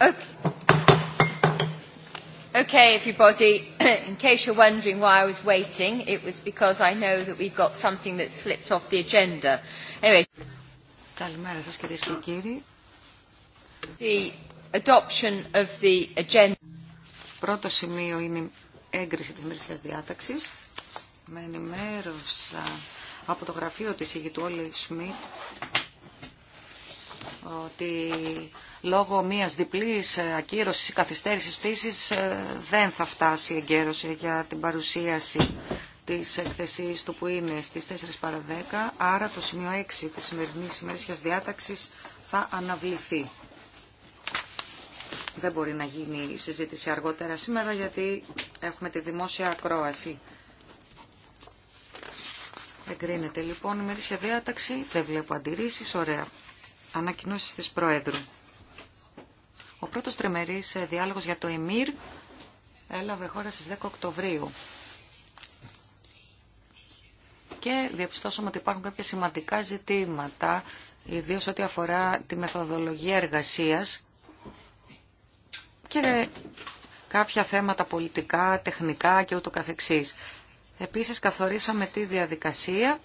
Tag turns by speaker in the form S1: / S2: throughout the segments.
S1: Okay,
S2: everybody, in case you're wondering why I was waiting, it was because I know that we've got something that slipped off the agenda. Anyway. Καλημέρα σας κυρίες και κύριοι. The adoption of the agenda. Πρώτο σημείο είναι η έγκριση της μερικής διάταξης. Με ενημέρωσα από το γραφείο της ηγητού Όλη Σμιτ ότι λόγω μιας διπλής ε, ακύρωσης ή καθυστέρησης πτήσης ε, δεν θα φτάσει η εγκαίρωση για την παρουσίαση της εκθεσής του που είναι στις 4 παρα 10, άρα το σημείο 6 της σημερινής ημερήσιας διάταξης θα αναβληθεί. Δεν μπορεί να γίνει η συζήτηση αργότερα σήμερα γιατί έχουμε τη δημόσια ακρόαση. Εγκρίνεται λοιπόν η μερίσια διάταξη, δεν βλέπω αντιρρήσεις, ωραία. Ανακοινώσεις της Προέδρου. Ο πρώτος τριμερής ε, διάλογος για το ΕΜΙΡ έλαβε χώρα στις 10 Οκτωβρίου. Και διαπιστώσαμε ότι υπάρχουν κάποια σημαντικά ζητήματα, ιδίως ό,τι αφορά τη μεθοδολογία εργασίας και κάποια θέματα πολιτικά, τεχνικά και ούτω καθεξής. Επίσης καθορίσαμε τη διαδικασία,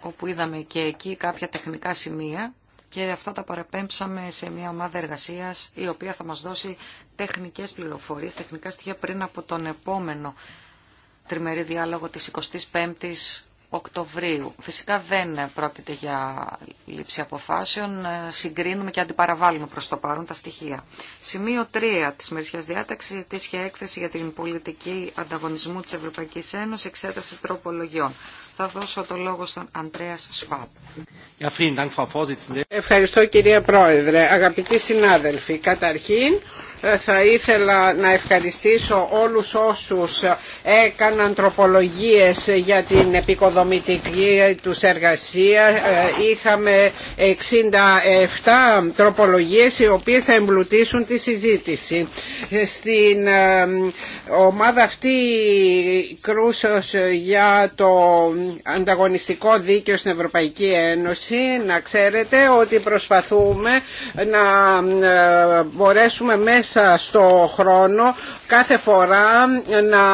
S2: όπου είδαμε και εκεί κάποια τεχνικά σημεία και αυτά τα παραπέμψαμε σε μια ομάδα εργασίας η οποία θα μας δώσει τεχνικές πληροφορίες, τεχνικά στοιχεία πριν από τον επόμενο τριμερή διάλογο της 25ης Οκτωβρίου. Φυσικά δεν πρόκειται για λήψη αποφάσεων. Συγκρίνουμε και αντιπαραβάλλουμε προς το παρόν τα στοιχεία. Σημείο 3 της Μερισιάς Διάταξης, της έκθεση για την πολιτική ανταγωνισμού της Ευρωπαϊκής Ένωσης, εξέταση τροπολογιών. Θα δώσω το λόγο στον Αντρέα Σφάπ.
S3: Ευχαριστώ κυρία Πρόεδρε. Αγαπητοί συνάδελφοι, καταρχήν θα ήθελα να ευχαριστήσω όλους όσους έκαναν τροπολογίες για την επικοδομητική τους εργασία. Είχαμε 67 τροπολογίες οι οποίες θα εμπλουτίσουν τη συζήτηση. Στην ε, ομάδα αυτή κρούσος για το ανταγωνιστικό δίκαιο στην Ευρωπαϊκή Ένωση να ξέρετε ότι προσπαθούμε να ε, μπορέσουμε μέσα μέσα στο χρόνο κάθε φορά να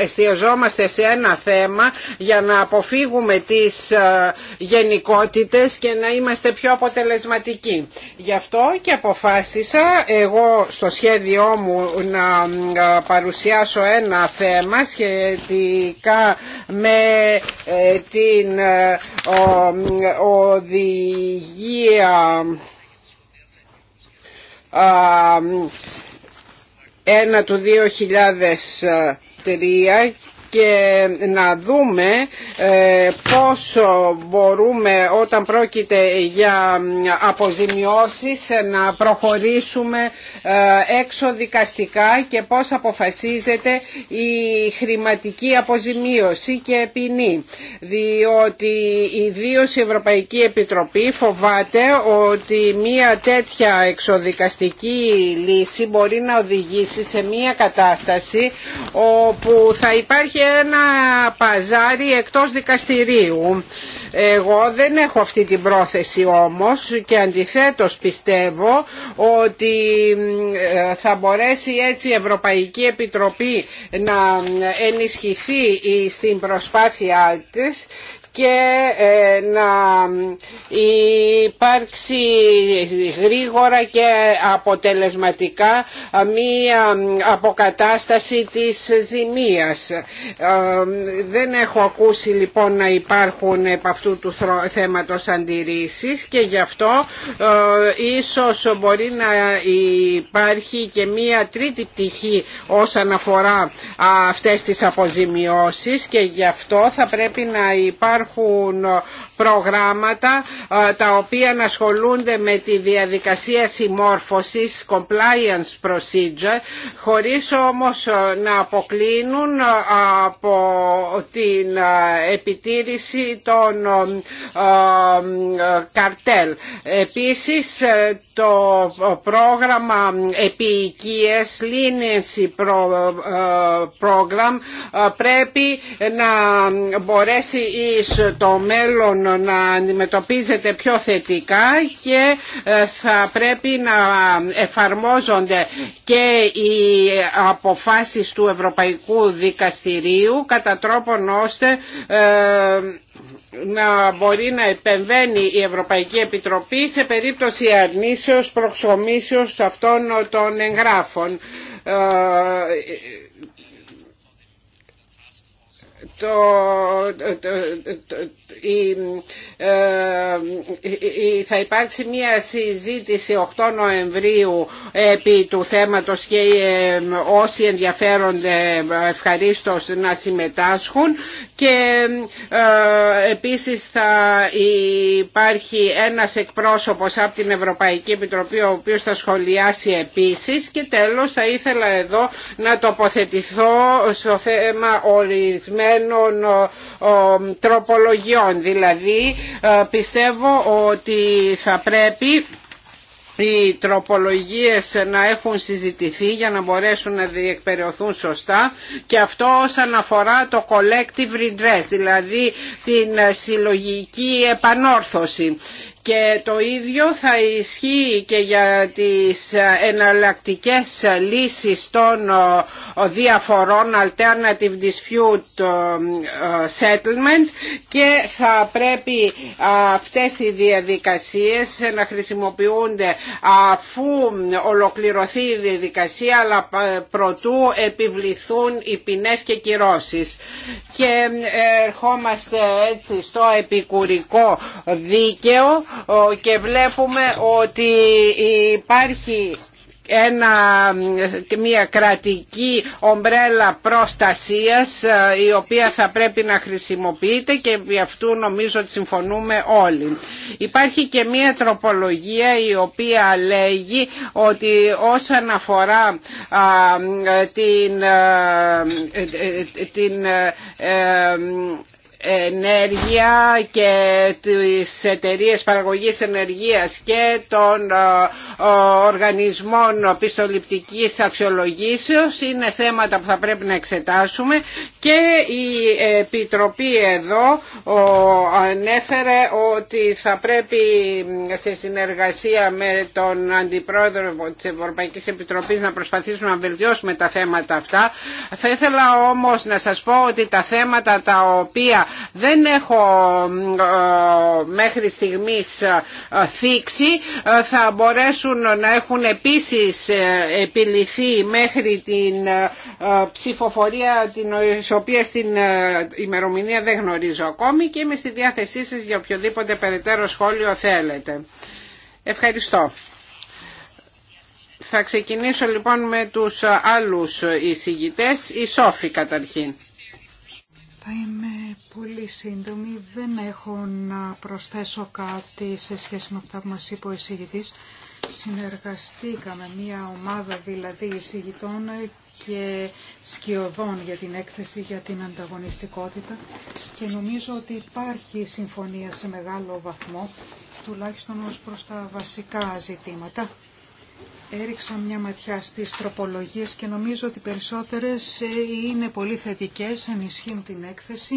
S3: ε, εστιαζόμαστε σε ένα θέμα για να αποφύγουμε τις ε, γενικότητες και να είμαστε πιο αποτελεσματικοί. Γι' αυτό και αποφάσισα εγώ στο σχέδιό μου να ε, παρουσιάσω ένα θέμα σχετικά με την οδηγία 1 του 2003 και να δούμε ε, πόσο μπορούμε όταν πρόκειται για αποζημιώσεις ε, να προχωρήσουμε εξοδικαστικά δικαστικά και πώς αποφασίζεται η χρηματική αποζημίωση και ποινή. Διότι ιδίω η Ευρωπαϊκή Επιτροπή φοβάται ότι μία τέτοια εξοδικαστική λύση μπορεί να οδηγήσει σε μία κατάσταση όπου θα υπάρχει ένα παζάρι εκτός δικαστηρίου. Εγώ δεν έχω αυτή την πρόθεση όμως και αντιθέτως πιστεύω ότι ε, θα μπορέσει έτσι η Ευρωπαϊκή Επιτροπή να ενισχυθεί στην προσπάθειά της και ε, να υπάρξει γρήγορα και αποτελεσματικά μία αποκατάσταση της ζημίας. Ε, δεν έχω ακούσει λοιπόν να υπάρχουν από αυτού του θέματος αντιρρήσεις και γι' αυτό ε, ίσως μπορεί να υπάρχει και μία τρίτη πτυχή όσον αφορά αυτές τις αποζημιώσεις και γι' αυτό θα πρέπει να υπάρχουν Ευχαριστώ προγράμματα ε, τα οποία ασχολούνται με τη διαδικασία συμμόρφωσης, compliance procedure, χωρίς όμως ε, να αποκλίνουν ε, από την επιτήρηση των καρτέλ. Επίσης το πρόγραμμα επίοικίες, leniency program πρέπει να μπορέσει εις το μέλλον να αντιμετωπίζεται πιο θετικά και ε, θα πρέπει να εφαρμόζονται και οι αποφάσεις του Ευρωπαϊκού Δικαστηρίου κατά τρόπον ώστε ε, να μπορεί να επεμβαίνει η Ευρωπαϊκή Επιτροπή σε περίπτωση αρνήσεως, προξομήσεως αυτών των εγγράφων ε, το, ε, θα υπάρξει μια συζήτηση 8 Νοεμβρίου επί του θέματος και ε, όσοι ενδιαφέρονται ε, ευχαρίστως να συμμετάσχουν και επίσης θα υπάρχει ένας εκπρόσωπος από την Ευρωπαϊκή Επιτροπή ο οποίος θα σχολιάσει επίσης και τέλος θα ήθελα εδώ να τοποθετηθώ στο θέμα ορισμένων ορισμένων τροπολογιών. Δηλαδή ε, πιστεύω ότι θα πρέπει οι τροπολογίες να έχουν συζητηθεί για να μπορέσουν να διεκπαιρεωθούν σωστά και αυτό όσον αφορά το collective redress, δηλαδή την ε, συλλογική επανόρθωση. Και το ίδιο θα ισχύει και για τις εναλλακτικές λύσεις των ε, διαφορών Alternative Dispute ε, Settlement και θα πρέπει ε, αυτές οι διαδικασίες να χρησιμοποιούνται αφού ολοκληρωθεί η διαδικασία αλλά προτού επιβληθούν οι ποινές και κυρώσεις. Και ερχόμαστε έτσι στο επικουρικό δίκαιο και βλέπουμε ότι υπάρχει ένα, μια κρατική ομπρέλα προστασίας ε, η οποία θα πρέπει να χρησιμοποιείται και γι' αυτού νομίζω ότι συμφωνούμε όλοι. Υπάρχει και μια τροπολογία η οποία λέγει ότι όσον αφορά την, ε, ε, την ενέργεια και τις εταιρείες παραγωγής ενεργείας και των ε, οργανισμών πιστοληπτικής αξιολογήσεως είναι θέματα που θα πρέπει να εξετάσουμε και η Επιτροπή εδώ ανέφερε ότι θα πρέπει σε συνεργασία με τον Αντιπρόεδρο της Ευρωπαϊκής Επιτροπής να προσπαθήσουμε να βελτιώσουμε τα θέματα αυτά. Θα ήθελα όμως να σας πω ότι τα θέματα τα οποία δεν έχω ε, μέχρι στιγμής ε, θήξη. Ε, θα μπορέσουν να έχουν επίσης επιληθεί μέχρι την ψηφοφορία την οποία στην ημερομηνία δεν γνωρίζω ακόμη και είμαι στη διάθεσή σας για οποιοδήποτε περαιτέρω σχόλιο θέλετε. Ευχαριστώ. Θα ξεκινήσω λοιπόν με τους άλλους εισηγητές, η Σόφη καταρχήν.
S1: Θα είμαι πολύ σύντομη. Δεν έχω να προσθέσω κάτι σε σχέση με αυτά που μας είπε ο εισηγητής. Συνεργαστήκαμε μια ομάδα δηλαδή εισηγητών και σκιωδών για την έκθεση για την ανταγωνιστικότητα και νομίζω ότι υπάρχει συμφωνία σε μεγάλο βαθμό τουλάχιστον ως προς τα βασικά ζητήματα Έριξα μια ματιά στις τροπολογίες και νομίζω ότι περισσότερες ε, είναι πολύ θετικές, ενισχύουν την έκθεση.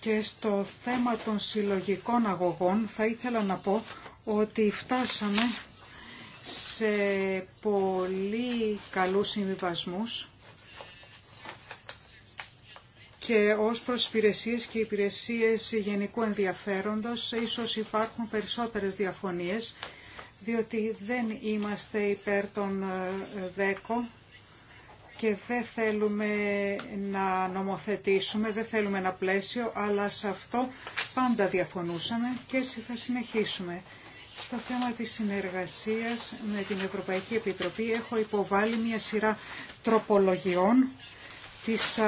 S1: Και στο θέμα των συλλογικών αγωγών θα ήθελα να πω ότι φτάσαμε σε πολύ καλούς συμβιβασμούς και ως προς υπηρεσίες και υπηρεσίες γενικού ενδιαφέροντος ίσως υπάρχουν περισσότερες διαφωνίες διότι δεν είμαστε υπέρ των ε, ΔΕΚΟ και δεν θέλουμε να νομοθετήσουμε, δεν θέλουμε ένα πλαίσιο, αλλά σε αυτό πάντα διαφωνούσαμε και έτσι θα συνεχίσουμε. Στο θέμα της συνεργασίας με την Ευρωπαϊκή Επιτροπή έχω υποβάλει μια σειρά τροπολογιών τις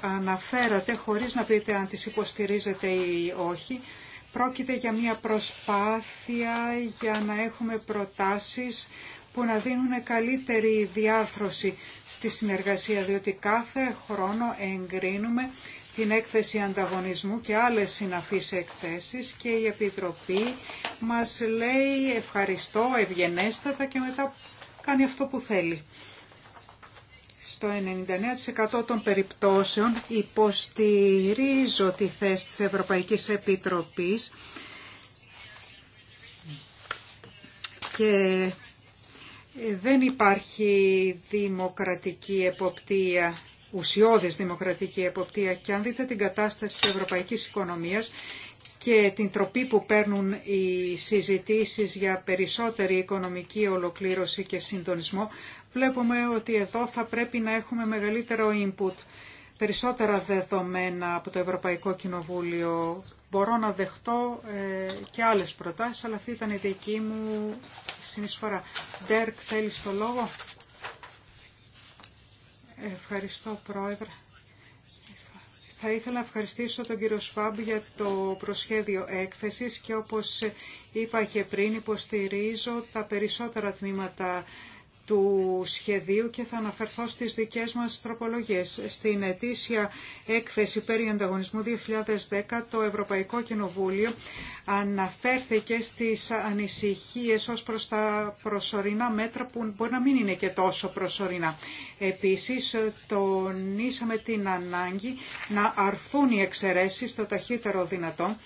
S1: αναφέρατε χωρίς να πείτε αν τις υποστηρίζετε ή όχι. Πρόκειται για μια προσπάθεια για να έχουμε προτάσεις που να δίνουν καλύτερη διάρθρωση στη συνεργασία, διότι κάθε χρόνο εγκρίνουμε την έκθεση ανταγωνισμού και άλλες συναφείς εκθέσεις και η Επιτροπή μας λέει ευχαριστώ, ευγενέστατα και μετά κάνει αυτό που θέλει στο 99% των περιπτώσεων υποστηρίζω τη θέση της Ευρωπαϊκής Επιτροπής και δεν υπάρχει δημοκρατική εποπτεία, ουσιώδης δημοκρατική εποπτεία και αν δείτε την κατάσταση της ευρωπαϊκής οικονομίας και την τροπή που παίρνουν οι συζητήσεις για περισσότερη οικονομική ολοκλήρωση και συντονισμό, Βλέπουμε ότι εδώ θα πρέπει να έχουμε μεγαλύτερο input, περισσότερα δεδομένα από το Ευρωπαϊκό Κοινοβούλιο. Μπορώ να δεχτώ ε, και άλλες προτάσεις, αλλά αυτή ήταν η δική μου συνεισφορά. Ντέρκ, θέλεις το λόγο? Ευχαριστώ, Πρόεδρε. Θα ήθελα να ευχαριστήσω τον κύριο Σφάμπ για το προσχέδιο έκθεσης και όπως είπα και πριν υποστηρίζω τα περισσότερα τμήματα του σχεδίου και θα αναφερθώ στις δικές μας τροπολογίες. Στην ετήσια έκθεση περί ανταγωνισμού 2010 το Ευρωπαϊκό Κοινοβούλιο αναφέρθηκε στις ανησυχίες ως προς τα προσωρινά μέτρα που μπορεί να μην είναι και τόσο προσωρινά. Επίσης τονίσαμε την ανάγκη να αρθούν οι εξαιρέσεις το ταχύτερο δυνατό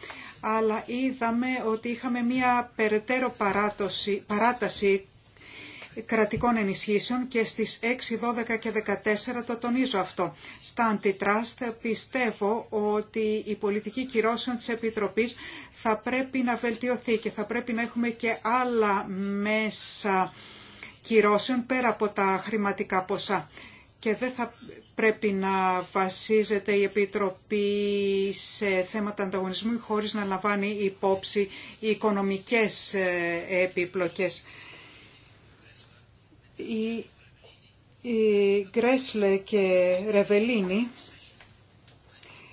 S1: αλλά είδαμε ότι είχαμε μία περαιτέρω παράταση κρατικών ενισχύσεων και στις 6, 12 και 14 το τονίζω αυτό. Στα αντιτράστ πιστεύω ότι η πολιτική κυρώσεων της Επιτροπής θα πρέπει να βελτιωθεί και θα πρέπει να έχουμε και άλλα μέσα κυρώσεων πέρα από τα χρηματικά ποσά. Και δεν θα πρέπει να βασίζεται η Επιτροπή σε θέματα ανταγωνισμού χωρίς να λαμβάνει υπόψη οι οικονομικές ε, επιπλοκές. Οι, Γκρέσλε και Ρεβελίνη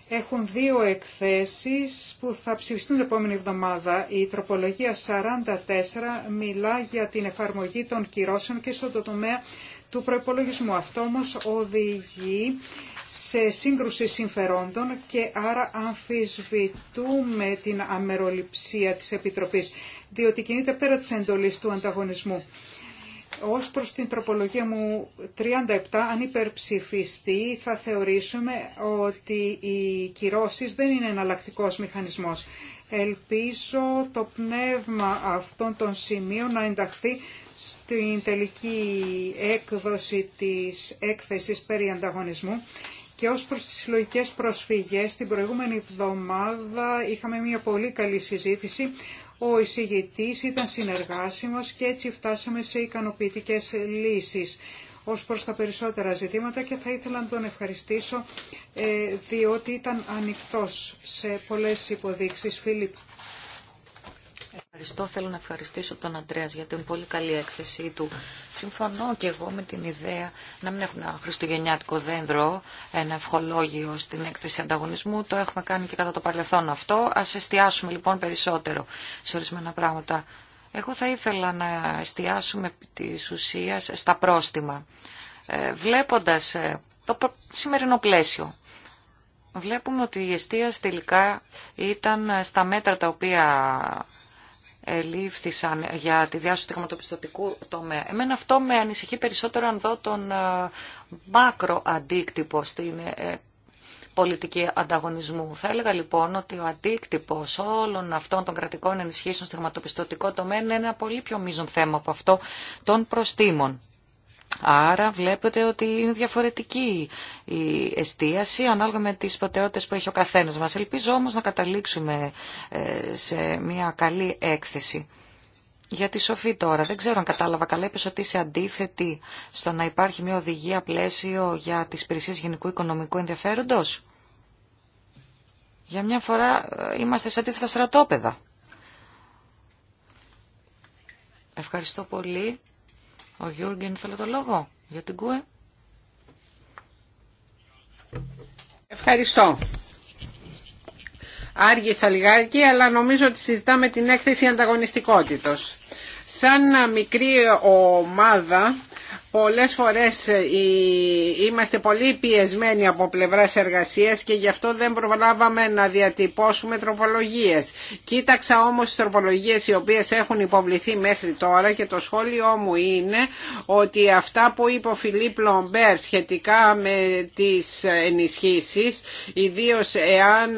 S1: έχουν δύο εκθέσεις που θα ψηφιστούν την επόμενη εβδομάδα. Η τροπολογία 44 μιλά για την εφαρμογή των κυρώσεων και στον τομέα του προϋπολογισμού. Αυτό όμως οδηγεί σε σύγκρουση συμφερόντων και άρα αμφισβητούμε την αμεροληψία της Επιτροπής, διότι κινείται πέρα της εντολής του ανταγωνισμού. Ως προς την τροπολογία μου 37, αν υπερψηφιστεί, θα θεωρήσουμε ότι οι κυρώσεις δεν είναι εναλλακτικός μηχανισμός. Ελπίζω το πνεύμα αυτών των σημείων να ενταχθεί στην τελική έκδοση της έκθεσης περί ανταγωνισμού και ως προς τις συλλογικές προσφυγές την προηγούμενη εβδομάδα είχαμε μια πολύ καλή συζήτηση ο εισηγητής ήταν συνεργάσιμος και έτσι φτάσαμε σε ικανοποιητικές λύσεις ως προς τα περισσότερα ζητήματα και θα ήθελα να τον ευχαριστήσω ε, διότι ήταν ανοιχτός σε πολλές υποδείξεις. Φίλιπ
S2: Ευχαριστώ. Θέλω να ευχαριστήσω τον Αντρέα για την πολύ καλή έκθεσή του. Συμφωνώ και εγώ με την ιδέα να μην έχουμε ένα χριστουγεννιάτικο δέντρο, ένα ευχολόγιο στην έκθεση ανταγωνισμού. Το έχουμε κάνει και κατά το παρελθόν αυτό. Α εστιάσουμε λοιπόν περισσότερο σε ορισμένα πράγματα. Εγώ θα ήθελα να εστιάσουμε τη ουσία στα πρόστιμα. Ε, βλέποντας ε, το σημερινό πλαίσιο, βλέπουμε ότι η εστίαση τελικά ήταν ε, στα μέτρα τα οποία ελήφθησαν για τη διάσωση του χρηματοπιστωτικού τομέα. Εμένα αυτό με ανησυχεί περισσότερο αν δω τον ε, μάκρο αντίκτυπο στην ε, πολιτική ανταγωνισμού. Θα έλεγα λοιπόν ότι ο αντίκτυπο όλων αυτών των κρατικών ενισχύσεων στο χρηματοπιστωτικό τομέα είναι ένα πολύ πιο μείζον θέμα από αυτό των προστήμων. Άρα βλέπετε ότι είναι διαφορετική η εστίαση ανάλογα με τις προτεραιότητες που έχει ο καθένας μας. Ελπίζω όμως να καταλήξουμε ε, σε μια καλή έκθεση. Για τη Σοφή τώρα, δεν ξέρω αν κατάλαβα καλά, είπες ότι είσαι αντίθετη στο να υπάρχει μια οδηγία πλαίσιο για τις υπηρεσίε γενικού οικονομικού ενδιαφέροντος. Για μια φορά ε, είμαστε σε αντίθετα στρατόπεδα. Ευχαριστώ πολύ. Ο Γιούργεν θέλω το λόγο για την ΚΟΕ. Ευχαριστώ.
S3: Άργησα λιγάκι, αλλά νομίζω ότι συζητάμε την έκθεση ανταγωνιστικότητος. Σαν μικρή ομάδα πολλές φορές ε, είμαστε πολύ πιεσμένοι από πλευράς εργασίας και γι' αυτό δεν προλάβαμε να διατυπώσουμε τροπολογίες. Κοίταξα όμως τις τροπολογίες οι οποίες έχουν υποβληθεί μέχρι τώρα και το σχόλιο μου είναι ότι αυτά που είπε ο Φιλίπ Λομπέρ σχετικά με τις ενισχύσεις, ιδίως εάν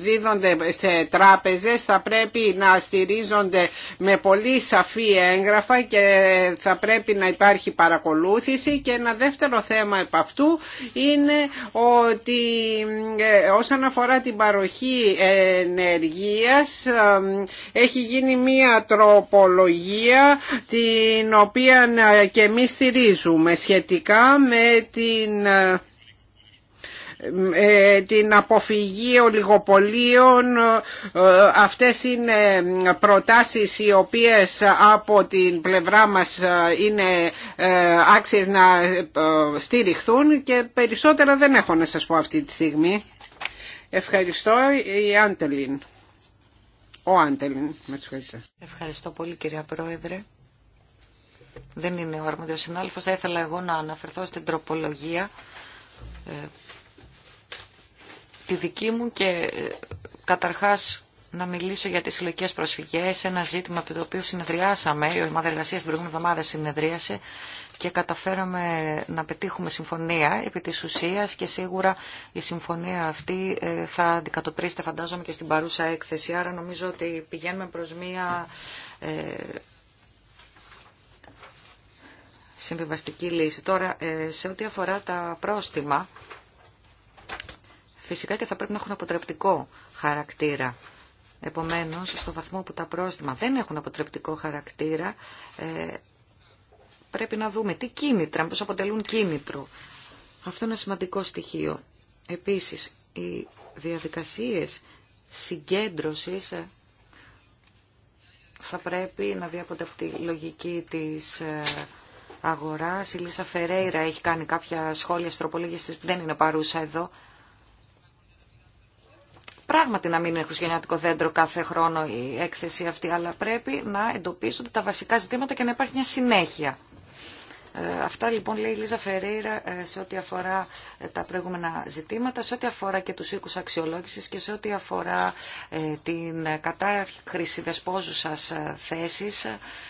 S3: δίδονται σε τράπεζες θα πρέπει να στηρίζονται με πολύ σαφή έγγραφα και θα πρέπει να υπάρχει υπάρχει παρακολούθηση και ένα δεύτερο θέμα επ' αυτού είναι ότι ε, όσον αφορά την παροχή ενεργείας ε, έχει γίνει μία τροπολογία την οποία ε, και εμείς στηρίζουμε σχετικά με την ε, την αποφυγή ολιγοπολίων ε, αυτές είναι προτάσεις οι οποίες από την πλευρά μας είναι ε, άξιες να στηριχθούν και περισσότερα δεν έχω να σας πω αυτή τη στιγμή. Ευχαριστώ η Άντελιν. Ο Άντελιν, με
S2: συγχωρείτε. Ευχαριστώ πολύ κυρία Πρόεδρε. Δεν είναι ο αρμόδιος Θα ήθελα εγώ να αναφερθώ στην τροπολογία τη δική μου και ε, καταρχάς να μιλήσω για τις συλλογικέ προσφυγές, ένα ζήτημα από το οποίο συνεδριάσαμε, η ομάδα εργασίας την προηγούμενη εβδομάδα συνεδρίασε και καταφέραμε να πετύχουμε συμφωνία επί της ουσίας και σίγουρα η συμφωνία αυτή ε, θα αντικατοπρίστε φαντάζομαι και στην παρούσα έκθεση. Άρα νομίζω ότι πηγαίνουμε προς μία ε, συμβιβαστική λύση. Τώρα, σε ό,τι αφορά τα πρόστιμα, φυσικά και θα πρέπει να έχουν αποτρεπτικό χαρακτήρα. Επομένως, στο βαθμό που τα πρόστιμα δεν έχουν αποτρεπτικό χαρακτήρα, ε, πρέπει να δούμε τι κίνητρα, πώς αποτελούν κίνητρο. Αυτό είναι ένα σημαντικό στοιχείο. Επίσης, οι διαδικασίες συγκέντρωσης ε, θα πρέπει να διέπονται από τη λογική της ε, αγοράς. Η Λίσα Φερέιρα έχει κάνει κάποια σχόλια που δεν είναι παρούσα εδώ πράγματι να μην είναι χριστιανιάτικο δέντρο κάθε χρόνο η έκθεση αυτή, αλλά πρέπει να εντοπίσονται τα βασικά ζητήματα και να υπάρχει μια συνέχεια. Ε, αυτά λοιπόν λέει η Λίζα Φερέιρα ε, σε ό,τι αφορά ε, τα προηγούμενα ζητήματα, σε ό,τι αφορά και τους οίκους αξιολόγησης και σε ό,τι αφορά την κατάρχηση δεσπόζουσας θέσης.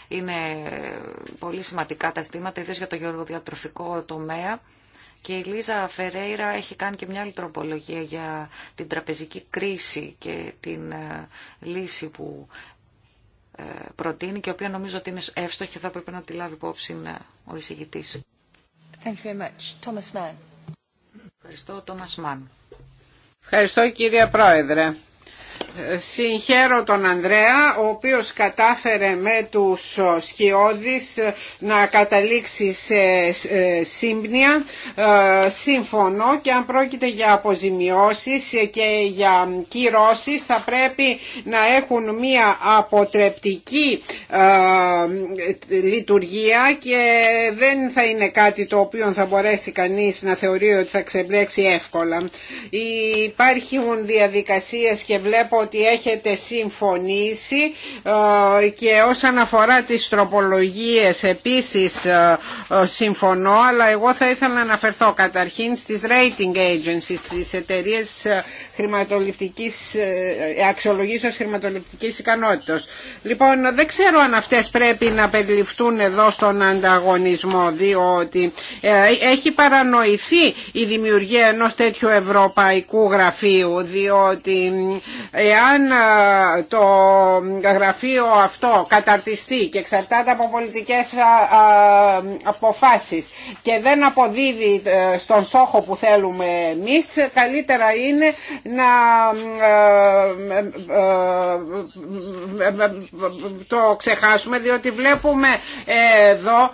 S2: Είναι πολύ σημαντικά τα ζητήματα, ιδίως για το γεωργοδιατροφικό τομέα. Και η Λίζα Φερέιρα έχει κάνει και μια άλλη τροπολογία για την τραπεζική κρίση και την ε, λύση που ε, προτείνει και η οποία νομίζω ότι είναι εύστοχη και θα πρέπει να τη λάβει υπόψη ε, ο εισηγητής. Ευχαριστώ, Τόμας Μάν.
S3: Ευχαριστώ, κυρία Πρόεδρε. Συγχαίρω τον Ανδρέα, ο οποίος κατάφερε με τους σκιώδεις να καταλήξει σε σύμπνοια. Ε, σύμφωνο και αν πρόκειται για αποζημιώσεις και για κυρώσεις θα πρέπει να έχουν μία αποτρεπτική ε, λειτουργία και δεν θα είναι κάτι το οποίο θα μπορέσει κανείς να θεωρεί ότι θα ξεμπλέξει εύκολα. Υπάρχουν διαδικασίες και βλέπω ότι έχετε συμφωνήσει ε, και όσον αφορά τις τροπολογίες επίσης ε, ε, συμφωνώ αλλά εγώ θα ήθελα να αναφερθώ καταρχήν στις rating agencies, στις εταιρείες χρηματοληπτικής, αξιολογήσεως χρηματοληπτικής ικανότητας. Λοιπόν, δεν ξέρω αν αυτές πρέπει να περιληφθούν εδώ στον ανταγωνισμό διότι έχει παρανοηθεί η δημιουργία ενός τέτοιου ευρωπαϊκού γραφείου διότι εάν το γραφείο αυτό καταρτιστεί και εξαρτάται από πολιτικές αποφάσεις και δεν αποδίδει στον στόχο που θέλουμε εμείς, καλύτερα είναι να το ξεχάσουμε διότι βλέπουμε εδώ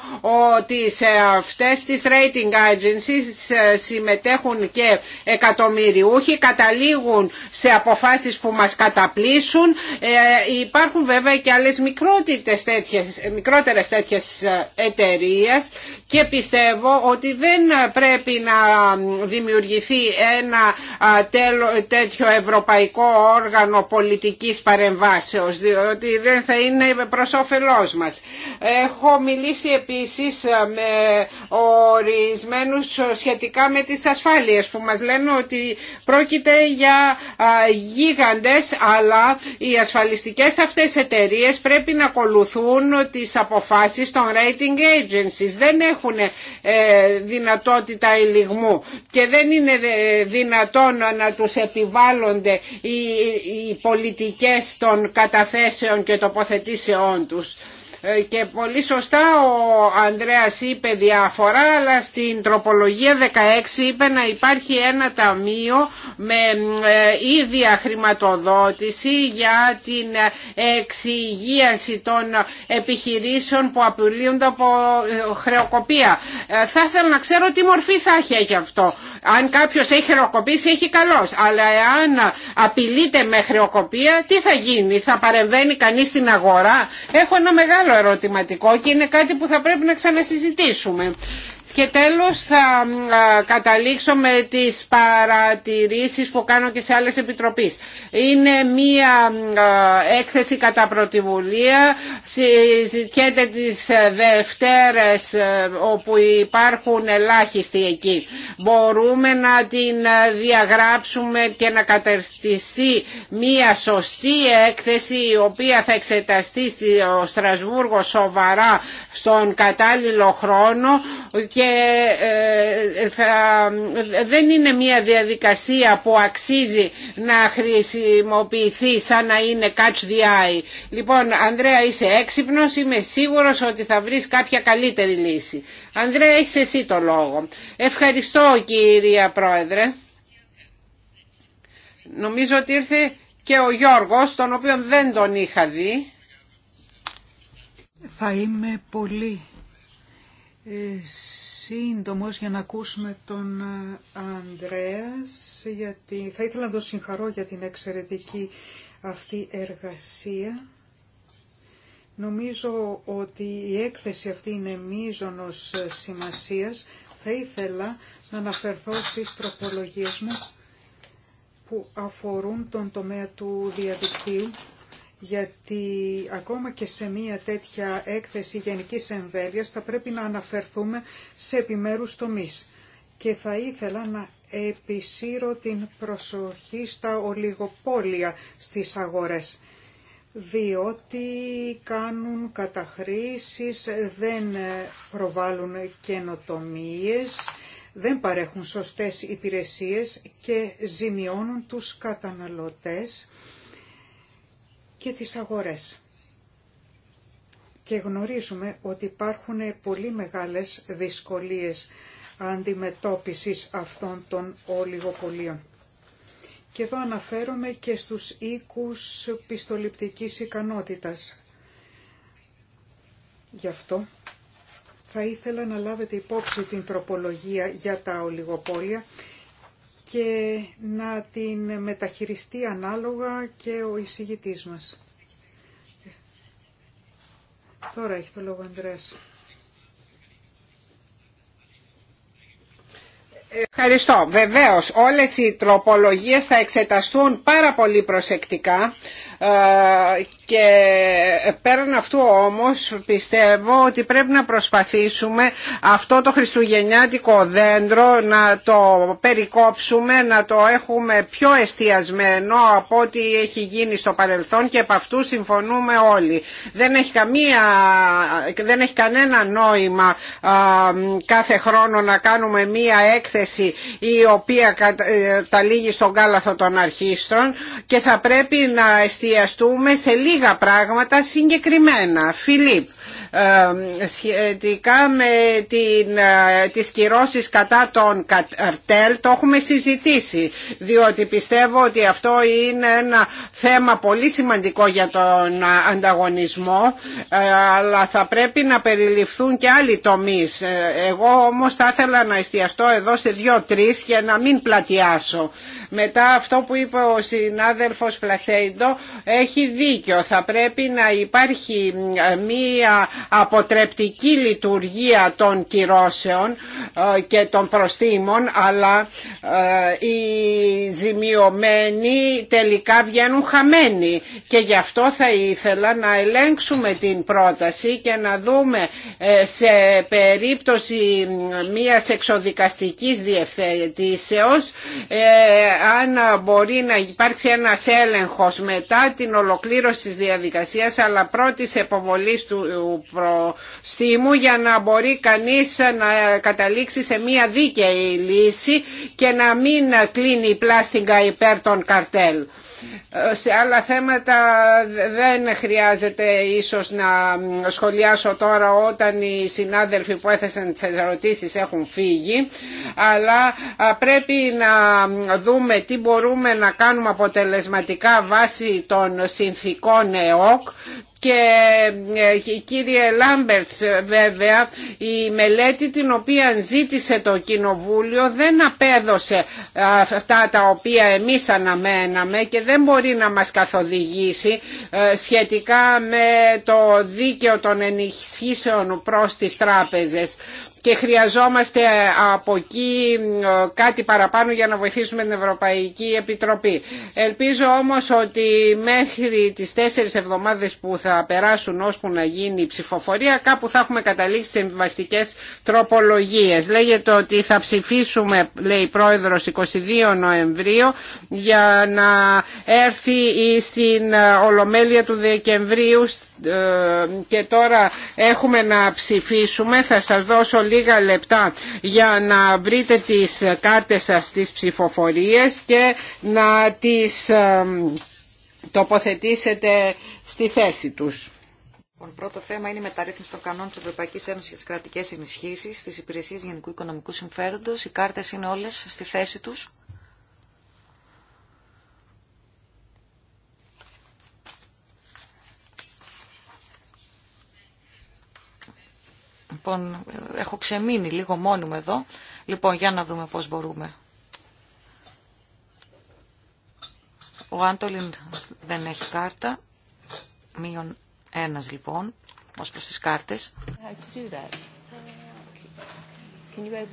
S3: ότι σε αυτές τις rating agencies συμμετέχουν και εκατομμυριούχοι, καταλήγουν σε αποφάσεις που μας καταπλήσουν. Ε, υπάρχουν βέβαια και άλλες μικρότερες τέτοιες, μικρότερες τέτοιες ε, εταιρείες και πιστεύω ότι δεν πρέπει να δημιουργηθεί ένα τέτοιο ευρωπαϊκό όργανο πολιτικής παρεμβάσεως διότι δεν θα είναι προς όφελός μας. Έχω μιλήσει επίσης ε, με ορισμένους σχετικά με τις ασφάλειες που μας λένε ότι πρόκειται για γίγαντε αλλά οι ασφαλιστικές αυτές εταιρείες πρέπει να ακολουθούν τις αποφάσεις των rating agencies. Δεν έχουν ε, δυνατότητα ελιγμού και δεν είναι ε, δυνατόν να τους επιβάλλονται οι πολιτικές των καταθέσεων και τοποθετήσεών τους. Ε, και πολύ σωστά ο Ανδρέας είπε διάφορα αλλά στην τροπολογία 16 είπε να υπάρχει ένα ταμείο με ε, ίδια χρηματοδότηση για την εξυγίαση των επιχειρήσεων που απειλούνται από ε, χρεοκοπία. Θα ήθελα να ξέρω τι μορφή θα έχει αυτό. Αν κάποιος έχει χρεοκοπήσει έχει καλός αλλά εάν απειλείται με χρεοκοπία τι θα γίνει, θα παρεμβαίνει κανείς στην αγορά. Έχω ένα μεγάλο ερώτηματικό και είναι κάτι που θα πρέπει να ξανασυζητήσουμε. Και τέλος θα καταλήξω με τις παρατηρήσεις που κάνω και σε άλλες επιτροπείς. Είναι μία έκθεση κατά πρωτοβουλία, συζητιέται τις Δευτέρες όπου υπάρχουν ελάχιστοι εκεί. Μπορούμε να την διαγράψουμε και να καταστηθεί μία σωστή έκθεση η οποία θα εξεταστεί στο Στρασβούργο σοβαρά στον κατάλληλο χρόνο και και ε, δεν είναι μια διαδικασία που αξίζει να χρησιμοποιηθεί σαν να είναι catch the eye. Λοιπόν, Ανδρέα είσαι έξυπνος, είμαι σίγουρος ότι θα βρεις κάποια καλύτερη λύση. Ανδρέα έχεις εσύ το λόγο. Ευχαριστώ κυρία Πρόεδρε. Νομίζω ότι ήρθε και ο Γιώργος, τον οποίο δεν τον είχα δει.
S1: Θα είμαι πολύ ε, σύντομος για να ακούσουμε τον ε, Ανδρέας, γιατί θα ήθελα να τον συγχαρώ για την εξαιρετική αυτή εργασία. Νομίζω ότι η έκθεση αυτή είναι μείζονο ε, σημασίας. Θα ήθελα να αναφερθώ στις τροπολογίες μου που αφορούν τον τομέα του διαδικτύου γιατί ακόμα και σε μία τέτοια έκθεση γενικής εμβέλειας θα πρέπει να αναφερθούμε σε επιμέρους τομείς. Και θα ήθελα να επισύρω την προσοχή στα ολιγοπόλια στις αγορές, διότι κάνουν καταχρήσεις, δεν προβάλλουν καινοτομίες, δεν παρέχουν σωστές υπηρεσίες και ζημιώνουν τους καταναλωτές και τις αγορές. Και γνωρίζουμε ότι υπάρχουν πολύ μεγάλες δυσκολίες αντιμετώπισης αυτών των ολιγοπολίων. Και εδώ αναφέρομαι και στους οίκους πιστοληπτικής ικανότητας. Γι' αυτό θα ήθελα να λάβετε υπόψη την τροπολογία για τα ολιγοπόλια και να την μεταχειριστεί ανάλογα και ο εισηγητής μας. Τώρα έχει το λόγο Ανδρέας.
S3: Ευχαριστώ. Βεβαίως όλες οι τροπολογίες θα εξεταστούν πάρα πολύ προσεκτικά ε, και πέραν αυτού όμως πιστεύω ότι πρέπει να προσπαθήσουμε αυτό το χριστουγεννιάτικο δέντρο να το περικόψουμε, να το έχουμε πιο εστιασμένο από ό,τι έχει γίνει στο παρελθόν και από αυτού συμφωνούμε όλοι. Δεν έχει, καμία, δεν έχει κανένα νόημα ε, κάθε χρόνο να κάνουμε μία έκθεση η οποία καταλήγει ε, στον κάλαθο των αρχίστρων και θα πρέπει να σε λίγα πράγματα συγκεκριμένα. Φιλίπ, σχετικά με την, ε, τις κυρώσεις κατά τον καρτέλ το έχουμε συζητήσει διότι πιστεύω ότι αυτό είναι ένα θέμα πολύ σημαντικό για τον ανταγωνισμό ε, αλλά θα πρέπει να περιληφθούν και άλλοι τομείς ε, εγώ όμως θα ήθελα να εστιαστώ εδώ σε δύο-τρεις και να μην πλατιάσω μετά αυτό που είπε ο συνάδελφος Πλασέντο έχει δίκιο. Θα πρέπει να υπάρχει ε, μία αποτρεπτική λειτουργία των κυρώσεων ε, και των προστήμων αλλά ε, οι ζημιωμένοι τελικά βγαίνουν χαμένοι και γι' αυτό θα ήθελα να ελέγξουμε την πρόταση και να δούμε σε περίπτωση μιας εξοδικαστικής διευθετήσεως αν μπορεί να υπάρξει ένα έλεγχος μετά την ολοκλήρωση της διαδικασίας αλλά πρώτης εποβολής του προστήμου για να μπορεί κανείς να καταλήξει σε μια δίκαιη λύση και να μην κλείνει η πλάστιγκα υπέρ των καρτέλ. Σε άλλα θέματα δεν χρειάζεται ίσως να σχολιάσω τώρα όταν οι συνάδελφοι που έθεσαν τις ερωτήσεις έχουν φύγει αλλά πρέπει να δούμε τι μπορούμε να κάνουμε αποτελεσματικά βάσει των συνθήκων ΕΟΚ ε, και κύριε Λάμπερτς βέβαια η μελέτη την οποία ζήτησε το Κοινοβούλιο δεν απέδωσε ε, αυτά τα οποία εμείς αναμέναμε και δεν μπορεί να μας καθοδηγήσει ε, σχετικά με το δίκαιο των ενισχύσεων προς τις τράπεζες και χρειαζόμαστε ε, από εκεί ε, κάτι παραπάνω για να βοηθήσουμε την Ευρωπαϊκή Επιτροπή. Ελπίζω όμως ότι μέχρι τις τέσσερις εβδομάδες που θα περάσουν ώσπου να γίνει η ψηφοφορία κάπου θα έχουμε καταλήξει σε εμβαστικές τροπολογίες. Λέγεται ότι θα ψηφίσουμε, λέει πρόεδρος, 22 Νοεμβρίου για να έρθει στην ε, Ολομέλεια του Δεκεμβρίου και τώρα έχουμε να ψηφίσουμε. Θα σας δώσω λίγο λίγα λεπτά για να βρείτε τις κάρτες σας στις ψηφοφορίες και να τις τοποθετήσετε στη θέση τους. Το
S2: λοιπόν, πρώτο θέμα είναι η μεταρρύθμιση των κανόνων τη Ευρωπαϊκή Ένωση για τι κρατικέ ενισχύσει, τι υπηρεσίε γενικού οικονομικού συμφέροντο. Οι κάρτε είναι όλε στη θέση του. Λοιπόν, έχω ξεμείνει λίγο μόνο μου εδώ. Λοιπόν, για να δούμε πώς μπορούμε. Ο Άντολιν δεν έχει κάρτα. Μείον ένας λοιπόν, ως προς τις κάρτες. Can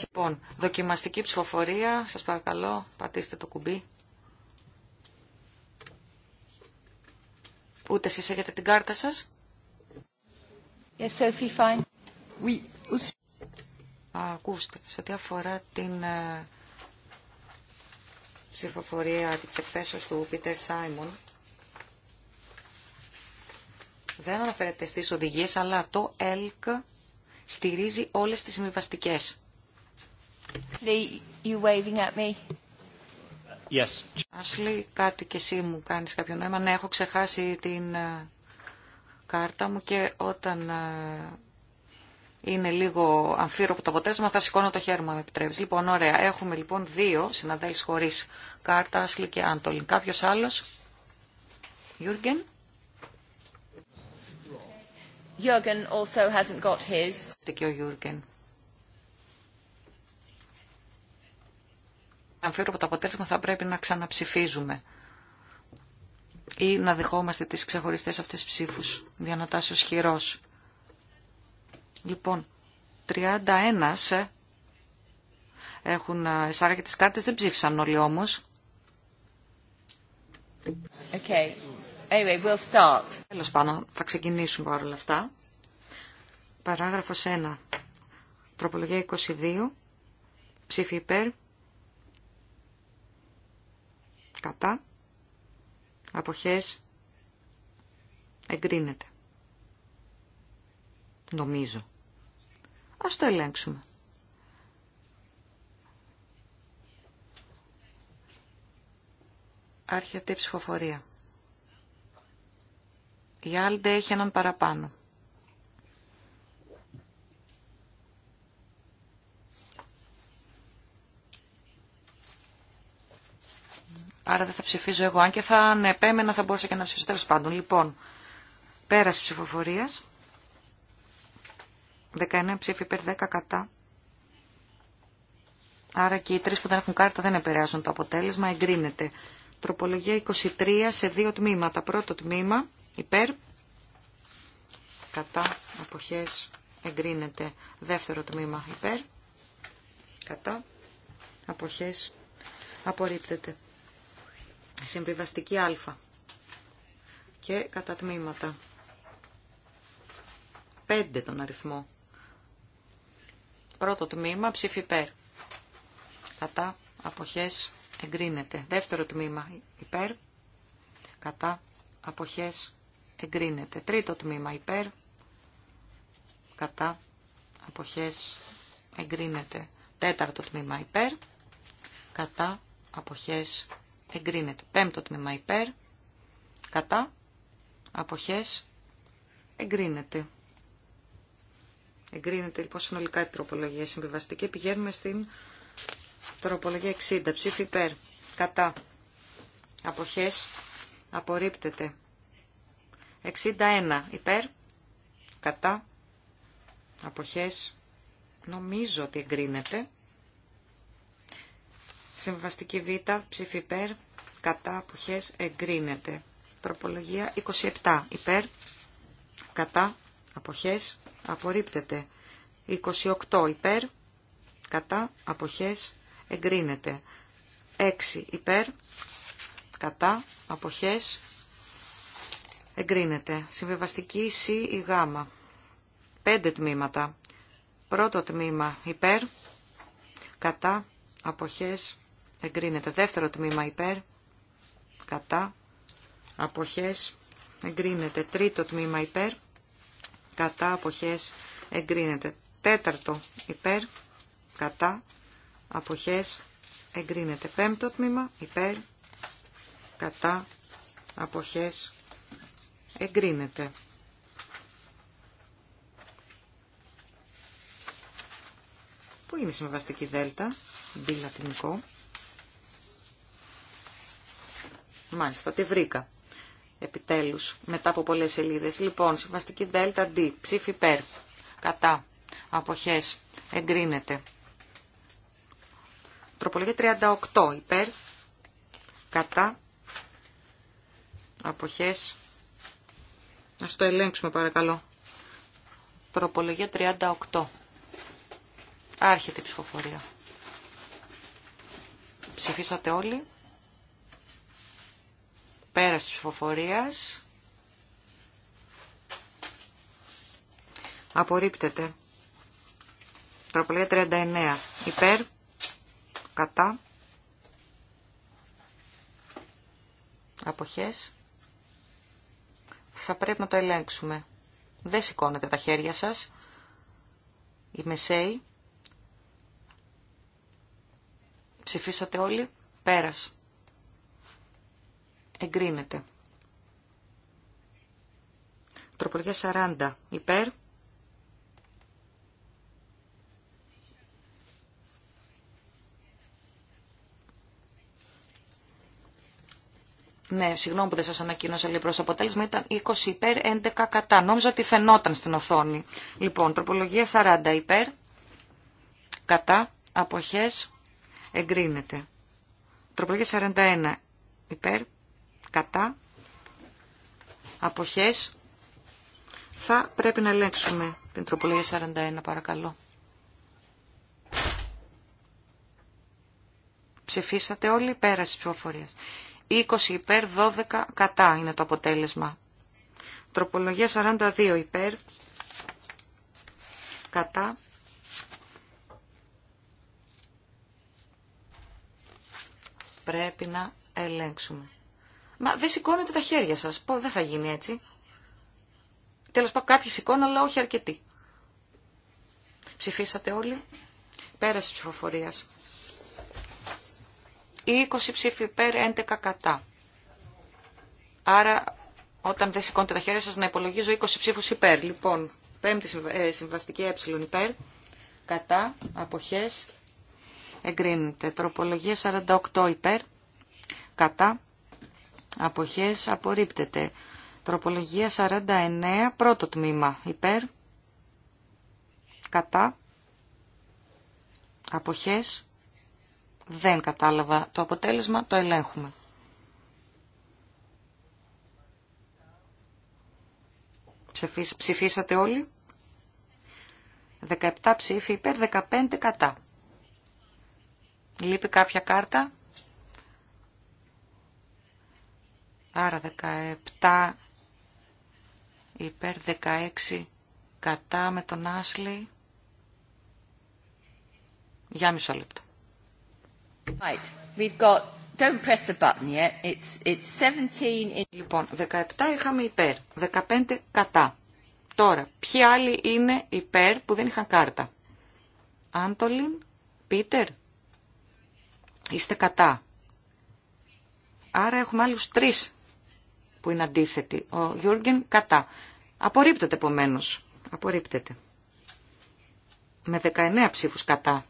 S2: Λοιπόν, δοκιμαστική ψηφοφορία. Σας παρακαλώ, πατήστε το κουμπί. Ούτε εσείς έχετε την κάρτα σας. Yes, Sophie, fine. Oui. Ακούστε, σε ό,τι αφορά την ε, ψηφοφορία της εκθέσεως του Πίτερ Σάιμον, δεν αναφέρεται στις οδηγίες, αλλά το ΕΛΚ στηρίζει όλες τις συμβιβαστικέ. Yes. Ashley, κάτι και εσύ μου κάνεις κάποιο νόημα. Ναι, έχω ξεχάσει την ε, κάρτα μου και όταν ε, είναι λίγο αμφίροπο το αποτέλεσμα θα σηκώνω το χέρι μου, αν Λοιπόν, ωραία. Έχουμε λοιπόν δύο συναδέλφους χωρίς κάρτα, Ashley και Άντολιν. Κάποιος άλλος. Γιούργεν. Jürgen also hasn't got his. Και ο Jürgen. Αμφίρω από το αποτέλεσμα θα πρέπει να ξαναψηφίζουμε ή να δεχόμαστε τις ξεχωριστές αυτές ψήφους διανατάσεως χειρός. Λοιπόν, 31 ε, έχουν ε, εισάγει τις κάρτες, δεν ψήφισαν όλοι όμως. Okay. Anyway, we'll start. Τέλος πάνω, θα ξεκινήσουμε παρόλα αυτά. Παράγραφος 1. Τροπολογία 22. Ψήφι υπέρ. Κατά. Αποχές. Εγκρίνεται. Νομίζω. Ας το ελέγξουμε. Άρχεται η ψηφοφορία. Η Άλντε έχει έναν παραπάνω. Άρα δεν θα ψηφίζω εγώ. Αν και θα ανεπέμενα θα μπορούσα και να ψηφίσω τέλος πάντων. Λοιπόν, πέραση ψηφοφορία. 19 ψήφοι υπέρ 10 κατά. Άρα και οι τρεις που δεν έχουν κάρτα δεν επηρεάζουν το αποτέλεσμα. Εγκρίνεται. Τροπολογία 23 σε δύο τμήματα. Πρώτο τμήμα Υπέρ. Κατά. Αποχές. Εγκρίνεται. Δεύτερο τμήμα. Υπέρ. Κατά. Αποχές. Απορρίπτεται. Συμβιβαστική α. Και κατά τμήματα. Πέντε τον αριθμό. Πρώτο τμήμα. Ψήφι υπέρ. Κατά. Αποχές εγκρίνεται. Δεύτερο τμήμα υπέρ, κατά, αποχές, εγκρίνεται. Τρίτο τμήμα υπέρ, κατά, αποχές, εγκρίνεται. Τέταρτο τμήμα υπέρ, κατά, αποχές, εγκρίνεται. Πέμπτο τμήμα υπέρ, κατά, αποχές, εγκρίνεται. Εγκρίνεται λοιπόν συνολικά η τροπολογία συμβιβαστική. Πηγαίνουμε στην τροπολογία 60. Ψήφι υπέρ. Κατά. Αποχές. Απορρίπτεται. 61 υπέρ, κατά, αποχές, νομίζω ότι εγκρίνεται. Συμβαστική Β, ψήφι υπέρ, κατά, αποχές, εγκρίνεται. Τροπολογία 27 υπέρ, κατά, αποχές, απορρίπτεται. 28 υπέρ, κατά, αποχές, εγκρίνεται. 6 υπέρ, κατά, αποχές, Εγκρίνεται. Συμβιβαστική Σ ή Γ. Πέντε τμήματα. Πρώτο τμήμα υπέρ, κατά, αποχές, εγκρίνεται. Δεύτερο τμήμα υπέρ, κατά, αποχές, εγκρίνεται. Τρίτο τμήμα υπέρ, κατά, αποχές, εγκρίνεται. Τέταρτο υπέρ, κατά, αποχές, εγκρίνεται. Πέμπτο τμήμα υπέρ, κατά, αποχές, εγκρίνεται. Πού είναι η συμβαστική δέλτα, μπι λατινικό. Μάλιστα, τη βρήκα. Επιτέλους, μετά από πολλές σελίδες. Λοιπόν, συμβαστική δέλτα, D, ψήφι περ, κατά, αποχές, εγκρίνεται. Τροπολογία 38, υπέρ, κατά, αποχές, Ας το ελέγξουμε παρακαλώ. Τροπολογία 38. Άρχεται η ψηφοφορία. Ψηφίσατε όλοι. Πέραση ψηφοφορία. Απορρίπτεται. Τροπολογία 39. Υπέρ. Κατά. Αποχές θα πρέπει να το ελέγξουμε. Δεν σηκώνετε τα χέρια σας. Οι μεσαίοι. Ψηφίσατε όλοι. Πέρας. Εγκρίνεται. Τροπολογία 40. Υπέρ. Ναι, συγγνώμη που δεν σας ανακοίνωσα λίγο. Το αποτέλεσμα ήταν 20 υπέρ, 11 κατά. Νόμιζα ότι φαινόταν στην οθόνη. Λοιπόν, τροπολογία 40 υπέρ, κατά, αποχές, εγκρίνεται. Τροπολογία 41 υπέρ, κατά, αποχές. Θα πρέπει να ελέγξουμε την τροπολογία 41, παρακαλώ. Ψηφίσατε όλοι πέρα τη ψηφοφορία. 20 υπέρ, 12 κατά είναι το αποτέλεσμα. Τροπολογία 42 υπέρ, κατά. Πρέπει να ελέγξουμε. Μα δεν σηκώνετε τα χέρια σας. Πω, δεν θα γίνει έτσι. Τέλος πάντων κάποιοι σηκώνουν, αλλά όχι αρκετοί. Ψηφίσατε όλοι. Πέρασε ψηφοφορίας. 20 ψήφοι υπέρ, 11 κατά. Άρα, όταν δεν σηκώνετε τα χέρια σας, να υπολογίζω 20 ψήφους υπέρ. Λοιπόν, πέμπτη ε, συμβαστική ε υπέρ, κατά, αποχές, εγκρίνεται. Τροπολογία 48 υπέρ, κατά, αποχές, απορρίπτεται. Τροπολογία 49, πρώτο τμήμα υπέρ, κατά, αποχές, δεν κατάλαβα το αποτέλεσμα, το ελέγχουμε. Ψηφίσατε όλοι. 17 ψήφοι υπέρ, 15 κατά. Λείπει κάποια κάρτα. Άρα 17 υπέρ, 16 κατά με τον Άσλι. Για μισό λεπτό. Right. We've got... Don't press the button yet. It's, it's 17... Λοιπόν, 17 είχαμε υπέρ, 15 κατά. Τώρα, ποιοι άλλοι είναι υπέρ που δεν είχαν κάρτα. Άντολιν, Πίτερ, είστε κατά. Άρα έχουμε άλλους τρεις που είναι αντίθετοι. Ο Γιούργεν κατά. Απορρίπτεται επομένω. Απορρίπτεται. Με 19 ψήφους κατά.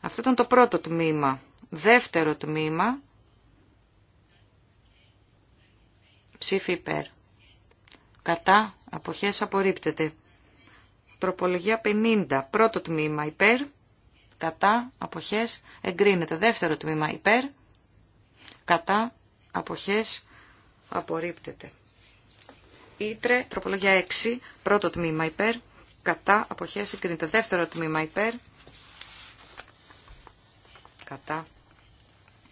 S2: Αυτό ήταν το πρώτο τμήμα. Δεύτερο τμήμα. Ψήφι υπέρ. Κατά. Αποχές απορρίπτεται. Τροπολογία 50. Πρώτο τμήμα υπέρ. Κατά. Αποχές εγκρίνεται. Δεύτερο τμήμα υπέρ. Κατά. Αποχές απορρίπτεται. Ήτρε. Τροπολογία 6. Πρώτο τμήμα υπέρ. Κατά. Αποχές εγκρίνεται. Δεύτερο τμήμα υπέρ κατά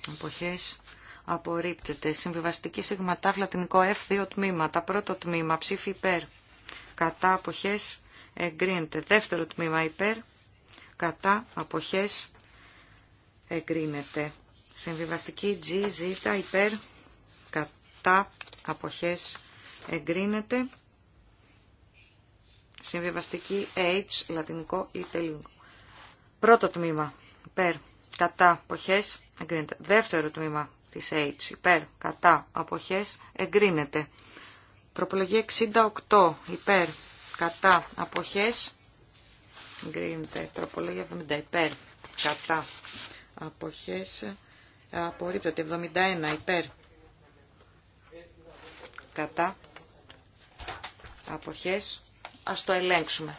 S2: αποχές απορρίπτεται. Συμβιβαστική σιγματά λατινικο F, τμήμα. Τα Πρώτο τμήμα, ψήφι υπέρ. Κατά αποχές εγκρίνεται. Δεύτερο τμήμα υπέρ. Κατά αποχές εγκρίνεται. Συμβιβαστική G, Z, υπέρ. Κατά αποχές εγκρίνεται. Συμβιβαστική H, λατινικό ή Πρώτο τμήμα, υπέρ κατά αποχές εγκρίνεται. Δεύτερο τμήμα της H υπέρ κατά αποχές εγκρίνεται. Τροπολογία 68 υπέρ κατά αποχές εγκρίνεται. Τροπολογία 70 υπέρ κατά αποχές απορρίπτεται. 71 υπέρ κατά αποχές. Ας το ελέγξουμε.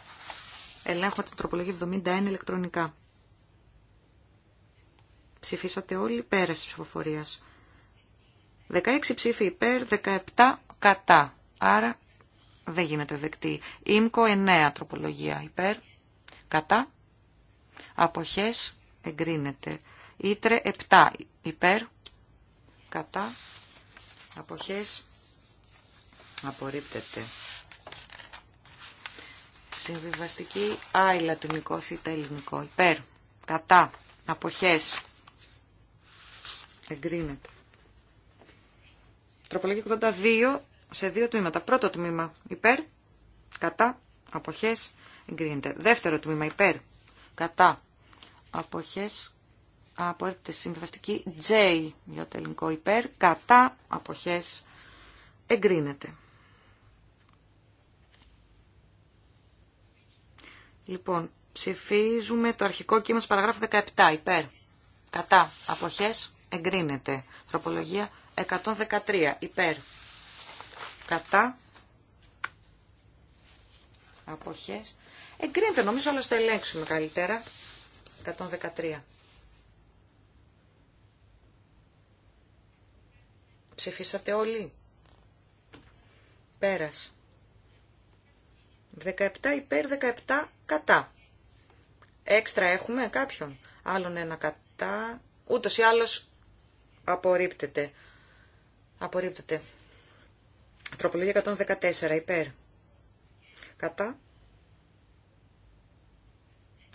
S2: Ελέγχουμε την τροπολογία 71 ηλεκτρονικά. Ψηφίσατε όλοι πέρα της ψηφοφορίας. 16 ψήφοι υπέρ, 17 κατά. Άρα δεν γίνεται δεκτή. Ήμκο 9 τροπολογία υπέρ, κατά. Αποχές εγκρίνεται. Ήτρε 7 υπέρ, κατά. Αποχές απορρίπτεται. Συμβιβαστική α, λατινικό θήτα ελληνικό. Υπέρ, κατά, αποχές Εγκρίνεται. Τροπολογία 82 σε δύο τμήματα. Πρώτο τμήμα υπέρ, κατά, αποχές, εγκρίνεται. Δεύτερο τμήμα υπέρ, κατά, αποχές, από συμβιβαστική J για το ελληνικό υπέρ, κατά, αποχές, εγκρίνεται. Λοιπόν, ψηφίζουμε το αρχικό κείμενο παραγράφου 17 υπέρ, κατά, αποχές, εγκρίνεται. Τροπολογία 113 υπέρ. Κατά. Αποχές. Εγκρίνεται νομίζω όλα στο ελέγξουμε καλύτερα. 113. Ψηφίσατε όλοι. Πέρας. 17 υπέρ, 17 κατά. Έξτρα έχουμε κάποιον. Άλλον ένα κατά. Ούτως ή άλλως Απορρίπτεται. Απορρίπτεται. Τροπολογία 114. Υπέρ. Κατά.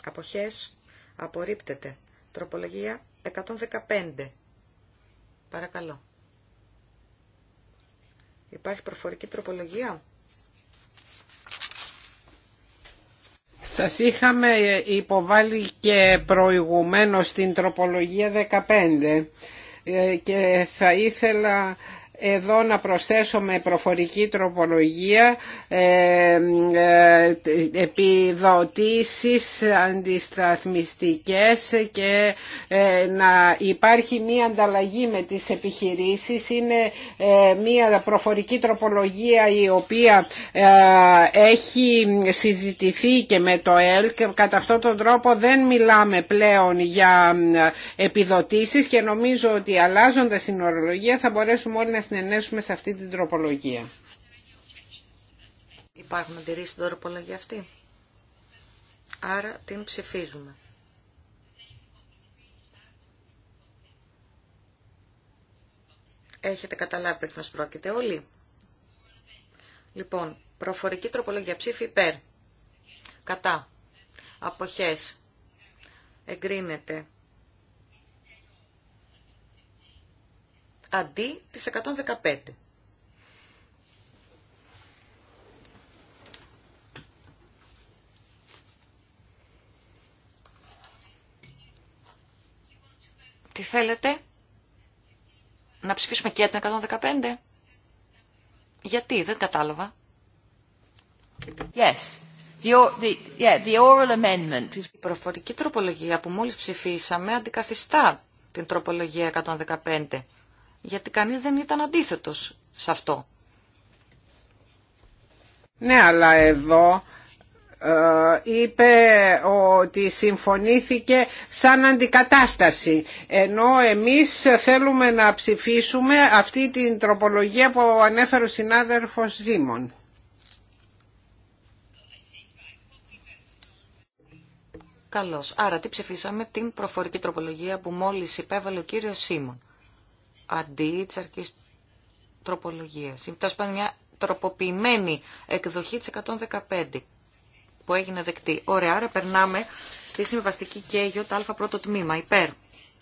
S2: Αποχές. Απορρίπτεται. Τροπολογία 115. Παρακαλώ. Υπάρχει προφορική τροπολογία.
S3: Σας είχαμε υποβάλει και προηγουμένως την τροπολογία 15 ε, και θα ήθελα εδώ να προσθέσω με προφορική τροπολογία ε, ε, επιδοτήσεις αντισταθμιστικές και ε, να υπάρχει μία ανταλλαγή με τις επιχειρήσεις. Είναι ε, μία προφορική τροπολογία η οποία ε, έχει συζητηθεί και με το ΕΛΚ. Κατά αυτόν τον τρόπο δεν μιλάμε πλέον για επιδοτήσεις και νομίζω ότι αλλάζοντας την ορολογία θα μπορέσουμε όλοι να συνενέσουμε σε αυτή την τροπολογία.
S2: Υπάρχουν αντιρρήσεις στην τροπολογία αυτή. Άρα την ψηφίζουμε. Έχετε καταλάβει πριν μας πρόκειται όλοι. Λοιπόν, προφορική τροπολογία ψήφι υπέρ. Κατά. Αποχές. Εγκρίνεται. αντί τις 115. Τι θέλετε, να ψηφίσουμε και την 115. Γιατί, δεν κατάλαβα. Yes. The, yeah, the oral amendment. Η προφορική τροπολογία που μόλις ψηφίσαμε αντικαθιστά την τροπολογία 115 γιατί κανείς δεν ήταν αντίθετος σε αυτό.
S3: Ναι, αλλά εδώ ε, είπε ότι συμφωνήθηκε σαν αντικατάσταση ενώ εμείς θέλουμε να ψηφίσουμε αυτή την τροπολογία που ανέφερε ο συνάδελφος Ζήμων.
S2: Καλώς. Άρα τι ψηφίσαμε την προφορική τροπολογία που μόλις υπέβαλε ο κύριος Σίμων αντί της αρκής τροπολογίας. Είναι μια τροποποιημένη εκδοχή της 115 που έγινε δεκτή. Ωραία, άρα περνάμε στη συμβαστική και α πρώτο τμήμα, υπέρ,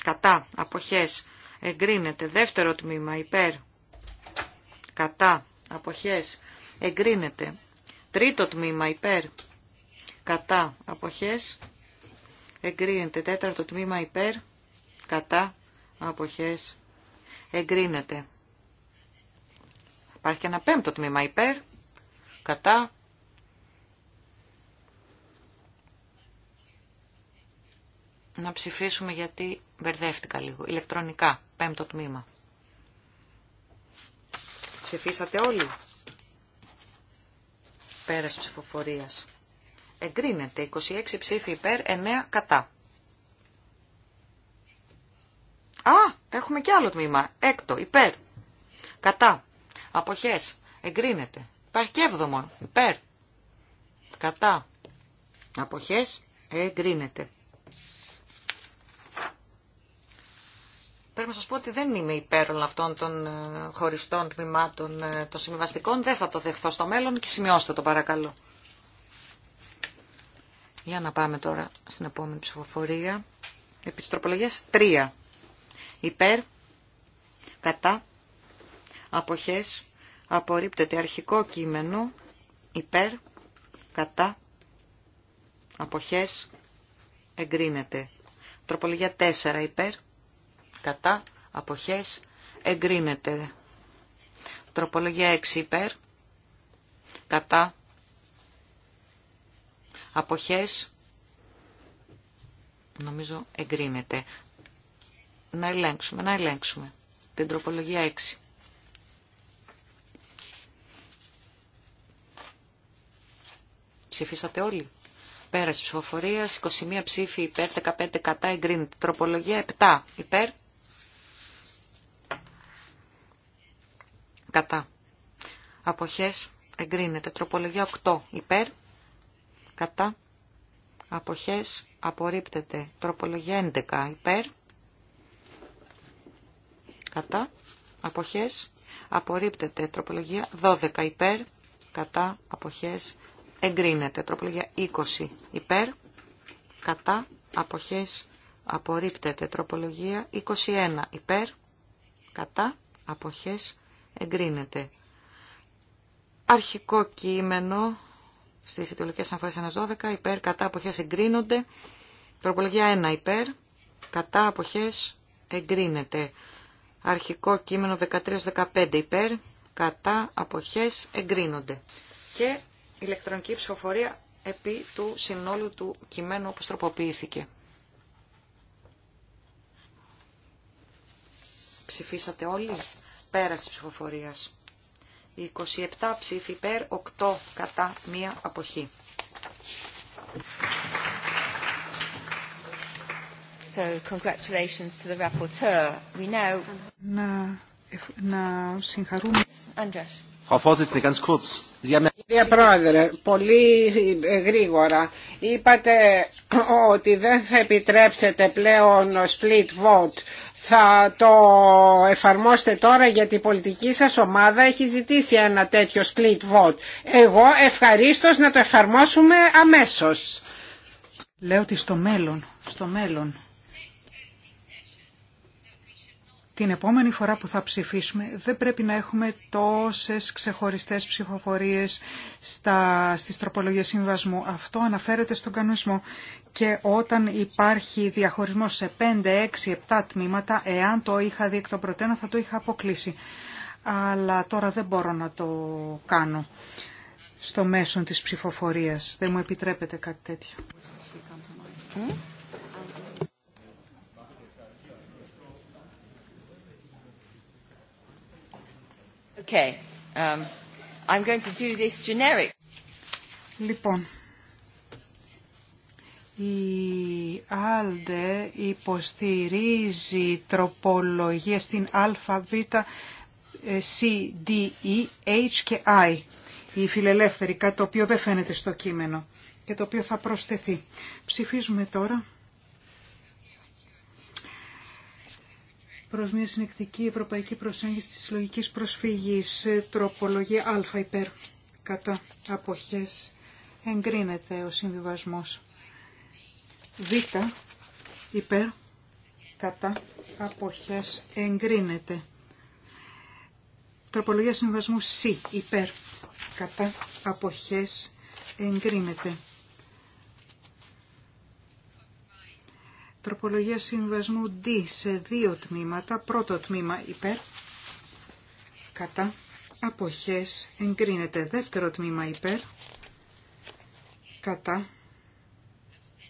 S2: κατά, αποχές, εγκρίνεται, δεύτερο τμήμα, υπέρ, κατά, αποχές, εγκρίνεται, τρίτο τμήμα, υπέρ, κατά, αποχές, εγκρίνεται, τέταρτο τμήμα, υπέρ, κατά, αποχές, εγκρίνεται. Υπάρχει και ένα πέμπτο τμήμα υπέρ, κατά. Να ψηφίσουμε γιατί μπερδεύτηκα λίγο. Ηλεκτρονικά, πέμπτο τμήμα. Ψηφίσατε όλοι. Πέρας ψηφοφορίας. Εγκρίνεται 26 ψήφοι υπέρ, 9 κατά. Α, έχουμε και άλλο τμήμα. Έκτο, υπέρ. Κατά. Αποχές. Εγκρίνεται. Υπάρχει και έβδομο. Υπέρ. Κατά. Αποχές. Εγκρίνεται. Πρέπει να σας πω ότι δεν είμαι υπέρ όλων αυτών των ε, χωριστών τμήματων ε, των συμβιβαστικών. Δεν θα το δεχθώ στο μέλλον και σημειώστε το παρακαλώ. Για να πάμε τώρα στην επόμενη ψηφοφορία. Επί 3 υπέρ, κατά, αποχές, απορρίπτεται αρχικό κείμενο, υπέρ, κατά, αποχές, εγκρίνεται. Τροπολογία 4 υπέρ, κατά, αποχές, εγκρίνεται. Τροπολογία 6 υπέρ, κατά, αποχές, νομίζω εγκρίνεται. Να ελέγξουμε, να ελέγξουμε. Την τροπολογία 6. Ψηφίσατε όλοι. Πέραση ψηφοφορία. 21 ψήφοι υπέρ, 15 κατά εγκρίνεται. Τροπολογία 7 υπέρ. Κατά. Αποχές εγκρίνεται. Τροπολογία 8 υπέρ. Κατά. Αποχές απορρίπτεται. Τροπολογία 11 υπέρ κατά, αποχές, απορρίπτεται. Τροπολογία 12 υπέρ, κατά, αποχές, εγκρίνεται. Τροπολογία 20 υπέρ, κατά, αποχές, απορρίπτεται. Τροπολογία 21 υπέρ, κατά, αποχές, εγκρίνεται. Αρχικό κείμενο στις ιδεολογικές αναφορές 1-12, υπέρ, κατά, αποχές, εγκρίνονται. Τροπολογία 1 υπέρ, κατά, αποχές, εγκρίνεται αρχικό κείμενο 13-15 υπέρ, κατά, αποχές, εγκρίνονται. Και ηλεκτρονική ψηφοφορία επί του συνόλου του κειμένου όπως τροποποιήθηκε. Ψηφίσατε όλοι. Πέραση ψηφοφορίας. 27 ψηφί υπέρ, 8 κατά, μία αποχή.
S1: So congratulations to
S3: Πρόεδρε, πολύ ε, γρήγορα. Είπατε ότι δεν θα επιτρέψετε πλέον split vote. Θα το εφαρμόσετε τώρα γιατί η πολιτική σας ομάδα έχει ζητήσει ένα τέτοιο split vote. Εγώ ευχαρίστως να το εφαρμόσουμε αμέσως.
S1: Λέω ότι στο μέλλον, στο μέλλον την επόμενη φορά που θα ψηφίσουμε δεν πρέπει να έχουμε τόσες ξεχωριστές ψηφοφορίες στα, στις τροπολογίες συμβασμού. Αυτό αναφέρεται στον κανονισμό και όταν υπάρχει διαχωρισμός σε 5, 6, 7 τμήματα, εάν το είχα δει εκ των θα το είχα αποκλείσει. Αλλά τώρα δεν μπορώ να το κάνω στο μέσον της ψηφοφορίας. Δεν μου επιτρέπεται κάτι τέτοιο. Ε? Um,
S2: I'm going to Λοιπόν,
S1: η ΑΛΔΕ υποστηρίζει τροπολογία στην ΑΒ, β, c, d, e, h και i. Η φιλελεύθερη, κάτι το οποίο δεν φαίνεται στο κείμενο και το οποίο θα προσθεθεί. Ψηφίζουμε τώρα προς μια συνεκτική ευρωπαϊκή προσέγγιση της συλλογικής προσφυγής. Ε, τροπολογία α υπέρ κατά αποχές εγκρίνεται ο συμβιβασμός. Β υπέρ κατά αποχές εγκρίνεται. Τροπολογία συμβιβασμού Σ υπέρ κατά αποχές εγκρίνεται. Τροπολογία συμβασμού D σε δύο τμήματα. Πρώτο τμήμα υπέρ, κατά, αποχές, εγκρίνεται. Δεύτερο τμήμα υπέρ, κατά,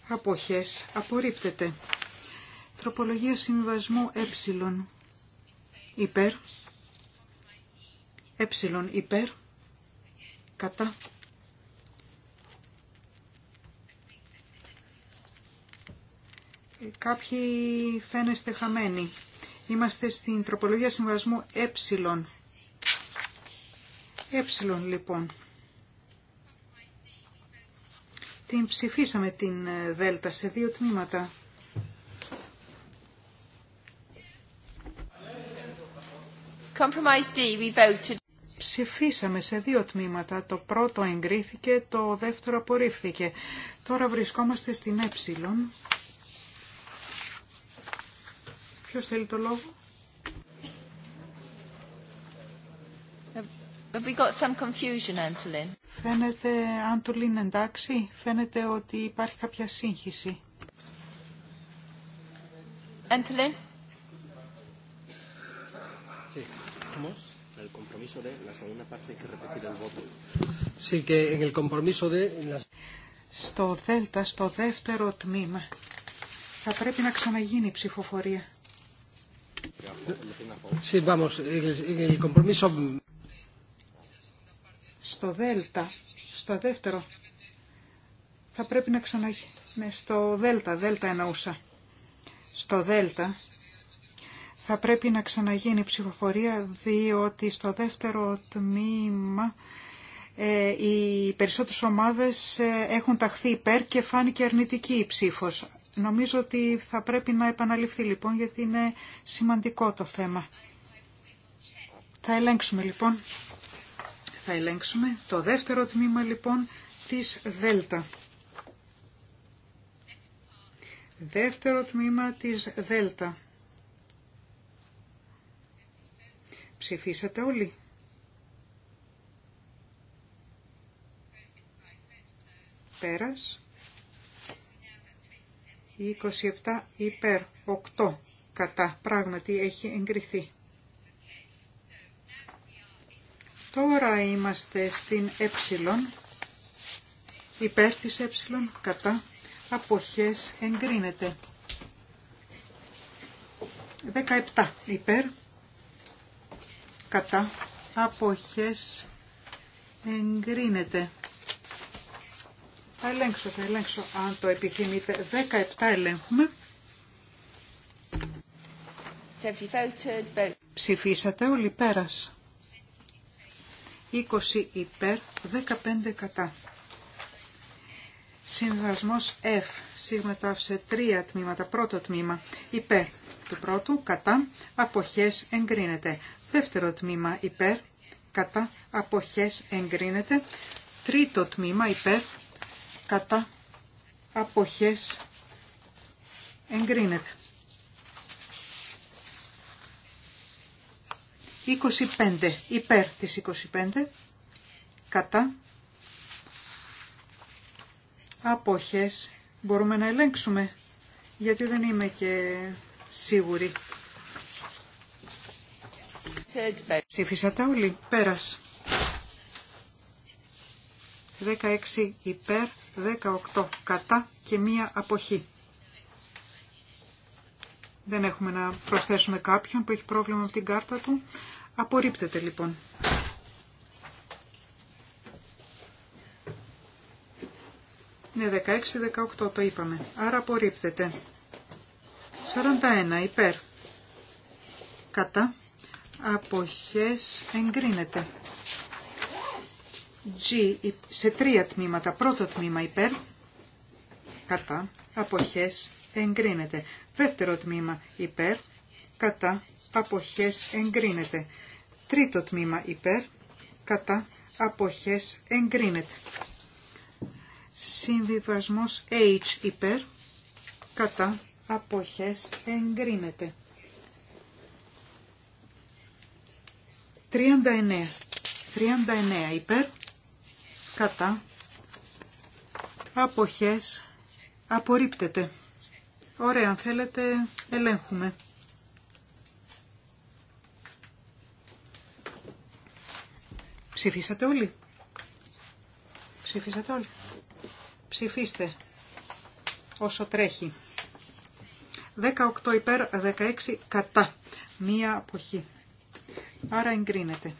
S1: αποχές, απορρίπτεται. Τροπολογία συμβασμού ε, υπέρ, ε υπέρ, κατά, κάποιοι φαίνεστε χαμένοι. Είμαστε στην τροπολογία συμβασμού ε. Ε, λοιπόν. Την ψηφίσαμε την ε, Δέλτα σε δύο τμήματα. Ψηφίσαμε σε δύο τμήματα. Το πρώτο εγκρίθηκε, το δεύτερο απορρίφθηκε. Τώρα βρισκόμαστε στην ε Ποιος θέλει το λόγο? But we got some Φαίνεται, Αντολίν, εντάξει, φαίνεται ότι υπάρχει κάποια σύγχυση. Αντολίν. Στο Δέλτα, στο δεύτερο τμήμα, θα πρέπει να ξαναγίνει η ψηφοφορία. Στο Δέλτα, στο δεύτερο, θα πρέπει να ξαναγεί. Ναι, στο Δέλτα, Δέλτα εννοούσα. Στο Δέλτα θα πρέπει να ξαναγίνει ψηφοφορία διότι στο δεύτερο τμήμα ε, οι περισσότερες ομάδες ε, έχουν ταχθεί υπέρ και φάνηκε αρνητική η ψήφος. Νομίζω ότι θα πρέπει να επαναληφθεί λοιπόν γιατί είναι σημαντικό το θέμα. Θα ελέγξουμε λοιπόν, θα ελέγξουμε το δεύτερο τμήμα λοιπόν της ΔΕΛΤΑ. Δεύτερο τμήμα της ΔΕΛΤΑ. Ψηφίσατε όλοι. Πέρας. 27 υπέρ 8 κατά. Πράγματι έχει εγκριθεί. Τώρα είμαστε στην ε, υπέρ της ε, κατά, αποχές εγκρίνεται. 17 υπέρ, κατά, αποχές εγκρίνεται. Θα ελέγξω, θα ελέγξω αν το επιθυμείτε. 17 ελέγχουμε. Ψηφίσατε όλοι πέρας. 20 υπέρ, 15 κατά. Συμβασμός F, σίγμα τάφσε τρία τμήματα, πρώτο τμήμα, υπέρ του πρώτου, κατά, αποχές εγκρίνεται. Δεύτερο τμήμα, υπέρ, κατά, αποχές εγκρίνεται. Τρίτο τμήμα, υπέρ, κατά αποχές εγκρίνεται. 25 υπέρ της 25 κατά αποχές μπορούμε να ελέγξουμε γιατί δεν είμαι και σίγουρη. Ψήφισατε όλοι. Πέρας. 16 υπέρ, 18 κατά και μία αποχή. Δεν έχουμε να προσθέσουμε κάποιον που έχει πρόβλημα με την κάρτα του. Απορρίπτεται λοιπόν. Ναι, 16-18 το είπαμε. Άρα απορρίπτεται. 41 υπέρ. Κατά. Αποχές εγκρίνεται. G σε τρία τμήματα. Πρώτο τμήμα υπέρ, κατά, αποχές, εγκρίνεται. Δεύτερο τμήμα υπέρ, κατά, αποχές, εγκρίνεται. Τρίτο τμήμα υπέρ, κατά, αποχές, εγκρίνεται. Συμβιβασμός H υπέρ, κατά, αποχές, εγκρίνεται. 39. 39 υπέρ, κατά αποχές απορρίπτεται. Ωραία, αν θέλετε ελέγχουμε. Ψηφίσατε όλοι. Ψηφίσατε όλοι. Ψηφίστε όσο τρέχει. 18 υπέρ, 16 κατά. Μία αποχή. Άρα εγκρίνεται.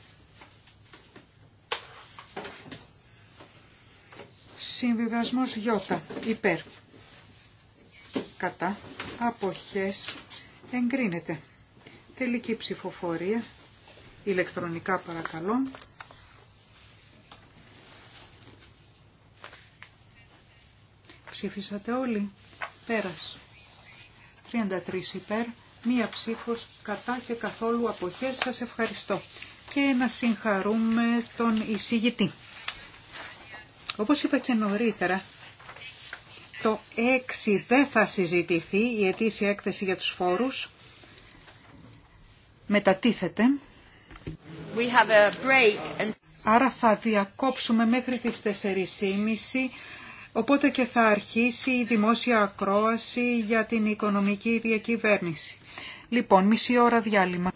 S1: Συμβιβασμός Ι, υπέρ. Κατά. Αποχές. Εγκρίνεται. Τελική ψηφοφορία. Ηλεκτρονικά παρακαλώ. Ψήφισατε όλοι. Πέρας. 33 υπέρ. Μία ψήφος κατά και καθόλου αποχές. Σας ευχαριστώ. Και να συγχαρούμε τον εισηγητή. Όπως είπα και νωρίτερα, το 6 δεν θα συζητηθεί η ετήσια έκθεση για τους φόρους. Μετατίθεται. Άρα θα διακόψουμε μέχρι τις 4.30, οπότε και θα αρχίσει η δημόσια ακρόαση για την οικονομική διακυβέρνηση. Λοιπόν, μισή ώρα διάλειμμα.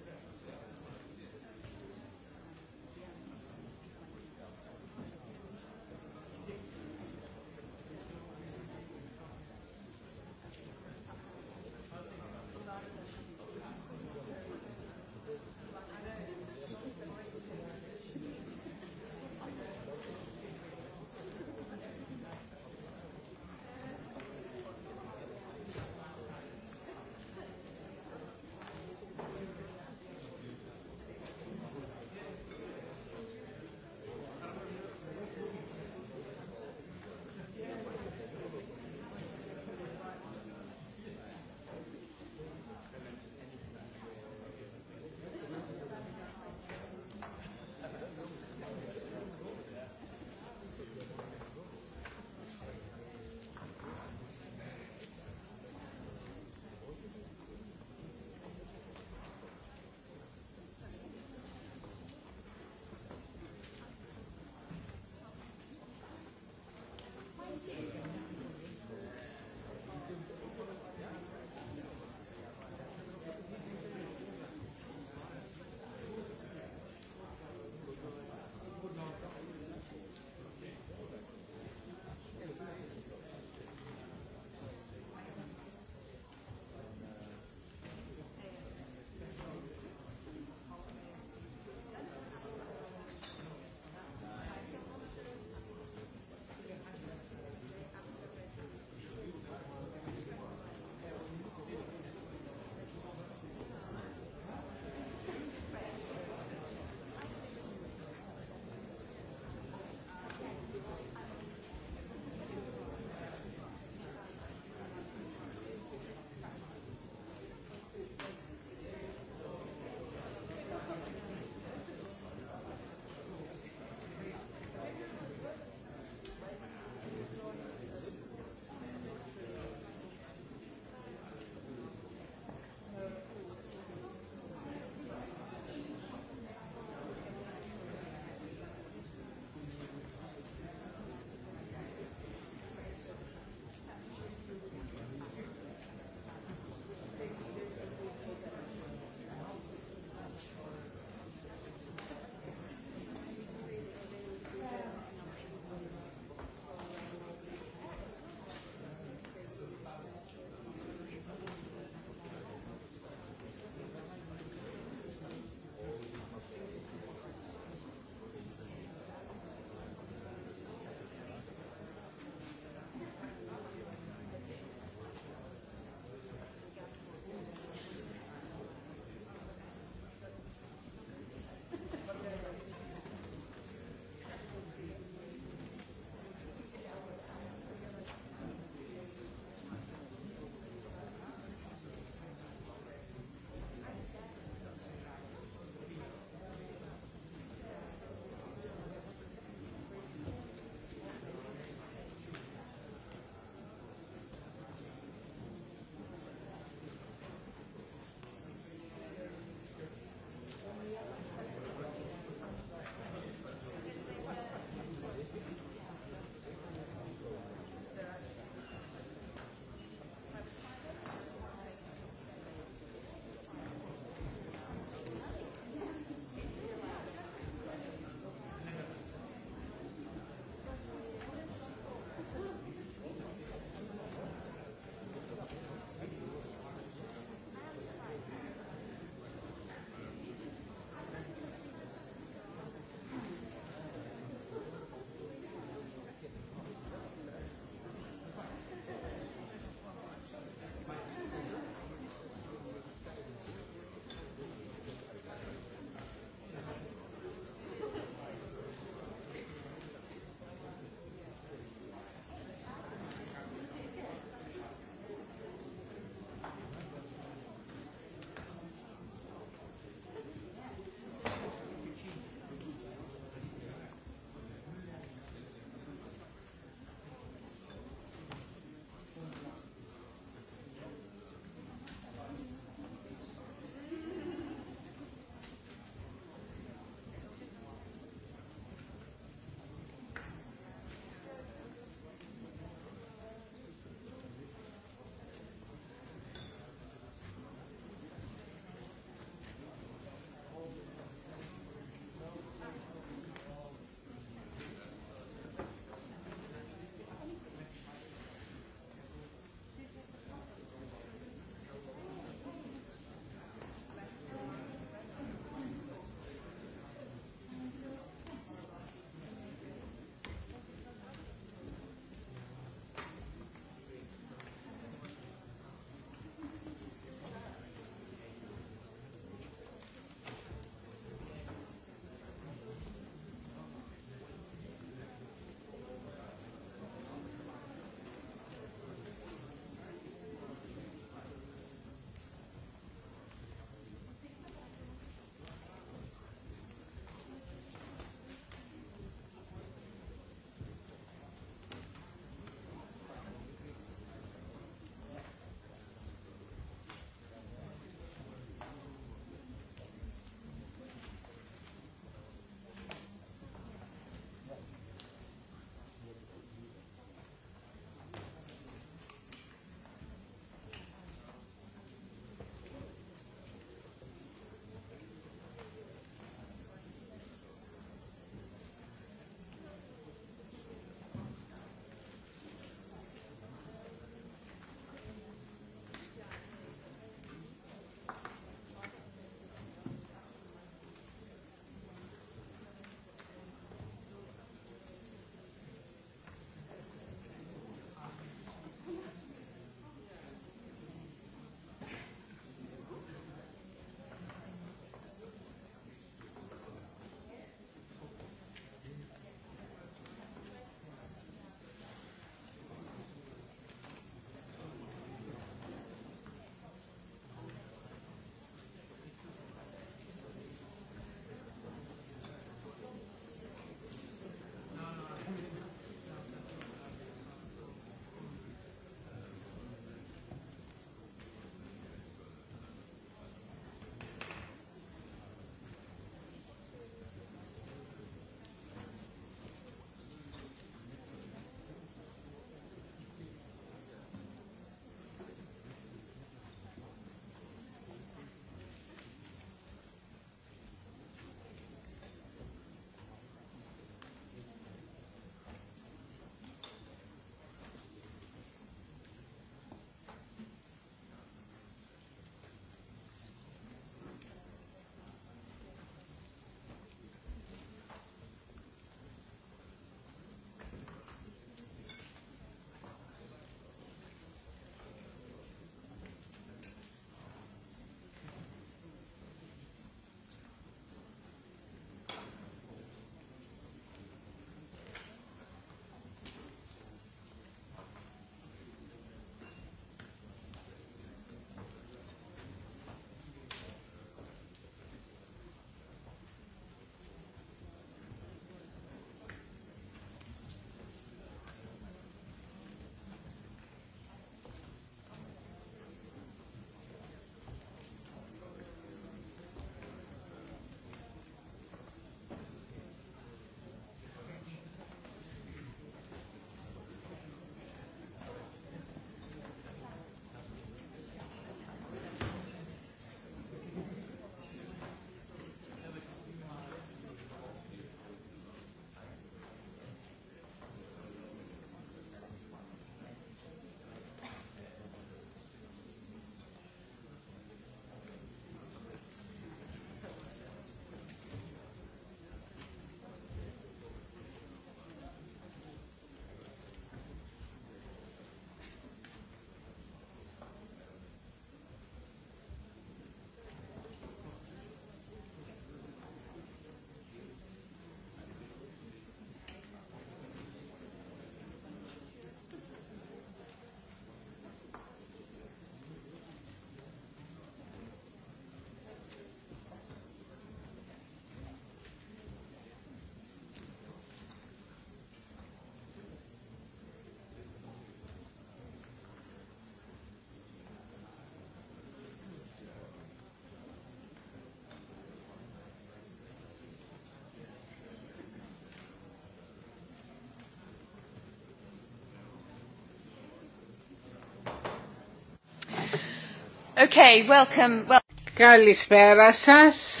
S3: Καλησπέρα σας.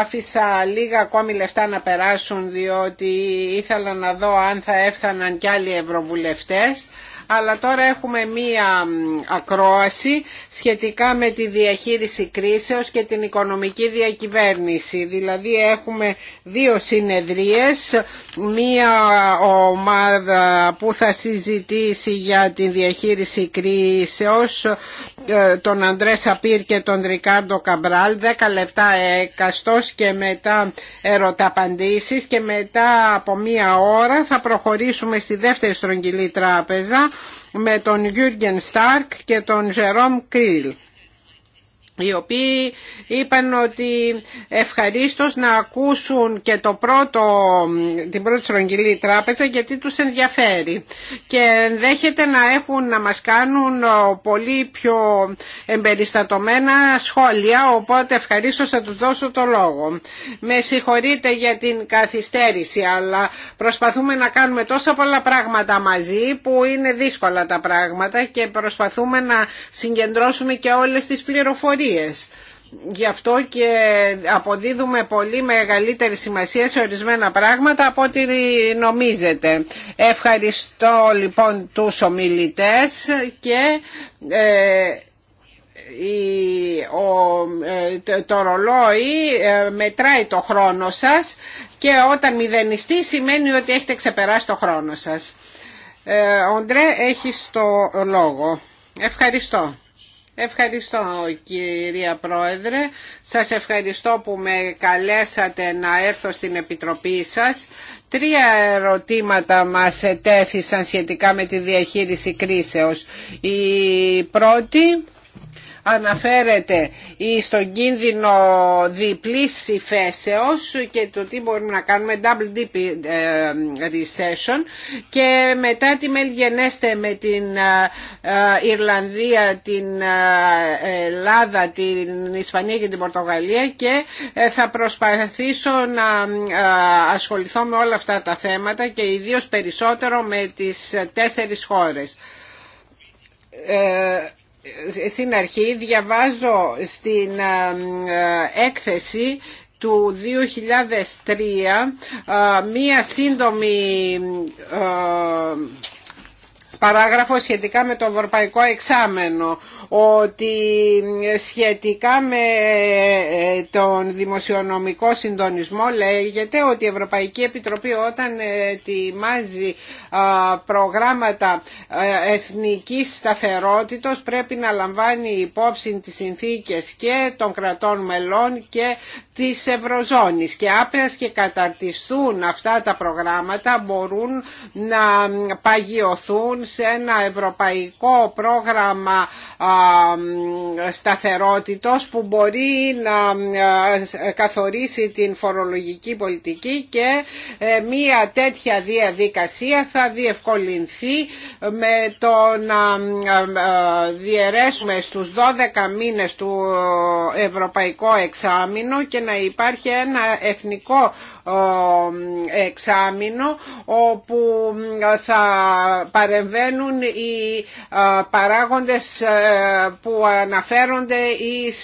S3: Άφησα λίγα ακόμη λεφτά να περάσουν διότι ήθελα να δω αν θα έφταναν κι άλλοι ευρωβουλευτές αλλά τώρα έχουμε μία ακρόαση σχετικά με τη διαχείριση κρίσεως και την οικονομική διακυβέρνηση. Δηλαδή έχουμε δύο συνεδρίες, μία ομάδα που θα συζητήσει για τη διαχείριση κρίσεως ε, τον Αντρέ Σαπίρ και τον Ρικάρντο Καμπράλ 10 λεπτά εκαστός και μετά ερωταπαντήσεις και μετά από μία ώρα θα προχωρήσουμε στη δεύτερη στρογγυλή τράπεζα με τον Γιούργεν Στάρκ και τον Ζερόμ Κρίλ οι οποίοι είπαν ότι ευχαρίστως να ακούσουν και το πρώτο, την πρώτη στρογγυλή τράπεζα γιατί τους ενδιαφέρει και ενδέχεται να έχουν να μας κάνουν πολύ πιο εμπεριστατωμένα σχόλια οπότε ευχαρίστως θα τους δώσω το λόγο. Με συγχωρείτε για την καθυστέρηση αλλά προσπαθούμε να κάνουμε τόσα πολλά πράγματα μαζί που είναι δύσκολα τα πράγματα και προσπαθούμε να συγκεντρώσουμε και όλες τις πληροφορίες Γι' αυτό και αποδίδουμε πολύ μεγαλύτερη σημασία σε ορισμένα πράγματα από ό,τι νομίζετε. Ευχαριστώ λοιπόν τους ομιλητές και ε, ε, το ρολόι ε, μετράει το χρόνο σας και όταν μηδενιστεί σημαίνει ότι έχετε ξεπεράσει το χρόνο σας. Ο Ντρέ έχει το λόγο. Ευχαριστώ. Ευχαριστώ κυρία Πρόεδρε. Σας ευχαριστώ που με καλέσατε να έρθω στην Επιτροπή σας. Τρία ερωτήματα μας ετέθησαν σχετικά με τη διαχείριση κρίσεως. Η πρώτη αναφέρεται στον κίνδυνο διπλής υφέσεως και το τι μπορούμε να κάνουμε double deep ε, recession και μετά τι μελγενέστε με την ε, ε, Ιρλανδία, την Ελλάδα, την Ισπανία και την Πορτογαλία και θα προσπαθήσω να ασχοληθώ με όλα αυτά τα θέματα και ιδίως περισσότερο με τις τέσσερις χώρες στην αρχή διαβάζω στην ε, ε, έκθεση του 2003 ε, μία σύντομη παράγραφο σχετικά με το ευρωπαϊκό εξάμενο ότι σχετικά με ε, τον δημοσιονομικό συντονισμό λέγεται ότι η Ευρωπαϊκή Επιτροπή όταν ετοιμάζει προγράμματα ε, εθνικής σταθερότητος πρέπει να λαμβάνει υπόψη τις συνθήκες και των κρατών μελών και της Ευρωζώνης και άπειρας και καταρτιστούν αυτά τα προγράμματα μπορούν να παγιωθούν σε ένα ευρωπαϊκό πρόγραμμα σταθερότητος που μπορεί να ε, καθορίσει την φορολογική πολιτική και ε, μία τέτοια διαδικασία θα διευκολυνθεί με το να ε, διαιρέσουμε στους 12 μήνες του ευρωπαϊκό εξάμεινο και να υπάρχει ένα εθνικό εξάμεινο όπου θα παρεμβαίνουν οι παράγοντες που αναφέρονται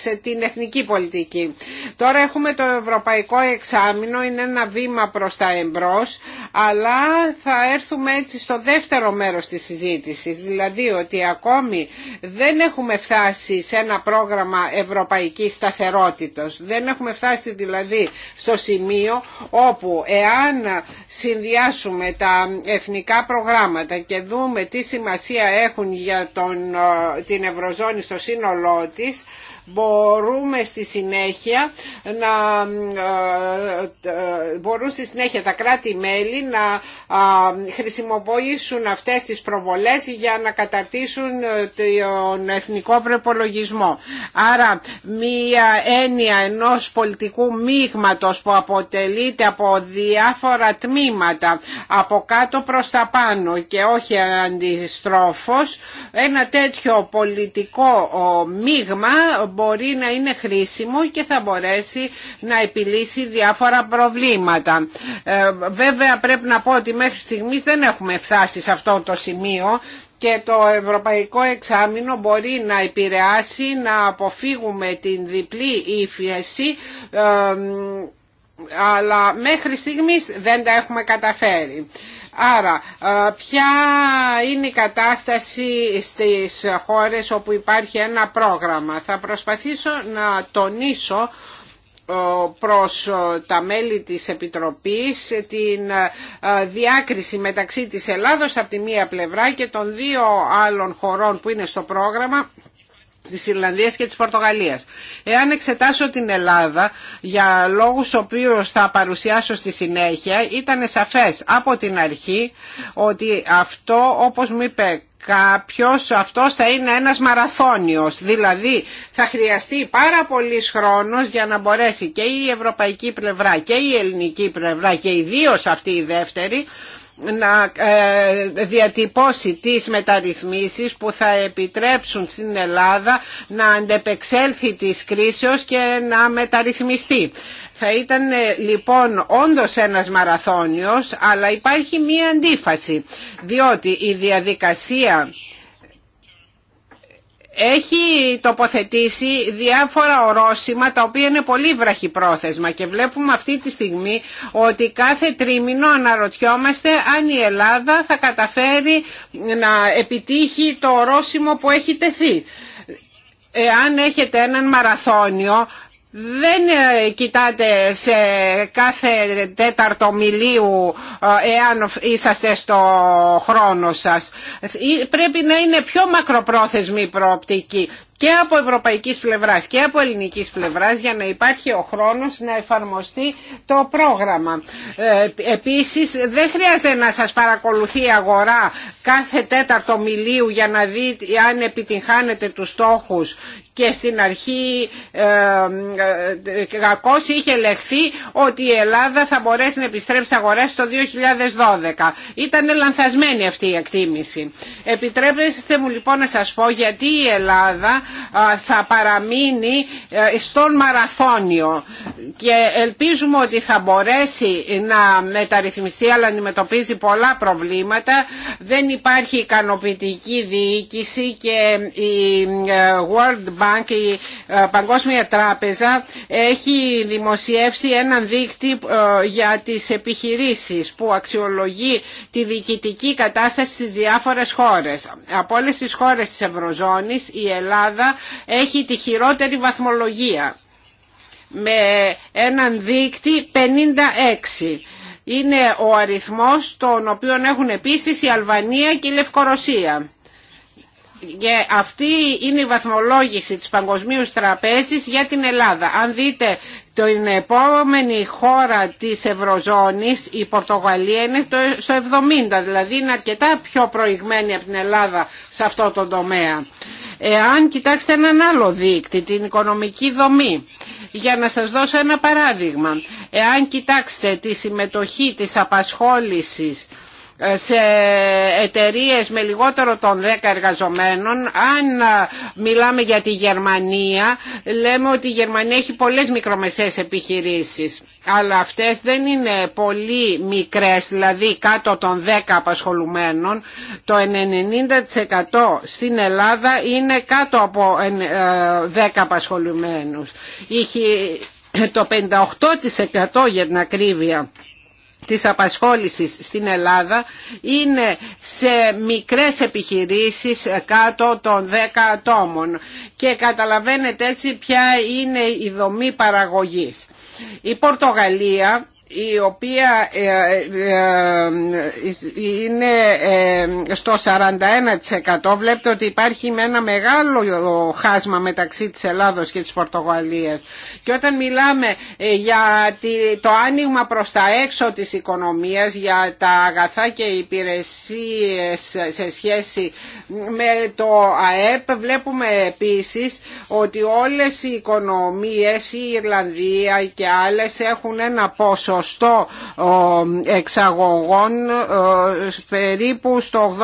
S3: σε την εθνική πολιτική. Τώρα έχουμε το Ευρωπαϊκό Εξάμεινο, είναι ένα βήμα προς τα εμπρός, αλλά θα έρθουμε έτσι στο δεύτερο μέρος της συζήτησης, δηλαδή ότι ακόμη δεν έχουμε φτάσει σε ένα πρόγραμμα ευρωπαϊκής σταθερότητας, δεν έχουμε φτάσει δηλαδή στο σημείο όπου εάν συνδυάσουμε τα εθνικά προγράμματα και δούμε τι σημασία έχουν για τον, ε, την Ευρωζώνη στο σύνολό της, μπορούμε στη συνέχεια να ε, ε, μπορούν στη συνέχεια τα κράτη-μέλη να χρησιμοποιήσουν αυτές τις προβολές για να καταρτήσουν τον εθνικό προπολογισμό. Άρα μία έννοια ενός πολιτικού μείγματος που αποτελεί από διάφορα τμήματα από κάτω προς τα πάνω και όχι αντιστρόφως ένα τέτοιο πολιτικό μείγμα μπορεί να είναι χρήσιμο και θα μπορέσει να επιλύσει διάφορα προβλήματα. Ε, βέβαια πρέπει να πω ότι μέχρι στιγμής δεν έχουμε φτάσει σε αυτό το σημείο και το ευρωπαϊκό εξάμεινο μπορεί να επηρεάσει να αποφύγουμε την διπλή ύφεση ε, αλλά μέχρι στιγμής δεν τα έχουμε καταφέρει. Άρα, ε, ποια είναι η κατάσταση στις χώρες όπου υπάρχει ένα πρόγραμμα. Θα προσπαθήσω να τονίσω ε, προς ε, τα μέλη της Επιτροπής την διάκριση μεταξύ της Ελλάδος από τη μία πλευρά και των δύο άλλων χωρών που είναι στο πρόγραμμα της Ιρλανδίας και της Πορτογαλίας. Εάν εξετάσω την Ελλάδα για λόγους οποίους θα παρουσιάσω στη συνέχεια ήταν σαφές από την αρχή ότι αυτό όπως μου είπε κάποιος αυτό θα είναι ένας μαραθώνιος δηλαδή θα χρειαστεί πάρα πολύς χρόνος για να μπορέσει και η ευρωπαϊκή πλευρά και η ελληνική πλευρά και ιδίω αυτή η δεύτερη να ε, διατυπώσει τις μεταρρυθμίσεις που θα επιτρέψουν στην Ελλάδα να αντεπεξέλθει της κρίσεως και να μεταρρυθμιστεί. Θα ήταν ε, λοιπόν όντως ένας μαραθώνιος, αλλά υπάρχει μία αντίφαση, διότι η διαδικασία έχει τοποθετήσει διάφορα ορόσημα τα οποία είναι πολύ βραχυπρόθεσμα και βλέπουμε αυτή τη στιγμή ότι κάθε τρίμηνο αναρωτιόμαστε αν η Ελλάδα θα καταφέρει να επιτύχει το ορόσημο που έχει τεθεί. Εάν έχετε έναν μαραθώνιο δεν ε, κοιτάτε σε κάθε τέταρτο μιλίου ε, εάν είσαστε στο χρόνο σας. Ε, πρέπει να είναι πιο μακροπρόθεσμη η προοπτική και από ευρωπαϊκής πλευράς και από ελληνικής πλευράς για να υπάρχει ο χρόνος να εφαρμοστεί το πρόγραμμα. Ε, επίσης δεν χρειάζεται να σας παρακολουθεί η αγορά κάθε τέταρτο μιλίου για να δει αν επιτυγχάνετε τους στόχους και στην αρχή ε, ε είχε λεχθεί ότι η Ελλάδα θα μπορέσει να επιστρέψει αγορές το 2012. Ήταν λανθασμένη αυτή η εκτίμηση. Επιτρέπεστε μου λοιπόν να σας πω γιατί η Ελλάδα θα παραμείνει ε, στον μαραθώνιο και ελπίζουμε ότι θα μπορέσει να μεταρρυθμιστεί αλλά αντιμετωπίζει πολλά προβλήματα δεν υπάρχει ικανοποιητική διοίκηση και η ε, World Bank, η ε, Παγκόσμια Τράπεζα έχει δημοσιεύσει έναν δείκτη για τις επιχειρήσεις που αξιολογεί τη διοικητική κατάσταση στις διάφορες χώρες. Από όλες τις χώρες της Ευρωζώνης η Ελλάδα έχει τη χειρότερη βαθμολογία με έναν δείκτη 56 είναι ο αριθμός τον οποίο έχουν επίσης η Αλβανία και η Λευκορωσία και αυτή είναι η βαθμολόγηση της Παγκοσμίου Τραπέζης για την Ελλάδα. Αν δείτε την επόμενη χώρα της Ευρωζώνης, η Πορτογαλία είναι στο 70, δηλαδή είναι αρκετά πιο προηγμένη από την Ελλάδα σε αυτό το τομέα. Εάν κοιτάξετε έναν άλλο δείκτη, την οικονομική δομή, για να σας δώσω ένα παράδειγμα. Εάν κοιτάξτε τη συμμετοχή της απασχόλησης σε εταιρείες με λιγότερο των 10 εργαζομένων αν μιλάμε για τη Γερμανία λέμε ότι η Γερμανία έχει πολλές μικρομεσαίες επιχειρήσεις αλλά αυτές δεν είναι πολύ μικρές δηλαδή κάτω των 10 απασχολουμένων το 90% στην Ελλάδα είναι κάτω από 10 ε, απασχολουμένους το 58% για την ακρίβεια της απασχόλησης στην Ελλάδα είναι σε μικρές επιχειρήσεις κάτω των 10 ατόμων και καταλαβαίνετε έτσι ποια είναι η δομή παραγωγής. Η Πορτογαλία η οποία ε, ε, ε, είναι στο 41% βλέπετε ότι υπάρχει με ένα μεγάλο χάσμα μεταξύ της Ελλάδος και της Πορτογαλίας και όταν μιλάμε για το άνοιγμα προς τα έξω της οικονομίας για τα αγαθά και υπηρεσίες σε σχέση με το ΑΕΠ βλέπουμε επίσης ότι όλες οι οικονομίες η Ιρλανδία και άλλες έχουν ένα πόσο ποσοστό εξαγωγών περίπου στο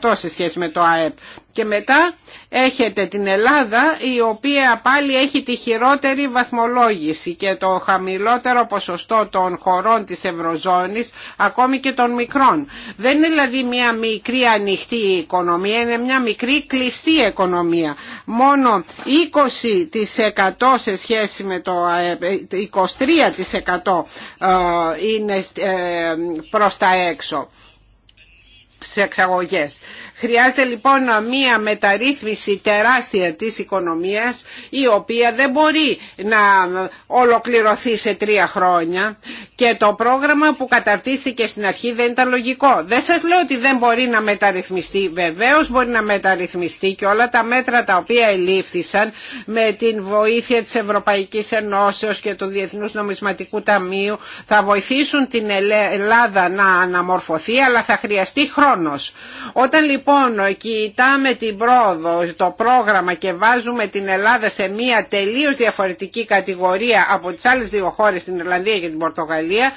S3: 80% σε σχέση με το ΑΕΠ. Και μετά έχετε την Ελλάδα η οποία πάλι έχει τη χειρότερη βαθμολόγηση και το χαμηλότερο ποσοστό των χωρών της Ευρωζώνης ακόμη και των μικρών. Δεν είναι δηλαδή μια μικρή ανοιχτή οικονομία, είναι μια μικρή κλειστή οικονομία. Μόνο 20% σε σχέση με το 23% ε, ε, είναι ε, προς τα έξω σε εξαγωγές. Χρειάζεται λοιπόν μία μεταρρύθμιση τεράστια της οικονομίας η οποία δεν μπορεί να ολοκληρωθεί σε τρία χρόνια και το πρόγραμμα που καταρτίστηκε στην αρχή δεν ήταν λογικό. Δεν σας λέω ότι δεν μπορεί να μεταρρυθμιστεί. Βεβαίως μπορεί να μεταρρυθμιστεί και όλα τα μέτρα τα οποία ελήφθησαν με την βοήθεια της Ευρωπαϊκής Ενώσεως και του Διεθνούς Νομισματικού Ταμείου θα βοηθήσουν την Ελλάδα να αναμορφωθεί αλλά θα χρειαστεί χρόνος. Όταν λοιπόν λοιπόν κοιτάμε την πρόοδο, το πρόγραμμα και βάζουμε την Ελλάδα σε μια τελείως διαφορετική κατηγορία από τις άλλες δύο χώρες, την Ιρλανδία και την Πορτογαλία,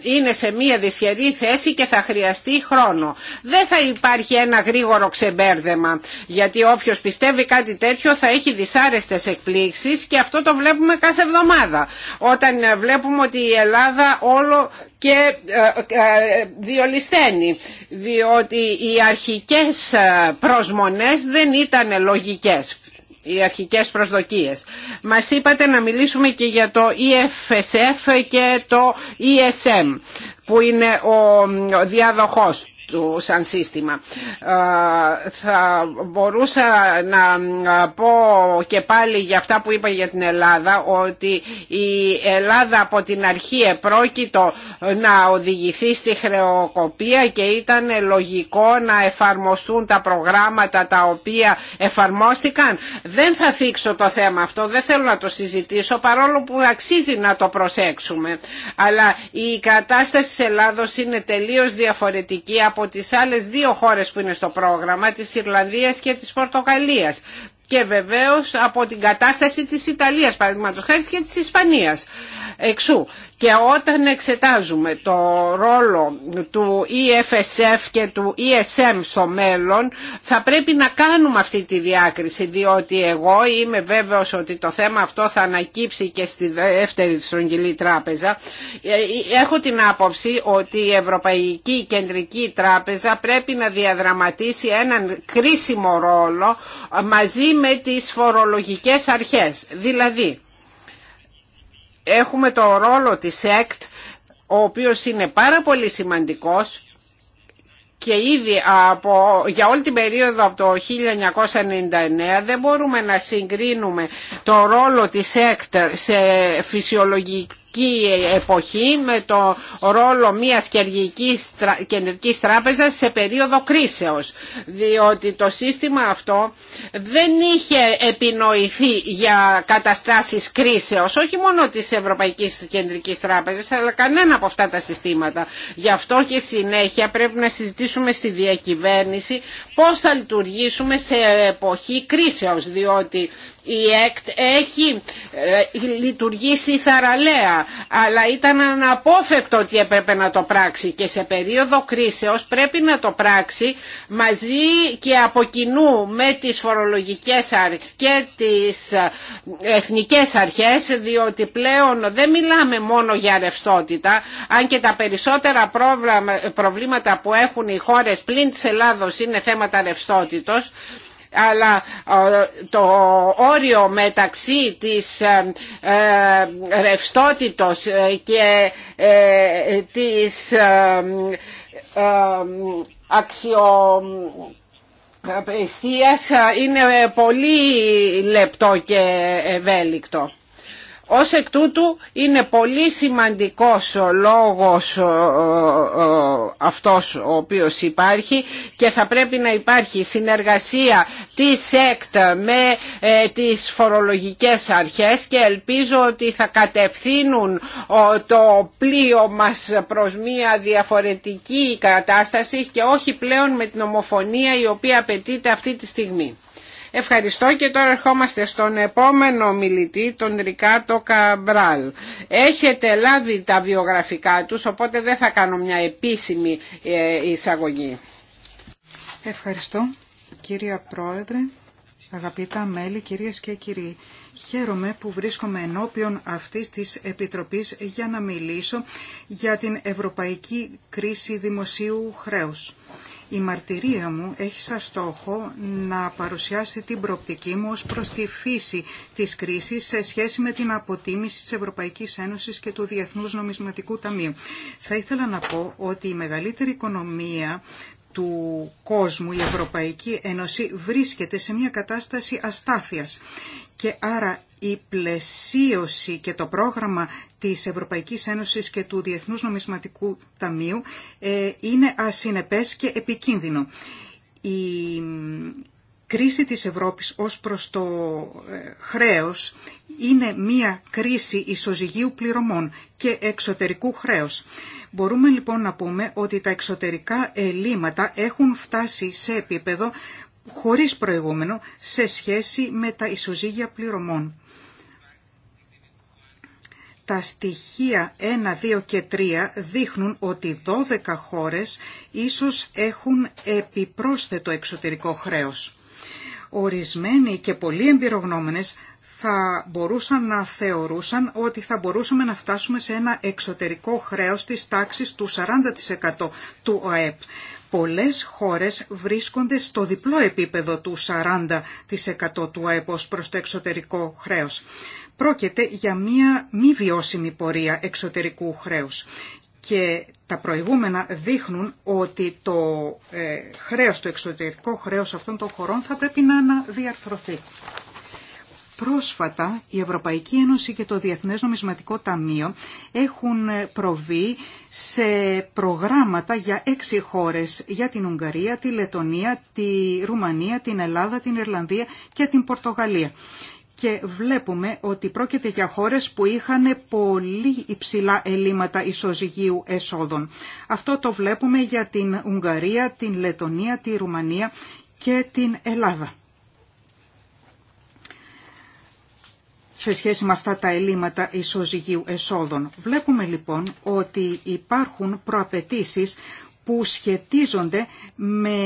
S3: είναι σε μια δυσχερή θέση και θα χρειαστεί χρόνο. Δεν θα υπάρχει ένα γρήγορο ξεμπέρδεμα, γιατί όποιος πιστεύει κάτι τέτοιο θα έχει δυσάρεστες εκπλήξεις και αυτό το βλέπουμε κάθε εβδομάδα. Όταν βλέπουμε ότι η Ελλάδα όλο και ε, ε, διολυσθένει διότι οι αρχικές ε, προσμονές δεν ήταν λογικές οι αρχικές προσδοκίες. Μας είπατε να μιλήσουμε και για το EFSF και το ESM που είναι ο διάδοχός του σαν σύστημα. Θα μπορούσα να πω και πάλι για αυτά που είπα για την Ελλάδα ότι η Ελλάδα από την αρχή επρόκειτο να οδηγηθεί στη χρεοκοπία και ήταν λογικό να εφαρμοστούν τα προγράμματα τα οποία εφαρμόστηκαν. Δεν θα θίξω το θέμα αυτό, δεν θέλω να το συζητήσω παρόλο που αξίζει να το προσέξουμε. Αλλά η κατάσταση της Ελλάδος είναι τελείως διαφορετική από από τις άλλες δύο χώρες που είναι στο πρόγραμμα, της Ιρλανδίας και της Πορτογαλίας και βεβαίως από την κατάσταση της Ιταλίας παραδείγματος χάρη και της Ισπανίας. Εξού και όταν εξετάζουμε το ρόλο του EFSF και του ESM στο μέλλον θα πρέπει να κάνουμε αυτή τη διάκριση διότι εγώ είμαι βέβαιος ότι το θέμα αυτό θα ανακύψει και στη δεύτερη στρογγυλή τράπεζα. Ε, ε, έχω την άποψη ότι η Ευρωπαϊκή Κεντρική Τράπεζα πρέπει να διαδραματίσει έναν κρίσιμο ρόλο μαζί με τις φορολογικές αρχές. Δηλαδή έχουμε το ρόλο της ΕΚΤ ο οποίος είναι πάρα πολύ σημαντικός και ήδη από, για όλη την περίοδο από το 1999 δεν μπορούμε να συγκρίνουμε το ρόλο της ΕΚΤ σε φυσιολογική εποχή με το ρόλο μιας κεντρικής τράπεζας σε περίοδο κρίσεως διότι το σύστημα αυτό δεν είχε επινοηθεί για καταστάσεις κρίσεως όχι μόνο της Ευρωπαϊκής Κεντρικής Τράπεζας αλλά κανένα από αυτά τα συστήματα γι' αυτό και συνέχεια πρέπει να συζητήσουμε στη διακυβέρνηση πώς θα λειτουργήσουμε σε εποχή κρίσεως διότι η ΕΚΤ έχει ε, λειτουργήσει θαραλέα, αλλά ήταν αναπόφευκτο ότι έπρεπε να το πράξει και σε περίοδο κρίσεως πρέπει να το πράξει μαζί και από κοινού με τις φορολογικές αρχές και τις ε, εθνικές αρχές, διότι πλέον δεν μιλάμε μόνο για ρευστότητα, αν και τα περισσότερα προβλήματα που έχουν οι χώρες πλην της Ελλάδος είναι θέματα ρευστότητος, αλλά ε, το όριο μεταξύ της ε, ε, ρευστότητος και της αξιο είναι πολύ λεπτό και ευέλικτο. Ως εκ τούτου είναι πολύ σημαντικός ο λόγος αυτός ο οποίος υπάρχει και θα πρέπει να υπάρχει συνεργασία της ΕΚΤ με ε, τις φορολογικές αρχές και ελπίζω ότι θα κατευθύνουν το πλοίο μας προς μια διαφορετική κατάσταση και όχι πλέον με την ομοφωνία η οποία απαιτείται αυτή τη στιγμή. Ευχαριστώ και τώρα ερχόμαστε στον επόμενο μιλητή, τον Ρικάτο Καμπράλ. Έχετε λάβει τα βιογραφικά τους, οπότε δεν θα κάνω μια επίσημη ε, εισαγωγή.
S1: Ευχαριστώ κύρια Πρόεδρε, αγαπητά μέλη, κυρίες και κύριοι. Χαίρομαι που βρίσκομαι ενώπιον αυτής της Επιτροπής για να μιλήσω για την Ευρωπαϊκή Κρίση Δημοσίου Χρέους. Η μαρτυρία μου έχει σαν στόχο να παρουσιάσει την προοπτική μου ως προς τη φύση της κρίσης σε σχέση με την αποτίμηση της Ευρωπαϊκής Ένωσης και του Διεθνούς Νομισματικού Ταμείου. Θα ήθελα να πω ότι η μεγαλύτερη οικονομία του κόσμου, η Ευρωπαϊκή Ένωση, βρίσκεται σε μια κατάσταση αστάθειας και άρα η πλαισίωση και το πρόγραμμα της Ευρωπαϊκής Ένωσης και του Διεθνούς Νομισματικού Ταμείου ε, είναι ασυνεπές και επικίνδυνο. Η κρίση της Ευρώπης ως προς το ε, χρέος είναι μία κρίση ισοζυγίου πληρωμών και εξωτερικού χρέους. Μπορούμε λοιπόν να πούμε ότι τα εξωτερικά ελλείμματα έχουν φτάσει σε επίπεδο χωρίς προηγούμενο σε σχέση με τα ισοζύγια πληρωμών τα στοιχεία 1, 2 και 3 δείχνουν ότι 12 χώρες ίσως έχουν επιπρόσθετο εξωτερικό χρέος. Ορισμένοι και πολλοί εμπειρογνώμενες θα μπορούσαν να θεωρούσαν ότι θα μπορούσαμε να φτάσουμε σε ένα εξωτερικό χρέος της τάξης του 40% του ΟΕΠ. Πολλές χώρες βρίσκονται στο διπλό επίπεδο του 40% του ΟΕΠ ως προς το εξωτερικό χρέος. Πρόκειται για μία μη βιώσιμη πορεία εξωτερικού χρέους και τα προηγούμενα δείχνουν ότι το ε, χρέος, το εξωτερικό χρέος αυτών των χωρών θα πρέπει να αναδιαρθρωθεί. Πρόσφατα η Ευρωπαϊκή Ένωση και το Διεθνές Νομισματικό Ταμείο έχουν ε, προβεί σε προγράμματα για έξι χώρες, για την Ουγγαρία, τη Λετωνία, τη Ρουμανία, την Ελλάδα, την Ιρλανδία και την Πορτογαλία και βλέπουμε ότι πρόκειται για χώρες που είχαν πολύ υψηλά ελλείμματα ισοζυγίου εσόδων. Αυτό το βλέπουμε για την Ουγγαρία, την Λετωνία, τη Ρουμανία και την Ελλάδα. σε σχέση με αυτά τα ελλείμματα ισοζυγίου εσόδων. Βλέπουμε λοιπόν ότι υπάρχουν προαπαιτήσεις που σχετίζονται με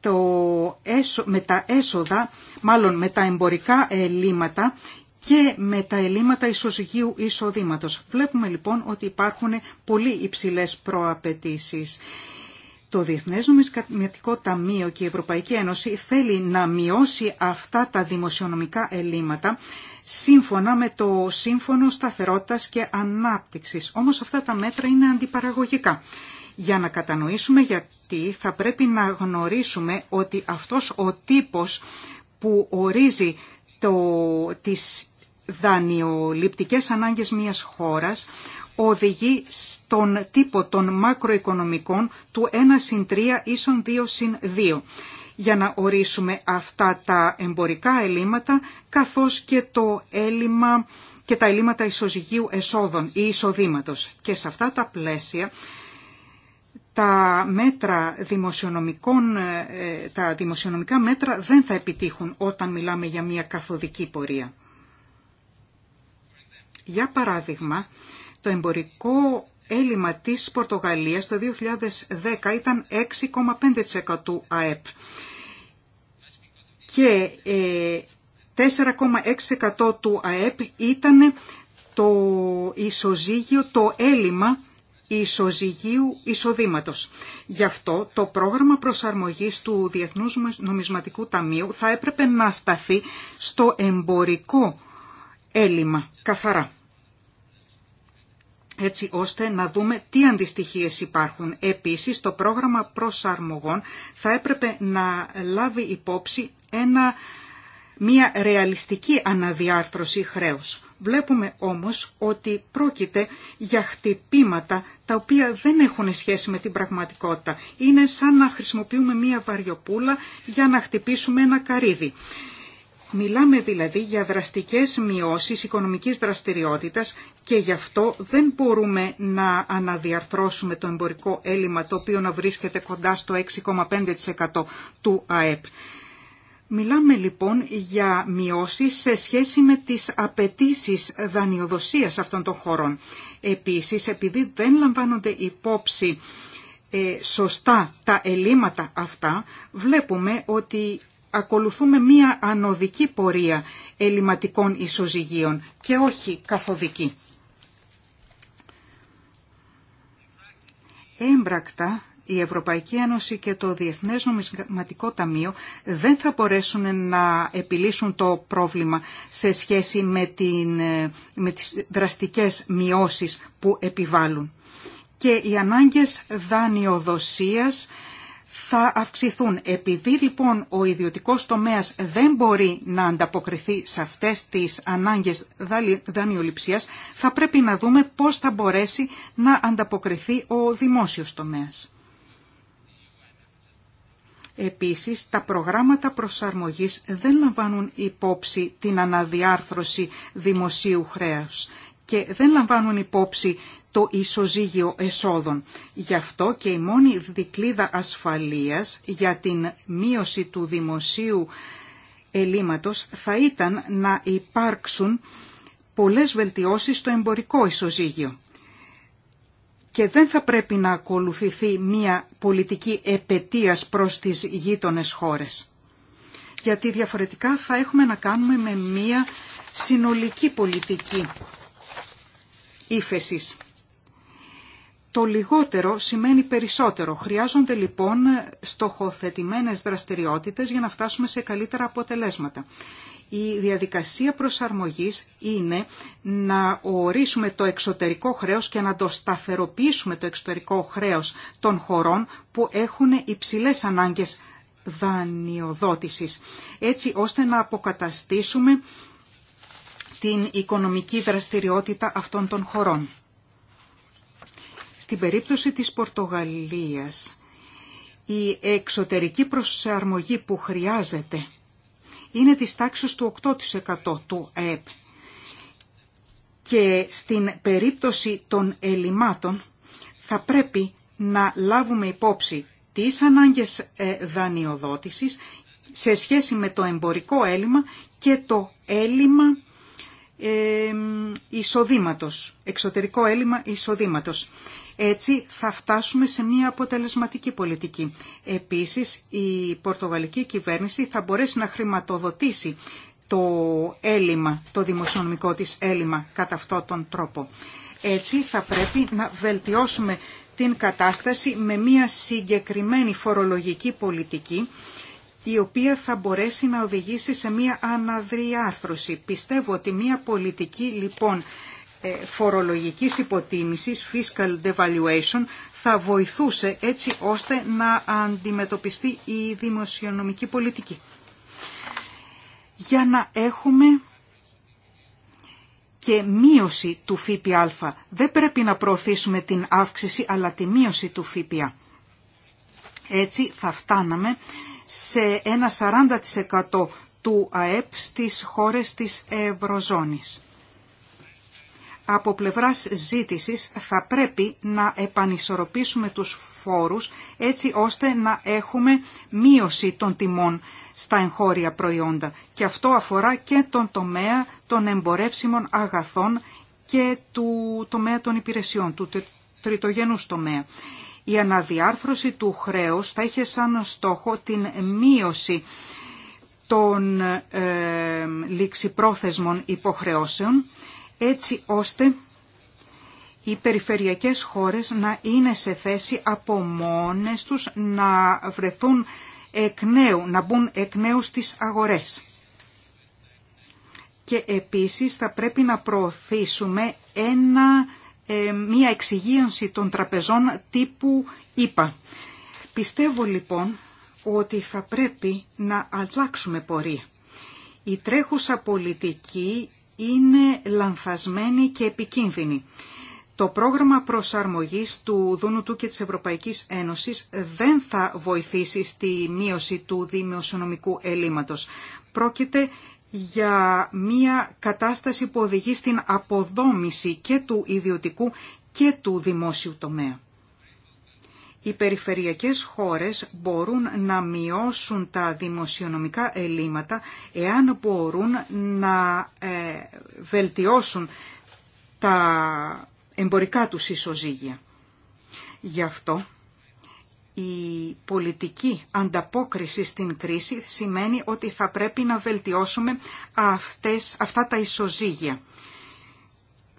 S1: το με τα έσοδα, μάλλον με τα εμπορικά ελλείμματα και με τα ελλείμματα ισοζυγίου εισοδήματος. Βλέπουμε λοιπόν ότι υπάρχουν πολύ υψηλές προαπαιτήσεις. Το Διεθνές Νομισματικό Ταμείο και η Ευρωπαϊκή Ένωση θέλει να μειώσει αυτά τα δημοσιονομικά ελλείμματα σύμφωνα με το Σύμφωνο Σταθερότητας και Ανάπτυξης. Όμως αυτά τα μέτρα είναι αντιπαραγωγικά. Για να κατανοήσουμε για θα πρέπει να γνωρίσουμε ότι αυτός ο τύπος που ορίζει το, τις δανειοληπτικές ανάγκες μιας χώρας οδηγεί στον τύπο των μακροοικονομικών του 1 συν 3 ίσον 2 συν 2 για να ορίσουμε αυτά τα εμπορικά ελλείμματα καθώς και το έλλειμμα και τα ελλείμματα ισοζυγίου εσόδων ή εισοδήματος. Και σε αυτά τα πλαίσια τα μέτρα δημοσιονομικών, ε, τα δημοσιονομικά μέτρα δεν θα επιτύχουν όταν μιλάμε για μια καθοδική πορεία. Για παράδειγμα, το εμπορικό έλλειμμα της Πορτογαλίας το 2010 ήταν 6,5% του ΑΕΠ και 4,6% ε, του ΑΕΠ ήταν το ισοζύγιο, το έλλειμμα ισοζυγίου εισοδήματος. Γι' αυτό το πρόγραμμα προσαρμογής του Διεθνούς Νομισματικού Ταμείου θα έπρεπε να σταθεί στο εμπορικό έλλειμμα καθαρά. Έτσι ώστε να δούμε τι αντιστοιχίες υπάρχουν. Επίσης το πρόγραμμα προσαρμογών θα έπρεπε να λάβει υπόψη ένα, μια ρεαλιστική αναδιάρθρωση χρέους. Βλέπουμε όμως ότι πρόκειται για χτυπήματα τα οποία δεν έχουν σχέση με την πραγματικότητα. Είναι σαν να χρησιμοποιούμε μία βαριοπούλα για να χτυπήσουμε ένα καρύδι. Μιλάμε δηλαδή για δραστικές μειώσεις οικονομικής δραστηριότητας και γι' αυτό δεν μπορούμε να αναδιαρθρώσουμε το εμπορικό έλλειμμα το οποίο να βρίσκεται κοντά στο 6,5% του ΑΕΠ. Μιλάμε λοιπόν για μειώσεις σε σχέση με τις απαιτήσει δανειοδοσίας αυτών των χωρών. Επίσης, επειδή δεν λαμβάνονται υπόψη ε, σωστά τα ελλείμματα αυτά, βλέπουμε ότι ακολουθούμε μία ανωδική πορεία ελληματικών ισοζυγίων και όχι καθοδική. Έμπρακτα, η Ευρωπαϊκή Ένωση και το Διεθνές Νομισματικό Ταμείο δεν θα μπορέσουν να επιλύσουν το πρόβλημα σε σχέση με, την, ε, με τις δραστικές μειώσεις που επιβάλλουν. Και οι ανάγκες δανειοδοσίας θα αυξηθούν. Επειδή λοιπόν ο ιδιωτικός τομέας δεν μπορεί να ανταποκριθεί σε αυτές τις ανάγκες δανειοληψίας, θα πρέπει να δούμε πώς θα μπορέσει να ανταποκριθεί ο δημόσιος τομέας. Επίσης, τα προγράμματα προσαρμογής δεν λαμβάνουν υπόψη την αναδιάρθρωση δημοσίου χρέους και δεν λαμβάνουν υπόψη το ισοζύγιο εσόδων. Γι' αυτό και η μόνη δικλίδα ασφαλείας για την μείωση του δημοσίου ελλείμματος θα ήταν να υπάρξουν πολλές βελτιώσεις στο εμπορικό ισοζύγιο και δεν θα πρέπει να ακολουθηθεί μια πολιτική επαιτίας προς τις γείτονες χώρες. Γιατί διαφορετικά θα έχουμε να κάνουμε με μια συνολική πολιτική ύφεσης. Το λιγότερο σημαίνει περισσότερο. Χρειάζονται λοιπόν στοχοθετημένες δραστηριότητες για να φτάσουμε σε καλύτερα αποτελέσματα. Η διαδικασία προσαρμογής είναι να ορίσουμε το εξωτερικό χρέος και να το σταθεροποιήσουμε το εξωτερικό χρέος των χωρών που έχουν υψηλές ανάγκες δανειοδότησης, έτσι ώστε να αποκαταστήσουμε την οικονομική δραστηριότητα αυτών των χωρών. Στην περίπτωση της Πορτογαλίας, η εξωτερική προσαρμογή που χρειάζεται είναι της τάξης του 8% του ΕΕΠ. Και στην περίπτωση των ελλημάτων θα πρέπει να λάβουμε υπόψη τις ανάγκες ε, δανειοδότησης σε σχέση με το εμπορικό έλλειμμα και το έλλειμμα ε, εισοδήματος, εξωτερικό έλλειμμα εισοδήματος. Έτσι θα φτάσουμε σε μια αποτελεσματική πολιτική. Επίσης, η πορτογαλική κυβέρνηση θα μπορέσει να χρηματοδοτήσει το έλλειμμα, το δημοσιονομικό της έλλειμμα κατά αυτόν τον τρόπο. Έτσι θα πρέπει να βελτιώσουμε την κατάσταση με μια συγκεκριμένη φορολογική πολιτική η οποία θα μπορέσει να οδηγήσει σε μια αναδιάρθρωση. Πιστεύω ότι μια πολιτική λοιπόν ε, φορολογικής υποτίμησης, fiscal devaluation, θα βοηθούσε έτσι ώστε να αντιμετωπιστεί η δημοσιονομική πολιτική. Για να έχουμε και μείωση του ΦΠΑ. Δεν πρέπει να προωθήσουμε την αύξηση αλλά τη μείωση του ΦΠΑ. Έτσι θα φτάναμε σε ένα 40% του ΑΕΠ στις χώρες της Ευρωζώνης από πλευράς ζήτησης θα πρέπει να επανισορροπήσουμε τους φόρους έτσι ώστε να έχουμε μείωση των τιμών στα εγχώρια προϊόντα και αυτό αφορά και τον τομέα των εμπορεύσιμων αγαθών και του τομέα των υπηρεσιών, του τριτογενούς τομέα. Η αναδιάρθρωση του χρέους θα είχε σαν στόχο την μείωση των ε, ληξιπρόθεσμων υποχρεώσεων έτσι ώστε οι περιφερειακές χώρες να είναι σε θέση από μόνες τους να βρεθούν εκ νέου, να μπουν εκ νέου στις αγορές. Και επίσης θα πρέπει να προωθήσουμε ένα, ε, μία εξυγίανση των τραπεζών τύπου ΙΠΑ. Πιστεύω λοιπόν ότι θα πρέπει να αλλάξουμε πορεία. Η τρέχουσα πολιτική είναι λανθασμένη και επικίνδυνη. Το πρόγραμμα προσαρμογής του Δούνου του και της Ευρωπαϊκής Ένωσης δεν θα βοηθήσει στη μείωση του δημοσιονομικού ελλείμματος. Πρόκειται για μια κατάσταση που οδηγεί στην αποδόμηση και του ιδιωτικού και του δημόσιου τομέα οι περιφερειακές χώρες μπορούν να μειώσουν τα δημοσιονομικά ελλείμματα εάν μπορούν να ε, βελτιώσουν τα εμπορικά τους ισοζύγια. Γι' αυτό η πολιτική ανταπόκριση στην κρίση σημαίνει ότι θα πρέπει να βελτιώσουμε αυτές, αυτά τα ισοζύγια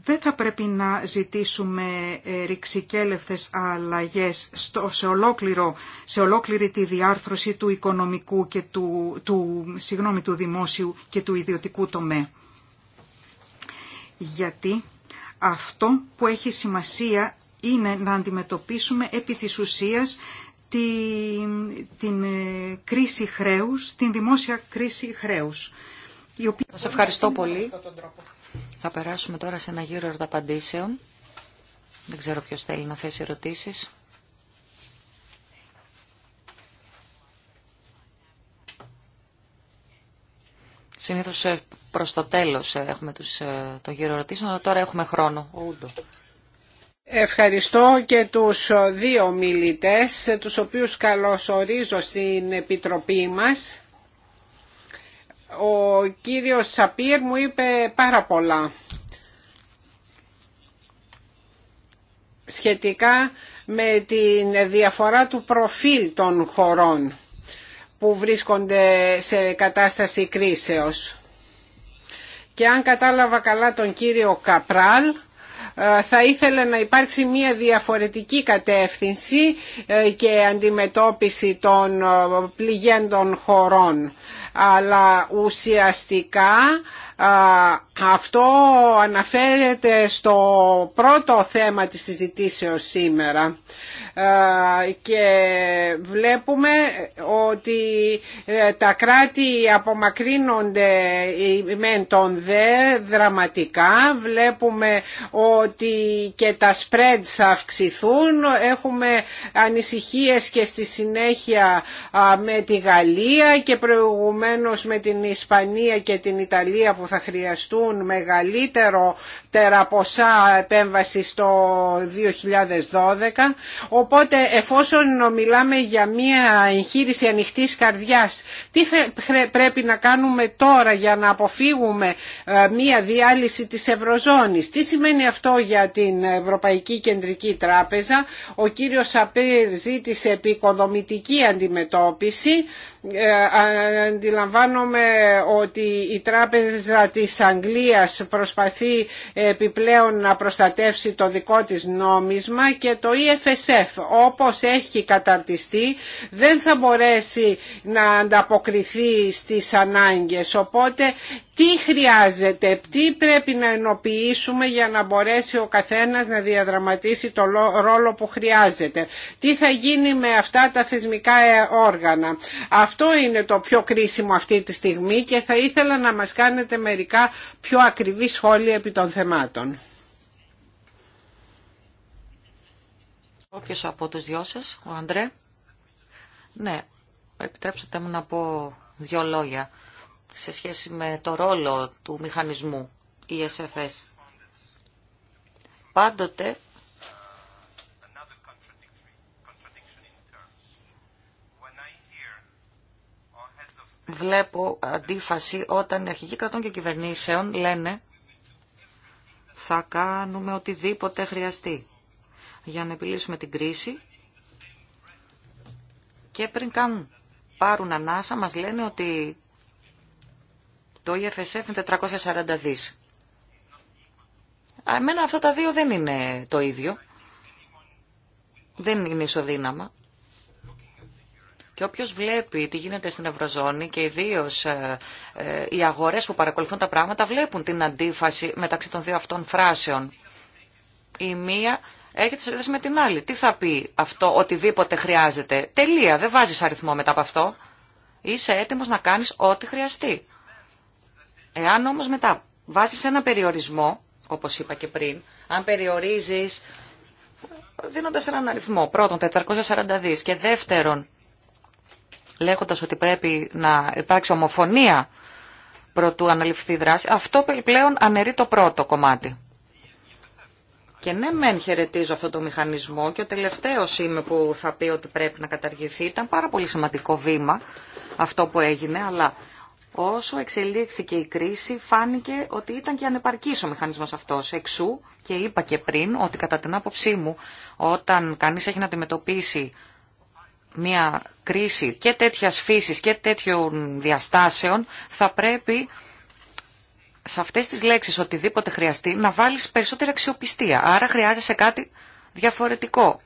S1: δεν θα πρέπει να ζητήσουμε ε, ρηξικέλευθες αλλαγές στο, σε, ολόκληρο, σε ολόκληρη τη διάρθρωση του οικονομικού και του, του δημόσιου και του ιδιωτικού τομέα. Γιατί αυτό που έχει σημασία είναι να αντιμετωπίσουμε επί της ουσίας την, ε, κρίση χρέους, την δημόσια κρίση χρέους. Η οποία... Σας ευχαριστώ
S2: πολύ. Θα περάσουμε τώρα σε ένα γύρο ερωταπαντήσεων. Δεν ξέρω ποιος θέλει να θέσει ερωτήσεις. Συνήθως ε, προς το τέλος ε, έχουμε τους, ε, το γύρο ερωτήσεων, αλλά τώρα έχουμε χρόνο.
S3: Ευχαριστώ και τους δύο μιλητές, τους οποίους καλωσορίζω στην Επιτροπή μας. Ο κύριος Σαπίρ μου είπε πάρα πολλά σχετικά με την διαφορά του προφίλ των χωρών που βρίσκονται σε κατάσταση κρίσεως. Και αν κατάλαβα καλά τον κύριο Καπράλ, ε, θα ήθελε να υπάρξει μια διαφορετική κατεύθυνση ε, και αντιμετώπιση των ε, πληγέντων χωρών αλλά ουσιαστικά αυτό αναφέρεται στο πρώτο θέμα της συζητήσεως σήμερα. Ε, και βλέπουμε ότι ε, τα κράτη απομακρύνονται ε, με τον δε δραματικά βλέπουμε ότι και τα spreads θα αυξηθούν έχουμε ανησυχίες και στη συνέχεια με τη Γαλλία και προηγουμένως με την Ισπανία και την Ιταλία που θα χρειαστούν μεγαλύτερο τεραποσά επέμβαση στο 2012 οπότε εφόσον μιλάμε για μια εγχείρηση ανοιχτής καρδιάς τι πρέπει να κάνουμε τώρα για να αποφύγουμε ε, μια διάλυση της Ευρωζώνης τι σημαίνει αυτό για την Ευρωπαϊκή Κεντρική Τράπεζα ο κύριος Σαπίρ ζήτησε επικοδομητική αντιμετώπιση ε, αντιλαμβάνομαι ότι η Τράπεζα της Αγγλίας προσπαθεί επιπλέον να προστατεύσει το δικό της νόμισμα και το EFSF όπως έχει καταρτιστεί δεν θα μπορέσει να ανταποκριθεί στις ανάγκες οπότε τι χρειάζεται, τι πρέπει να ενοποιήσουμε για να μπορέσει ο καθένας να διαδραματίσει το ρόλο που χρειάζεται. Τι θα γίνει με αυτά τα θεσμικά ε, όργανα. Αυτό είναι το πιο κρίσιμο αυτή τη στιγμή και θα ήθελα να μας κάνετε μερικά πιο ακριβή σχόλια επί των θεμάτων.
S2: Όποιος από τους δυο σας, ο Αντρέ. Ναι, επιτρέψτε μου να πω δύο λόγια σε σχέση με το ρόλο του μηχανισμού ESFS. Πάντοτε βλέπω αντίφαση όταν οι αρχηγοί κρατών και κυβερνήσεων λένε θα κάνουμε οτιδήποτε χρειαστεί για να επιλύσουμε την κρίση και πριν κάνουν πάρουν ανάσα μας λένε ότι το EFSF είναι 440 δις. Εμένα αυτά τα δύο δεν είναι το ίδιο. Δεν είναι ισοδύναμα. Και όποιο βλέπει τι γίνεται στην Ευρωζώνη και ιδίω ε, ε, οι αγορές που παρακολουθούν τα πράγματα βλέπουν την αντίφαση μεταξύ των δύο αυτών φράσεων. Η μία έρχεται σε σχέση με την άλλη. Τι θα πει αυτό, οτιδήποτε χρειάζεται. Τελεία, δεν βάζεις αριθμό μετά από αυτό. Είσαι έτοιμος να κάνεις ό,τι χρειαστεί. Εάν όμως μετά βάζεις ένα περιορισμό, όπως είπα και πριν, αν περιορίζεις δίνοντας έναν αριθμό, πρώτον 440 δις και δεύτερον λέγοντας ότι πρέπει να υπάρξει ομοφωνία προτού αναλυφθεί δράση, αυτό πλέον αναιρεί το πρώτο κομμάτι. Και ναι, μεν χαιρετίζω αυτό το μηχανισμό και ο τελευταίο είμαι που θα πει ότι πρέπει να καταργηθεί. Ήταν πάρα πολύ σημαντικό βήμα αυτό που έγινε, αλλά όσο εξελίχθηκε η κρίση φάνηκε ότι ήταν και ανεπαρκή ο μηχανισμό αυτό. Εξού και είπα και πριν ότι κατά την άποψή μου όταν κανεί έχει να αντιμετωπίσει μια κρίση και τέτοια φύση και τέτοιων διαστάσεων θα πρέπει σε αυτές τις λέξεις οτιδήποτε χρειαστεί να βάλεις περισσότερη αξιοπιστία. Άρα χρειάζεσαι κάτι διαφορετικό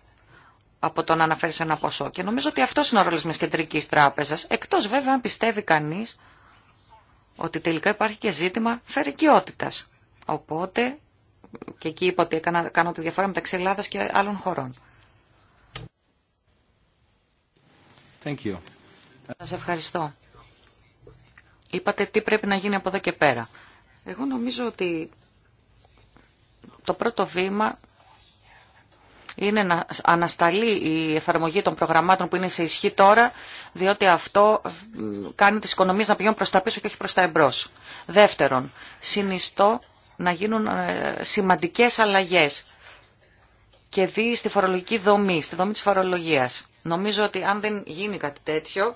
S2: από το να αναφέρεις ένα ποσό. Και νομίζω ότι αυτό είναι ο ρόλος μιας κεντρικής τράπεζας, εκτός βέβαια αν πιστεύει κανεί ότι τελικά υπάρχει και ζήτημα φερικιότητας. Οπότε, και εκεί είπα ότι έκανα, κάνω τη διαφορά μεταξύ Ελλάδας και άλλων χωρών. Thank you. Σας ευχαριστώ. Είπατε τι πρέπει να γίνει από εδώ και πέρα. Εγώ νομίζω ότι το πρώτο βήμα είναι να ανασταλεί η εφαρμογή των προγραμμάτων που είναι σε ισχύ τώρα, διότι αυτό κάνει τις οικονομίες να πηγαίνουν προς τα πίσω και όχι προς τα εμπρός. Δεύτερον, συνιστώ να γίνουν ε, σημαντικές αλλαγές και δει στη φορολογική δομή, στη δομή της φορολογίας. Νομίζω ότι αν δεν γίνει κάτι τέτοιο,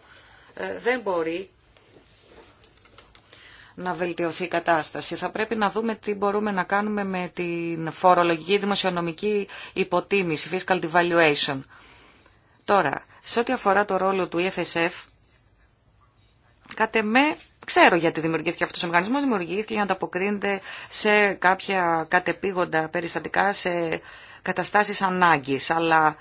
S2: ε, δεν μπορεί να βελτιωθεί η κατάσταση. Θα πρέπει να δούμε τι μπορούμε να κάνουμε με την φορολογική δημοσιονομική υποτίμηση, fiscal devaluation. Τώρα, σε ό,τι αφορά το ρόλο του EFSF, κατ' εμέ ξέρω γιατί δημιουργήθηκε αυτός ο μηχανισμός, δημιουργήθηκε για να ανταποκρίνεται σε κάποια κατεπήγοντα περιστατικά, σε καταστάσεις ανάγκης, αλλά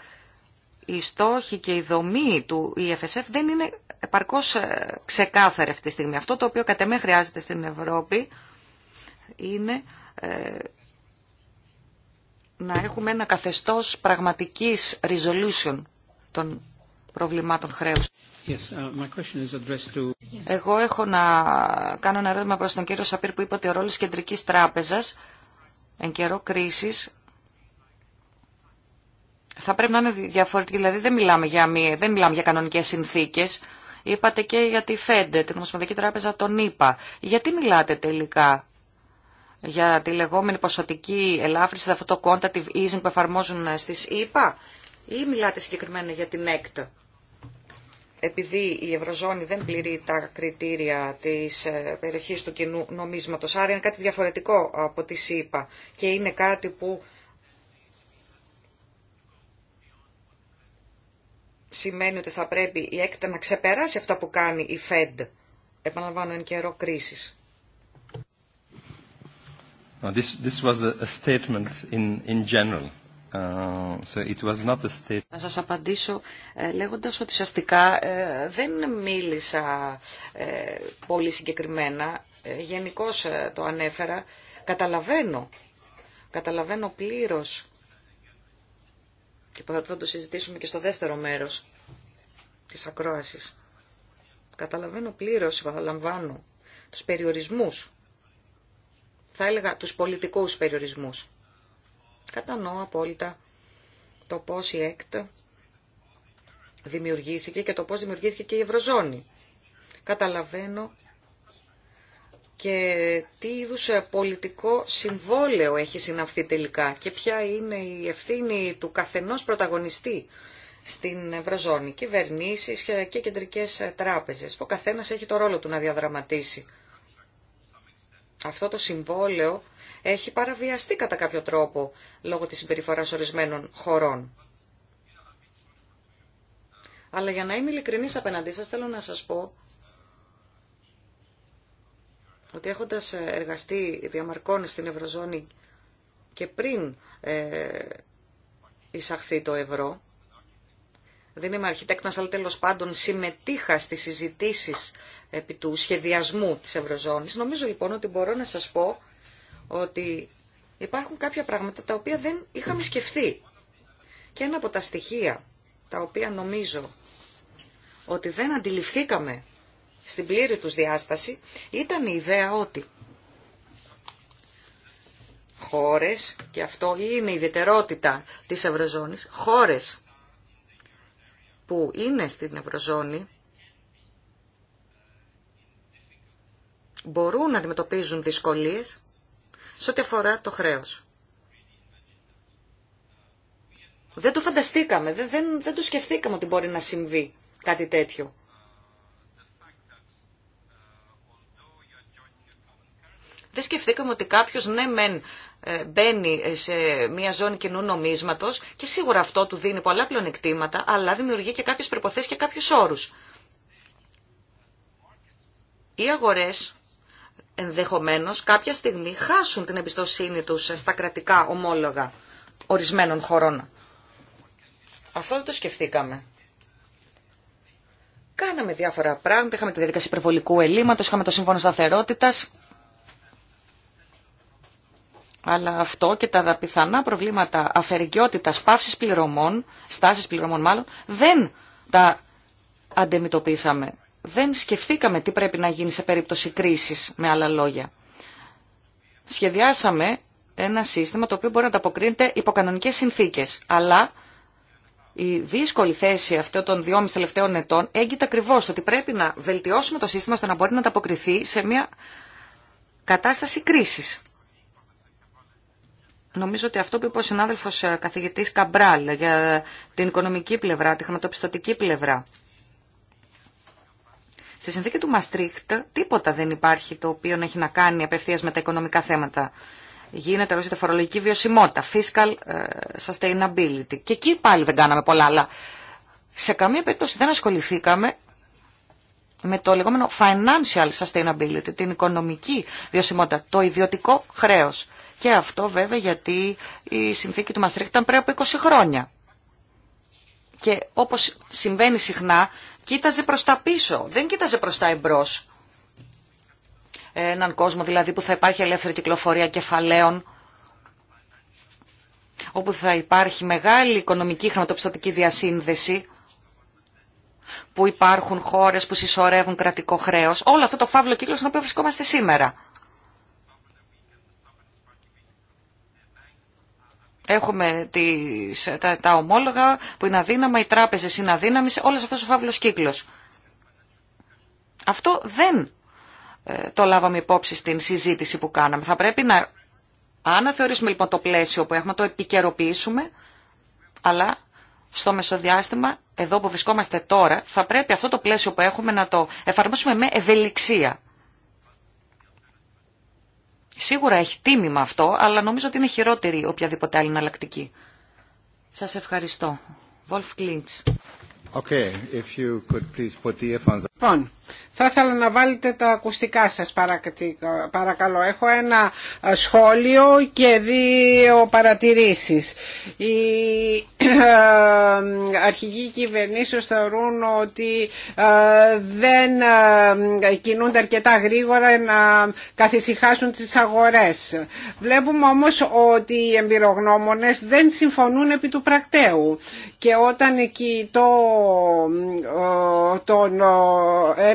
S2: η στόχη και η δομή του EFSF δεν είναι επαρκώς ε, ξεκάθαρη αυτή τη στιγμή. Αυτό το οποίο κατ' εμέ χρειάζεται στην Ευρώπη είναι ε, να έχουμε ένα καθεστώς πραγματικής resolution των προβλημάτων χρέους. Uh, Εγώ έχω να κάνω ένα ερώτημα προς τον κύριο Σαπίρ που είπε ότι ο ρόλος της Κεντρικής Τράπεζας εν καιρό κρίσης θα πρέπει να είναι διαφορετική. Δηλαδή δεν μιλάμε για, δεν μιλάμε για κανονικές συνθήκες. Είπατε και για τη ΦΕΝΤΕ, την Ομοσπονδιακή Τράπεζα των ΗΠΑ. Γιατί μιλάτε τελικά για τη λεγόμενη ποσοτική ελάφρυνση, αυτό το quantitative easing που εφαρμόζουν στις ΗΠΑ ή μιλάτε συγκεκριμένα για την ΕΚΤ. Επειδή η Ευρωζώνη δεν πληρεί τα κριτήρια της ε, περιοχής του κοινού νομίσματος, άρα είναι κάτι διαφορετικό από τη ήπα και είναι κάτι που σημαίνει ότι θα πρέπει η έκτα να ξεπεράσει αυτά που κάνει η ΦΕΔ, επαναλαμβάνω, εν καιρό κρίσης. Να σας απαντήσω ε, λέγοντας ότι ουσιαστικά ε, δεν μίλησα ε, πολύ συγκεκριμένα. Γενικώς το ανέφερα. Καταλαβαίνω, καταλαβαίνω πλήρως και θα το συζητήσουμε και στο δεύτερο μέρος της ακρόασης. Καταλαβαίνω πλήρως, επαναλαμβάνω, τους περιορισμούς, θα έλεγα τους πολιτικούς περιορισμούς. Κατανοώ απόλυτα το πώς η ΕΚΤ δημιουργήθηκε και το πώς δημιουργήθηκε και η Ευρωζώνη. Καταλαβαίνω και τι είδους ε, πολιτικό συμβόλαιο έχει συναυθεί τελικά και ποια είναι η ευθύνη του καθενός πρωταγωνιστή στην Ευρωζώνη, κυβερνήσεις και κεντρικές ε, τράπεζες. Ο καθένας έχει το ρόλο του να διαδραματίσει. Αυτό το συμβόλαιο έχει παραβιαστεί κατά κάποιο τρόπο λόγω της συμπεριφοράς ορισμένων χωρών. Αλλά για να είμαι ειλικρινής απέναντί σας θέλω να σας πω ότι έχοντας ε, εργαστεί διαμαρκών στην Ευρωζώνη και πριν ε, εισαχθεί το ευρώ, δεν είμαι αρχιτέκτονας, αλλά τέλος πάντων συμμετείχα στις συζητήσεις επί του σχεδιασμού της Ευρωζώνης. Νομίζω λοιπόν ότι μπορώ να σας πω ότι υπάρχουν κάποια πράγματα τα οποία δεν είχαμε σκεφτεί. Και ένα από τα στοιχεία τα οποία νομίζω ότι δεν αντιληφθήκαμε στην πλήρη τους διάσταση ήταν η ιδέα ότι χώρες, και αυτό είναι η ιδιαιτερότητα της Ευρωζώνης, χώρες που είναι στην Ευρωζώνη μπορούν να αντιμετωπίζουν δυσκολίες σε ό,τι αφορά το χρέος. Δεν το φανταστήκαμε, δεν, δεν, δεν το σκεφτήκαμε ότι μπορεί να συμβεί κάτι τέτοιο. δεν σκεφτήκαμε ότι κάποιο ναι μεν ε, μπαίνει σε μια ζώνη κοινού νομίσματο και σίγουρα αυτό του δίνει πολλά πλεονεκτήματα, αλλά δημιουργεί και κάποιε προποθέσει και κάποιου όρου. Οι αγορέ ενδεχομένω κάποια στιγμή χάσουν την εμπιστοσύνη του στα κρατικά ομόλογα ορισμένων χωρών. Αυτό δεν το σκεφτήκαμε. Κάναμε διάφορα πράγματα. Είχαμε τη διαδικασία υπερβολικού ελλείμματο, είχαμε το σύμφωνο σταθερότητα αλλά αυτό και τα πιθανά προβλήματα αφαιρεγκιότητας πάυσης πληρωμών, στάσης πληρωμών μάλλον, δεν τα αντιμετωπίσαμε. Δεν σκεφτήκαμε τι πρέπει να γίνει σε περίπτωση κρίσης, με άλλα λόγια. Σχεδιάσαμε ένα σύστημα το οποίο μπορεί να ανταποκρίνεται υπό κανονικές συνθήκες, αλλά η δύσκολη θέση αυτών των δυόμιση τελευταίων ετών έγκυται ακριβώ ότι πρέπει να βελτιώσουμε το σύστημα ώστε να μπορεί να ανταποκριθεί σε μια κατάσταση κρίσης. Νομίζω ότι αυτό που είπε ο συνάδελφο ε, Καθηγητή Καμπράλ για την οικονομική πλευρά, τη χρηματοπιστωτική πλευρά. Στη συνθήκη του Μαστρίχτ τίποτα δεν υπάρχει το οποίο να έχει να κάνει απευθεία με τα οικονομικά θέματα. Γίνεται όσο τα φορολογική βιωσιμότητα, fiscal ε, sustainability. Και εκεί πάλι δεν κάναμε πολλά, αλλά σε καμία περίπτωση δεν ασχοληθήκαμε με το λεγόμενο financial sustainability, την οικονομική βιωσιμότητα, το ιδιωτικό χρέος. Και αυτό βέβαια γιατί η συνθήκη του Μαστρίχτη ήταν πριν από 20 χρόνια. Και όπως συμβαίνει συχνά, κοίταζε προς τα πίσω, δεν κοίταζε προς τα εμπρός. Έναν κόσμο δηλαδή που θα υπάρχει ελεύθερη κυκλοφορία κεφαλαίων, όπου θα υπάρχει μεγάλη οικονομική χρηματοπιστωτική διασύνδεση, που υπάρχουν χώρες που συσσωρεύουν κρατικό χρέος, όλο αυτό το φαύλο κύκλο στον οποίο βρισκόμαστε σήμερα. Έχουμε τις, τα, τα ομόλογα που είναι αδύναμα, οι τράπεζες είναι αδύναμες, όλος αυτό ο φαύλος κύκλος. Αυτό δεν ε, το λάβαμε υπόψη στην συζήτηση που κάναμε. Θα πρέπει να αναθεωρήσουμε λοιπόν το πλαίσιο που έχουμε, το επικαιροποιήσουμε, αλλά στο μεσοδιάστημα, εδώ που βρισκόμαστε τώρα, θα πρέπει αυτό το πλαίσιο που έχουμε να το εφαρμόσουμε με ευελιξία. Σίγουρα έχει τίμημα αυτό, αλλά νομίζω ότι είναι χειρότερη οποιαδήποτε άλλη εναλλακτική. Σας ευχαριστώ.
S3: Okay, if you could please put the θα ήθελα να βάλετε τα ακουστικά σας παρακαλώ. Έχω ένα ε, σχόλιο και δύο παρατηρήσεις. Οι ε, αρχηγοί κυβερνήσεως θεωρούν ότι ε, δεν κινούνται αρκετά γρήγορα να καθησυχάσουν τις αγορές. Βλέπουμε όμως ότι οι εμπειρογνώμονες δεν συμφωνούν επί του πρακτέου. Και όταν το τον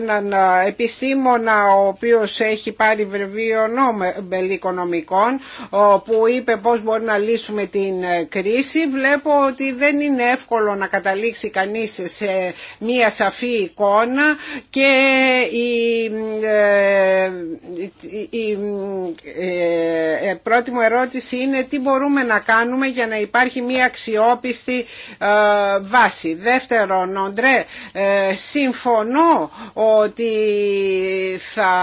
S3: έναν επιστήμονα ο οποίος έχει πάρει βρεβείο Νόμπελ Οικονομικών που είπε πώς μπορεί να λύσουμε την ε, κρίση βλέπω ότι δεν είναι εύκολο να καταλήξει κανείς σε μία σαφή εικόνα και η, ε, ε, πρώτη μου ερώτηση είναι τι μπορούμε να κάνουμε για να υπάρχει μία αξιόπιστη βάση. Δεύτερον, Οντρέ, συμφωνώ ότι θα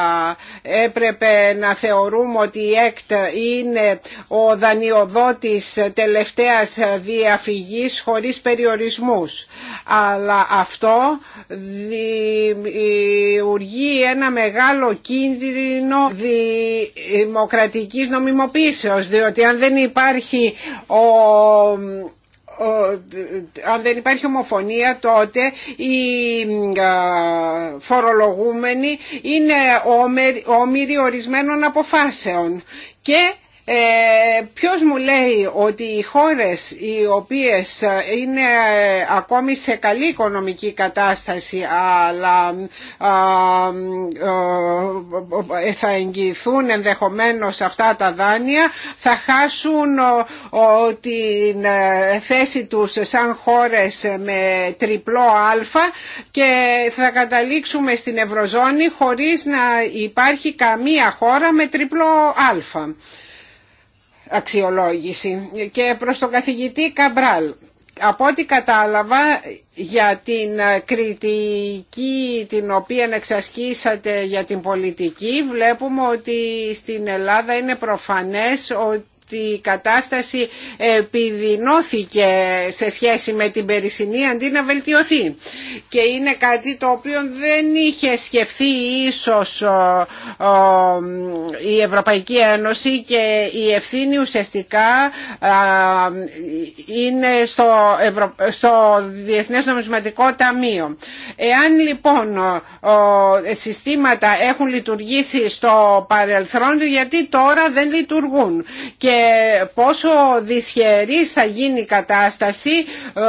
S3: έπρεπε να θεωρούμε ότι η ΕΚΤ είναι ο δανειοδότης τελευταίας διαφυγής χωρίς περιορισμούς. Αλλά αυτό δημιουργεί ένα μεγάλο κίνδυνο δημοκρατικής νομιμοποίησεως, διότι αν δεν υπάρχει ο αν δεν υπάρχει ομοφωνία τότε οι φορολογούμενοι είναι όμοιροι ορισμένων αποφάσεων και ε, ποιος μου λέει ότι οι χώρες οι οποίες είναι ακόμη σε καλή οικονομική κατάσταση αλλά ε, θα εγγυηθούν ενδεχομένως αυτά τα δάνεια θα χάσουν την ε, θέση τους σαν χώρες με τριπλό αλφα και θα καταλήξουμε στην Ευρωζώνη χωρίς να υπάρχει καμία χώρα με τριπλό αλφα αξιολόγηση και προς τον καθηγητή Καμπράλ. Από ό,τι κατάλαβα για την κριτική την οποία εξασκήσατε για την πολιτική βλέπουμε ότι στην Ελλάδα είναι προφανές ότι η κατάσταση επιδεινώθηκε σε σχέση με την περισσυνή αντί να βελτιωθεί. Και είναι κάτι το οποίο δεν είχε σκεφτεί ίσως η Ευρωπαϊκή Ένωση και η ευθύνη ουσιαστικά είναι στο, Ευρω... στο Διεθνές Νομισματικό Ταμείο. Εάν λοιπόν συστήματα έχουν λειτουργήσει στο παρελθόν, γιατί τώρα δεν λειτουργούν. Και πόσο δυσχερής θα γίνει η κατάσταση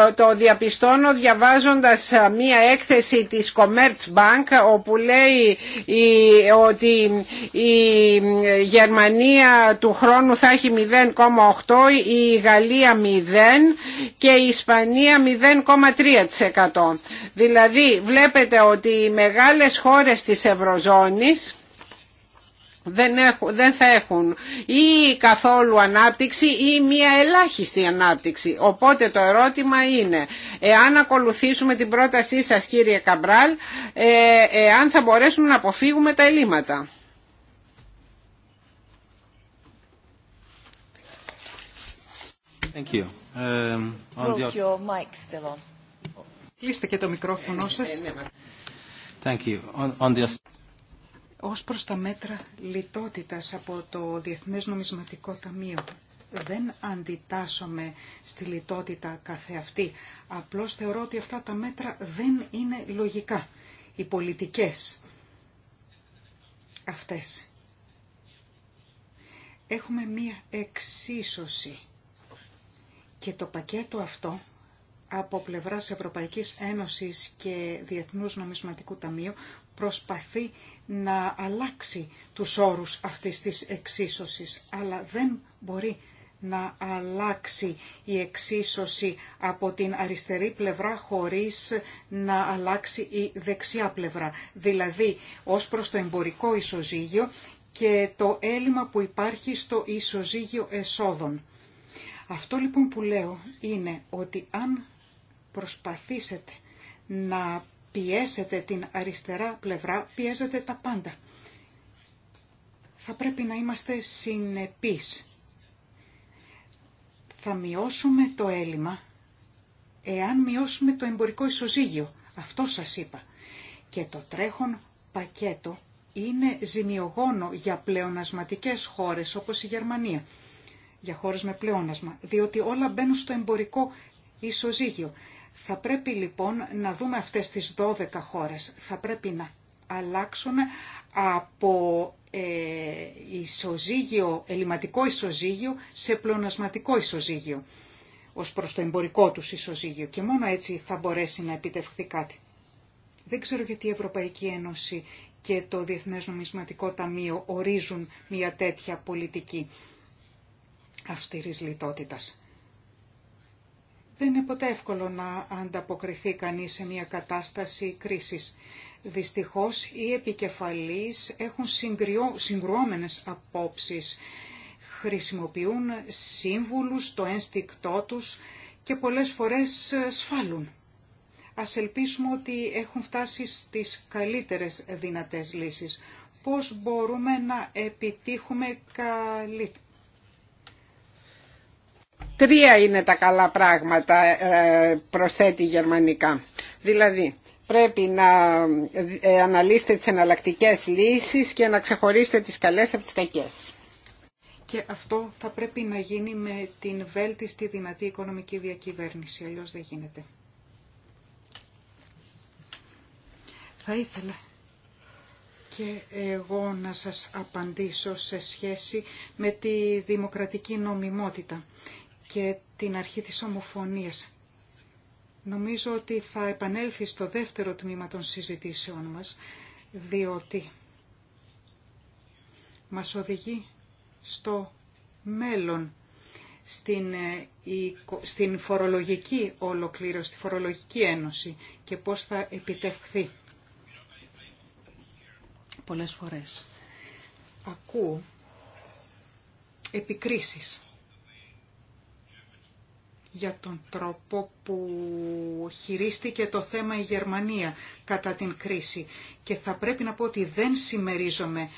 S3: ε, το διαπιστώνω διαβάζοντας ε, μία έκθεση της Commerzbank όπου λέει ε, ότι η Γερμανία του χρόνου θα έχει 0,8 η Γαλλία 0 και η Ισπανία 0,3% δηλαδή βλέπετε ότι οι μεγάλες χώρες της Ευρωζώνης δεν, δεν θα έχουν ή καθόλου ανάπτυξη ή μία ελάχιστη ανάπτυξη. Οπότε το ερώτημα είναι, εάν ακολουθήσουμε την πρότασή σας κύριε Καμπράλ, ε, εάν θα μπορέσουμε να αποφύγουμε τα ελλείμματα. Thank you. Um,
S1: Κλείστε και το μικρόφωνο σας. Thank you ως προς τα μέτρα λιτότητας από το Διεθνές Νομισματικό Ταμείο. Δεν αντιτάσσομαι στη λιτότητα καθεαυτή. Απλώς θεωρώ ότι αυτά τα μέτρα δεν είναι λογικά. Οι πολιτικές αυτές. Έχουμε μία εξίσωση και το πακέτο αυτό από πλευράς Ευρωπαϊκής Ένωσης και Διεθνούς Νομισματικού Ταμείου προσπαθεί να αλλάξει τους όρους αυτής της εξίσωσης, αλλά δεν μπορεί να αλλάξει η εξίσωση από την αριστερή πλευρά χωρίς να αλλάξει η δεξιά πλευρά. Δηλαδή, ως προς το εμπορικό ισοζύγιο και το έλλειμμα που υπάρχει στο ισοζύγιο εσόδων. Αυτό λοιπόν που λέω είναι ότι αν προσπαθήσετε να πιέσετε την αριστερά πλευρά, πιέζετε τα πάντα. Θα πρέπει να είμαστε συνεπείς. Θα μειώσουμε το έλλειμμα εάν μειώσουμε το εμπορικό ισοζύγιο. Αυτό σας είπα. Και το τρέχον πακέτο είναι ζημιογόνο για πλεονασματικές χώρες όπως η Γερμανία, για χώρες με πλεόνασμα, διότι όλα μπαίνουν στο εμπορικό ισοζύγιο. Θα πρέπει λοιπόν να δούμε αυτές τις 12 χώρες. Θα πρέπει να αλλάξουμε από ε, ισοζύγιο, ελληματικό ισοζύγιο σε πλονασματικό ισοζύγιο ως προς το εμπορικό του ισοζύγιο και μόνο έτσι θα μπορέσει να επιτευχθεί κάτι. Δεν ξέρω γιατί η Ευρωπαϊκή Ένωση και το Διεθνές Νομισματικό Ταμείο ορίζουν μια τέτοια πολιτική αυστηρής λιτότητας. Δεν είναι ποτέ εύκολο να ανταποκριθεί κανείς σε μια κατάσταση κρίσης. Δυστυχώς οι επικεφαλείς έχουν συγκρουόμενες απόψεις. Χρησιμοποιούν σύμβουλους, το ένστικτό τους και πολλές φορές ε, σφάλουν. Ας ελπίσουμε ότι έχουν φτάσει στις καλύτερες δυνατές λύσεις. Πώς μπορούμε να επιτύχουμε
S3: Τρία είναι τα καλά πράγματα, ε, προσθέτει γερμανικά. Δηλαδή, πρέπει να ε, αναλύσετε τις εναλλακτικές λύσεις και να ξεχωρίσετε τις καλές από τις κακές.
S1: Και αυτό θα πρέπει να γίνει με την βέλτιστη δυνατή οικονομική διακυβέρνηση, αλλιώς δεν γίνεται. Θα ήθελα και εγώ να σας απαντήσω σε σχέση με τη δημοκρατική νομιμότητα και την αρχή της ομοφωνίας. Νομίζω ότι θα επανέλθει στο δεύτερο τμήμα των συζητήσεών μας, διότι μας οδηγεί στο μέλλον, στην, ε, στην φορολογική ολοκλήρωση, στη φορολογική ένωση και πώς θα επιτευχθεί. Πολλές φορές ακούω επικρίσεις για τον τρόπο που χειρίστηκε το θέμα η Γερμανία κατά την κρίση. Και θα πρέπει να πω ότι δεν συμμερίζομαι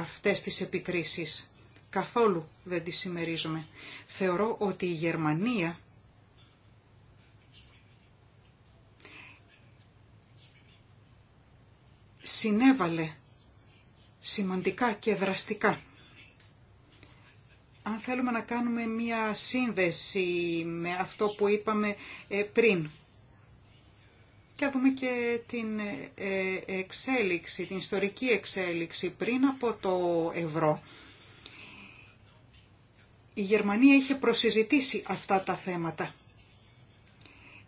S1: αυτές τις επικρίσεις. Καθόλου δεν τις συμμερίζομαι. Θεωρώ ότι η Γερμανία συνέβαλε σημαντικά και δραστικά αν θέλουμε να κάνουμε μία σύνδεση με αυτό που είπαμε ε, πριν. Και δούμε και την ε, εξέλιξη, την ιστορική εξέλιξη πριν από το ευρώ. Η Γερμανία είχε προσυζητήσει αυτά τα θέματα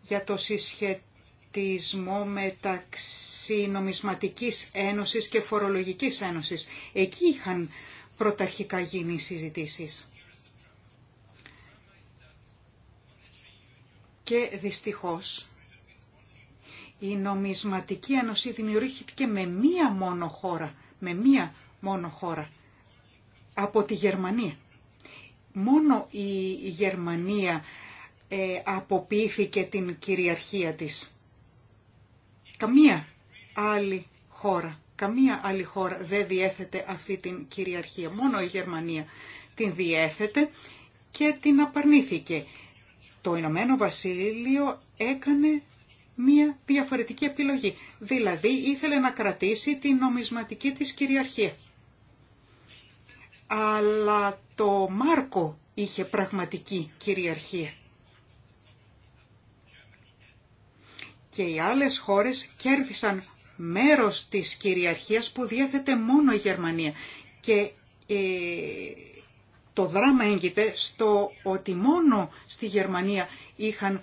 S1: για το συσχετισμό μεταξύ νομισματικής ένωσης και φορολογικής ένωσης. Εκεί είχαν πρωταρχικά γίνει οι συζητήσεις. Και δυστυχώς η νομισματική ένωση δημιουργήθηκε με μία μόνο χώρα, με μία μόνο χώρα, από τη Γερμανία. Μόνο η Γερμανία ε, αποποιήθηκε την κυριαρχία της. Καμία άλλη χώρα. Καμία άλλη χώρα δεν διέθετε αυτή την κυριαρχία. Μόνο η Γερμανία την διέθετε και την απαρνήθηκε. Το Ηνωμένο Βασίλειο έκανε μία διαφορετική επιλογή. Δηλαδή ήθελε να κρατήσει την νομισματική της κυριαρχία. Αλλά το Μάρκο είχε πραγματική κυριαρχία. Και οι άλλες χώρες κέρδισαν μέρος της κυριαρχίας που διέθετε μόνο η Γερμανία. Και ε, το δράμα έγκυται στο ότι μόνο στη Γερμανία είχαν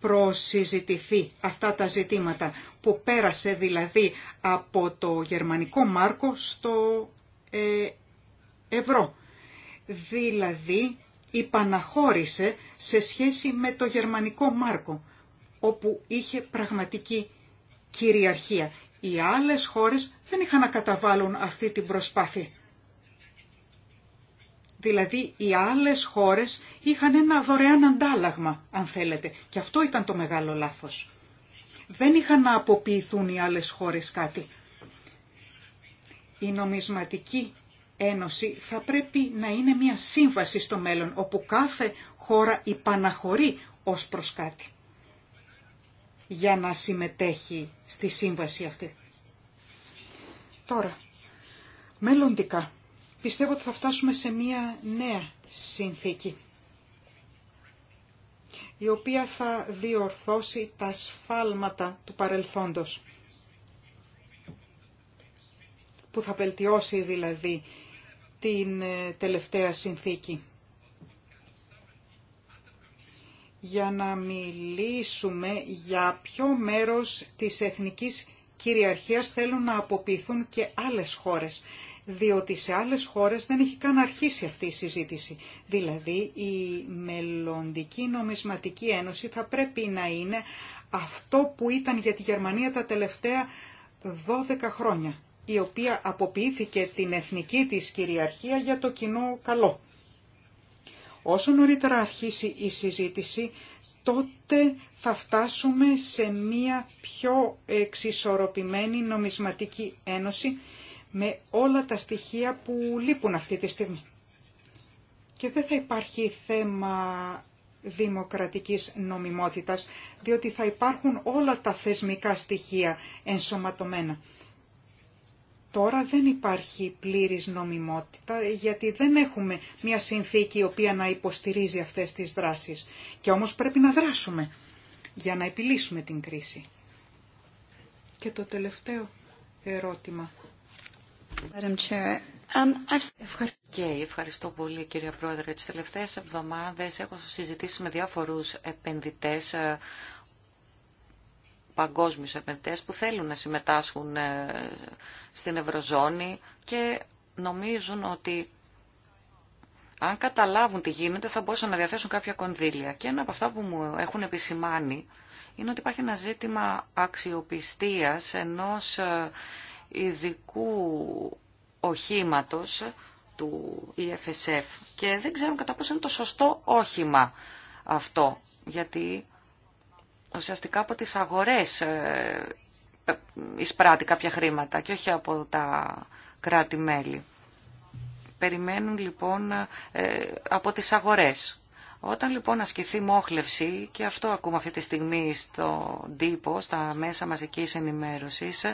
S1: προσυζητηθεί αυτά τα ζητήματα που πέρασε δηλαδή από το γερμανικό μάρκο στο ε, ευρώ. Δηλαδή υπαναχώρησε σε σχέση με το γερμανικό μάρκο όπου είχε πραγματική κυριαρχία. Οι άλλες χώρες δεν είχαν να καταβάλουν αυτή την προσπάθεια. Δηλαδή οι άλλες χώρες είχαν ένα δωρεάν αντάλλαγμα, αν θέλετε. Και αυτό ήταν το μεγάλο λάθος. Δεν είχαν να αποποιηθούν οι άλλες χώρες κάτι. Η νομισματική ένωση θα πρέπει να είναι μια σύμβαση στο μέλλον, όπου κάθε χώρα υπαναχωρεί ως προς κάτι για να συμμετέχει στη σύμβαση αυτή. Τώρα, μελλοντικά, πιστεύω ότι θα φτάσουμε σε μία νέα συνθήκη η οποία θα διορθώσει τα σφάλματα του παρελθόντος που θα βελτιώσει δηλαδή την ε, τελευταία συνθήκη. για να μιλήσουμε για ποιο μέρος της εθνικής κυριαρχίας θέλουν να αποποιηθούν και άλλες χώρες. Διότι σε άλλες χώρες δεν έχει καν αρχίσει αυτή η συζήτηση. Δηλαδή η μελλοντική νομισματική ένωση θα πρέπει να είναι αυτό που ήταν για τη Γερμανία τα τελευταία 12 χρόνια η οποία αποποιήθηκε την εθνική της κυριαρχία για το κοινό καλό. Όσο νωρίτερα αρχίσει η συζήτηση, τότε θα φτάσουμε σε μία πιο εξισορροπημένη νομισματική ένωση με όλα τα στοιχεία που λείπουν αυτή τη στιγμή. Και δεν θα υπάρχει θέμα δημοκρατικής νομιμότητας, διότι θα υπάρχουν όλα τα θεσμικά στοιχεία ενσωματωμένα. Τώρα δεν υπάρχει πλήρης νομιμότητα γιατί δεν έχουμε μια συνθήκη η οποία να υποστηρίζει αυτές τις δράσεις. Και όμως πρέπει να δράσουμε για να επιλύσουμε την κρίση. Και το τελευταίο ερώτημα. Um,
S2: Και ευχαριστώ πολύ κυρία Πρόεδρε. Τις τελευταίες εβδομάδες έχω συζητήσει με διάφορους επενδυτές ε, παγκόσμιους επενδυτές που θέλουν να συμμετάσχουν ε, στην Ευρωζώνη και νομίζουν ότι αν καταλάβουν τι γίνεται θα μπορούσαν να διαθέσουν κάποια κονδύλια. Και ένα από αυτά που μου έχουν επισημάνει είναι ότι υπάρχει ένα ζήτημα αξιοπιστίας ενός ε, ειδικού οχήματος του EFSF και δεν ξέρουν κατά πόσο είναι το σωστό όχημα αυτό, γιατί ουσιαστικά από τις αγορές ε, εισπράττει κάποια χρήματα και όχι από τα κράτη-μέλη. Περιμένουν λοιπόν ε, από τις αγορές. Όταν λοιπόν ασκηθεί μόχλευση, και αυτό ακούμε αυτή τη στιγμή στον τύπο, στα μέσα μαζικής ενημέρωσης,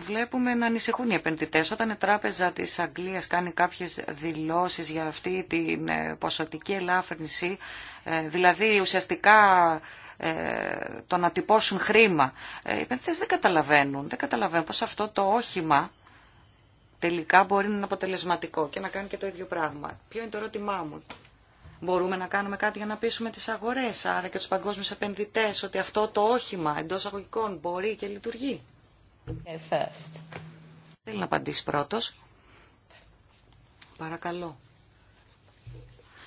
S2: βλέπουμε να ανησυχούν οι επενδυτέ Όταν η Τράπεζα τη Αγγλίας κάνει κάποιε δηλώσει για αυτή την ε, ποσοτική ελάφρυνση, ε, δηλαδή ουσιαστικά ε, το να τυπώσουν χρήμα, οι επενδυτέ δεν καταλαβαίνουν, δεν καταλαβαίνουν πως αυτό το όχημα τελικά μπορεί να είναι αποτελεσματικό και να κάνει και το ίδιο πράγμα. Ποιο είναι το ερώτημά μου. Μπορούμε να κάνουμε κάτι για να πείσουμε τις αγορές, άρα και τους παγκόσμιους επενδυτές, ότι αυτό το όχημα εντός αγωγικών μπορεί και λειτουργεί. Θέλει να απαντήσει πρώτος. Παρακαλώ.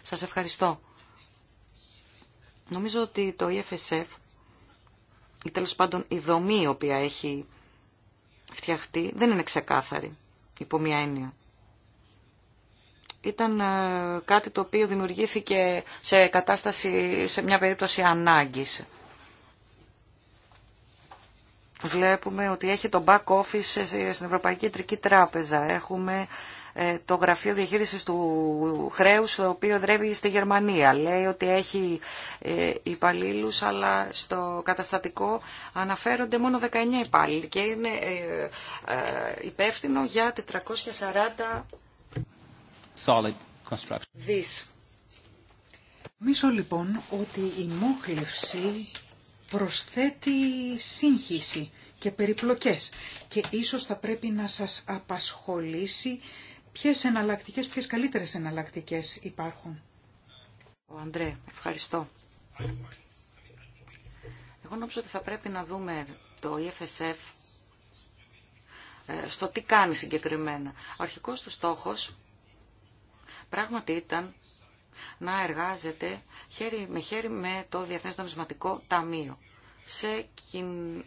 S2: Σας ευχαριστώ. Νομίζω ότι το EFSF, ή τέλος πάντων η δομή που έχει παντων η οποία έχει φτιαχτεί, δεν είναι ξεκάθαρη, υπό μία έννοια. Ήταν ε, κάτι το οποίο δημιουργήθηκε σε κατάσταση, σε μια περίπτωση ανάγκης βλέπουμε ότι έχει το back office στην Ευρωπαϊκή Τρική Τράπεζα. Έχουμε ε, το Γραφείο Διαχείρισης του Χρέους, το οποίο δρεύει στη Γερμανία. Λέει ότι έχει ε, υπαλλήλους, αλλά στο καταστατικό αναφέρονται μόνο 19 υπάλληλοι και είναι ε, υπεύθυνο για 440
S3: Solid construction.
S1: δις. Νομίζω λοιπόν ότι η μόχλευση προσθέτει σύγχυση και περιπλοκές και ίσως θα πρέπει να σας απασχολήσει ποιες εναλλακτικές, ποιες καλύτερες εναλλακτικές υπάρχουν.
S2: Ο Αντρέ, ευχαριστώ. Εγώ νόμιζα ότι θα πρέπει να δούμε το EFSF ε, στο τι κάνει συγκεκριμένα. Ο αρχικός του στόχος πράγματι ήταν να εργάζεται χέρι με χέρι με το Διεθνές Νομισματικό Ταμείο σε κοινά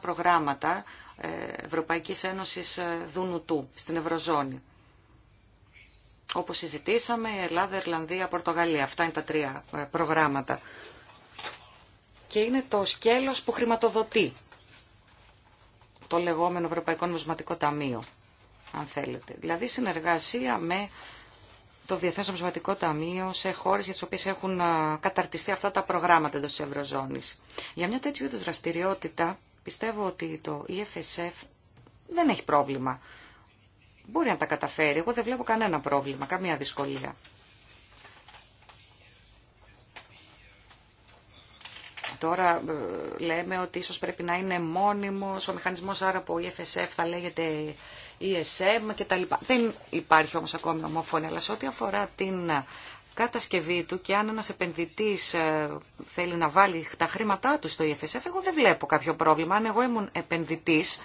S2: προγράμματα ε, Ευρωπαϊκής Ένωσης ε, Δουνουτού στην Ευρωζώνη. Όπως συζητήσαμε, Ελλάδα, Ιρλανδία, Πορτογαλία. Αυτά είναι τα τρία ε, προγράμματα. Και είναι το σκέλος που χρηματοδοτεί το λεγόμενο Ευρωπαϊκό Νομισματικό Ταμείο, αν θέλετε. Δηλαδή συνεργασία με το Διαθέσιμο Νομισματικό Ταμείο σε χώρες για τις οποίες έχουν καταρτιστεί αυτά τα προγράμματα εντός της Ευρωζώνης. Για μια τέτοιου είδους δραστηριότητα πιστεύω ότι το EFSF δεν έχει πρόβλημα. Μπορεί να τα καταφέρει, εγώ δεν βλέπω κανένα πρόβλημα, καμία δυσκολία. Τώρα ε, λέμε ότι ίσως πρέπει να είναι μόνιμος ο μηχανισμός, άρα που η FSF θα λέγεται ESM λοιπά. Δεν υπάρχει όμως ακόμη ομόφωνη, αλλά σε ό,τι αφορά την κατασκευή του και αν ένας επενδυτής ε, θέλει να βάλει τα χρήματά του στο EFSF, εγώ δεν βλέπω κάποιο πρόβλημα. Αν εγώ ήμουν επενδυτής,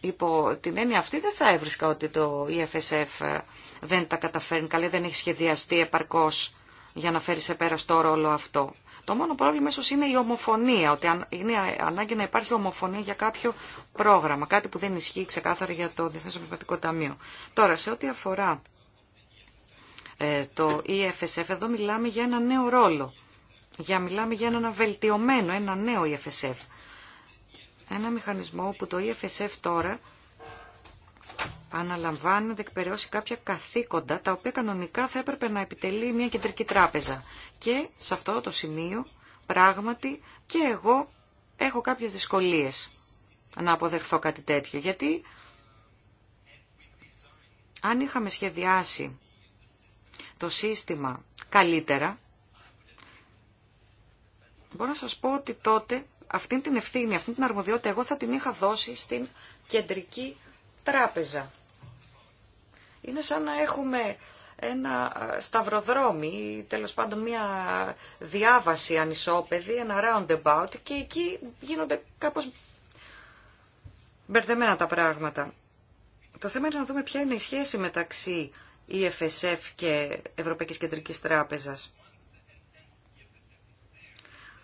S2: υπό την έννοια αυτή δεν θα έβρισκα ότι το EFSF ε, δεν τα καταφέρνει καλά, δεν έχει σχεδιαστεί επαρκώς για να φέρει σε πέρα στο ρόλο αυτό. Το μόνο πρόβλημα ίσω είναι η ομοφωνία, ότι είναι ανάγκη να υπάρχει ομοφωνία για κάποιο πρόγραμμα, κάτι που δεν ισχύει ξεκάθαρα για το Διεθνές Ομοσπονδιακό Ταμείο. Τώρα, σε ό,τι αφορά ε, το EFSF, εδώ μιλάμε για ένα νέο ρόλο. Για, μιλάμε για ένα βελτιωμένο, ένα νέο EFSF. Ένα μηχανισμό που το EFSF τώρα αναλαμβάνεται, εκπαιρεώσει κάποια καθήκοντα τα οποία κανονικά θα έπρεπε να επιτελεί μια κεντρική τράπεζα. Και σε αυτό το σημείο πράγματι και εγώ έχω κάποιες δυσκολίες να αποδεχθώ κάτι τέτοιο. Γιατί αν είχαμε σχεδιάσει το σύστημα καλύτερα, μπορώ να σας πω ότι τότε αυτή την ευθύνη, αυτή την αρμοδιότητα εγώ θα την είχα δώσει στην κεντρική τράπεζα. Είναι σαν να έχουμε ένα σταυροδρόμι ή τέλος πάντων μια διάβαση ανισόπεδη, ένα roundabout και εκεί γίνονται κάπως μπερδεμένα τα πράγματα. Το θέμα είναι να δούμε ποια είναι η σχέση μεταξύ EFSF και Ευρωπαϊκής Κεντρικής Τράπεζας.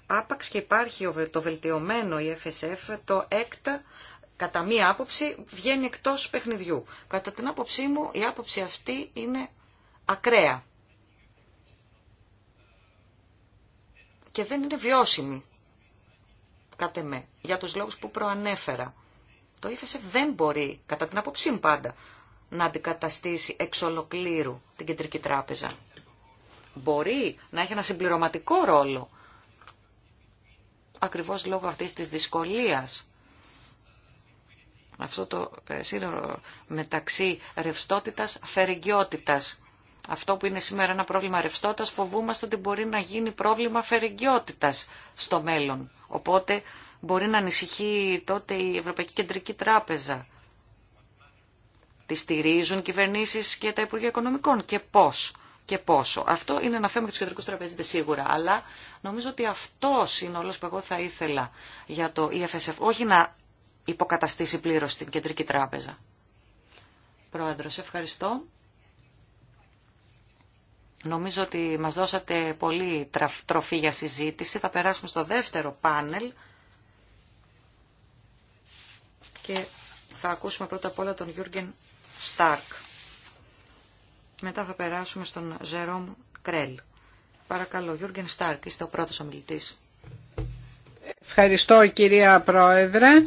S2: Άπαξ και υπάρχει το βελτιωμένο EFSF, το έκτα e κατά μία άποψη βγαίνει εκτός παιχνιδιού. Κατά την άποψή μου η άποψη αυτή είναι ακραία και δεν είναι βιώσιμη κάτε με, για τους λόγους που προανέφερα. Το ύφεσαι δεν μπορεί, κατά την άποψή μου πάντα, να αντικαταστήσει εξ ολοκλήρου την Κεντρική Τράπεζα. Μπορεί να έχει ένα συμπληρωματικό ρόλο, ακριβώς λόγω αυτής της δυσκολίας αυτό το ε, σύνορο μεταξύ ρευστότητας, φερεγγιότητας. Αυτό που είναι σήμερα ένα πρόβλημα ρευστότητας φοβούμαστε ότι μπορεί να γίνει πρόβλημα φερεγγιότητας στο μέλλον. Οπότε μπορεί να ανησυχεί τότε η Ευρωπαϊκή Κεντρική Τράπεζα. Τη στηρίζουν κυβερνήσεις και τα Υπουργεία Οικονομικών και πώς και πόσο. Αυτό είναι ένα θέμα για του κεντρικού τραπεζίτε σίγουρα. Αλλά νομίζω ότι αυτό είναι όλο που εγώ θα ήθελα για το EFSF. Όχι να υποκαταστήσει πλήρως την Κεντρική Τράπεζα. Πρόεδρος, ευχαριστώ. Νομίζω ότι μας δώσατε πολύ τροφή για συζήτηση. Θα περάσουμε στο δεύτερο πάνελ και θα ακούσουμε πρώτα απ' όλα τον Γιούργεν Στάρκ. Μετά θα περάσουμε στον Ζερόμ Κρέλ. Παρακαλώ, Γιούργεν Στάρκ, είστε ο πρώτος ομιλητής.
S3: Ευχαριστώ κυρία Πρόεδρε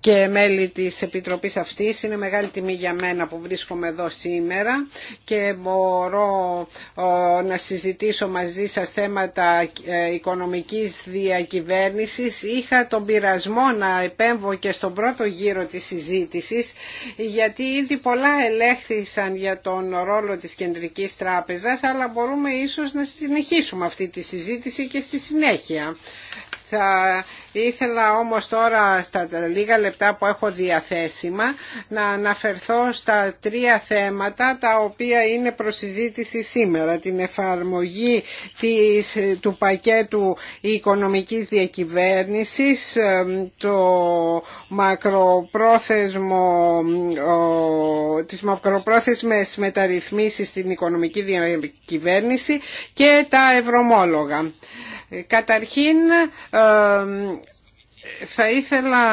S3: και μέλη της Επιτροπής αυτής. Είναι μεγάλη τιμή για μένα που βρίσκομαι εδώ σήμερα και μπορώ να συζητήσω μαζί σας θέματα ε, οικονομικής διακυβέρνησης. Είχα τον πειρασμό να επέμβω και στον πρώτο γύρο της συζήτησης γιατί ήδη πολλά ελέγχθησαν για τον ρόλο της Κεντρικής Τράπεζας αλλά μπορούμε ίσως να συνεχίσουμε αυτή τη συζήτηση και στη συνέχεια. Θα ήθελα όμως τώρα στα λίγα λεπτά που έχω διαθέσιμα να αναφερθώ στα τρία θέματα τα οποία είναι προσυζήτηση σήμερα. Την εφαρμογή της, του πακέτου οικονομικής διακυβέρνησης, το μακροπρόθεσμο, τις μακροπρόθεσμες μεταρρυθμίσεις στην οικονομική διακυβέρνηση και τα ευρωμόλογα. Καταρχήν ε, θα ήθελα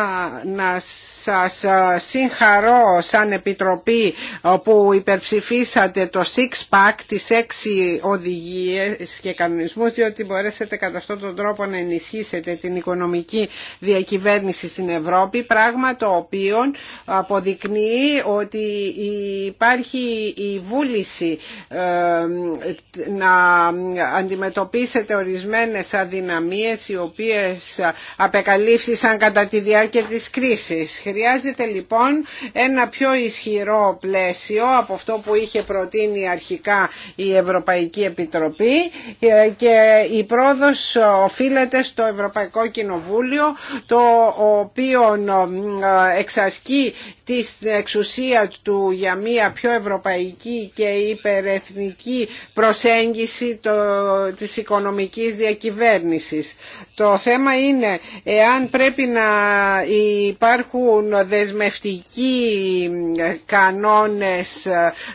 S3: να σας ε, συγχαρώ σαν Επιτροπή ε, που υπερψηφίσατε το six pack τις έξι οδηγίες και κανονισμούς διότι μπορέσετε κατά αυτόν τον τρόπο να ενισχύσετε την οικονομική διακυβέρνηση στην Ευρώπη πράγμα το οποίο αποδεικνύει ότι υπάρχει η βούληση ε, να αντιμετωπίσετε ορισμένες αδυναμίες οι οποίες απεκαλύφθησαν σαν κατά τη διάρκεια της κρίσης. Χρειάζεται λοιπόν ένα πιο ισχυρό πλαίσιο από αυτό που είχε προτείνει αρχικά η Ευρωπαϊκή Επιτροπή και η πρόοδος οφείλεται στο Ευρωπαϊκό Κοινοβούλιο το οποίο ε, εξασκεί την εξουσία του για μια πιο ευρωπαϊκή και υπερεθνική προσέγγιση το, της οικονομικής διακυβέρνησης. Το θέμα είναι εάν πρέπει να υπάρχουν δεσμευτικοί κανόνες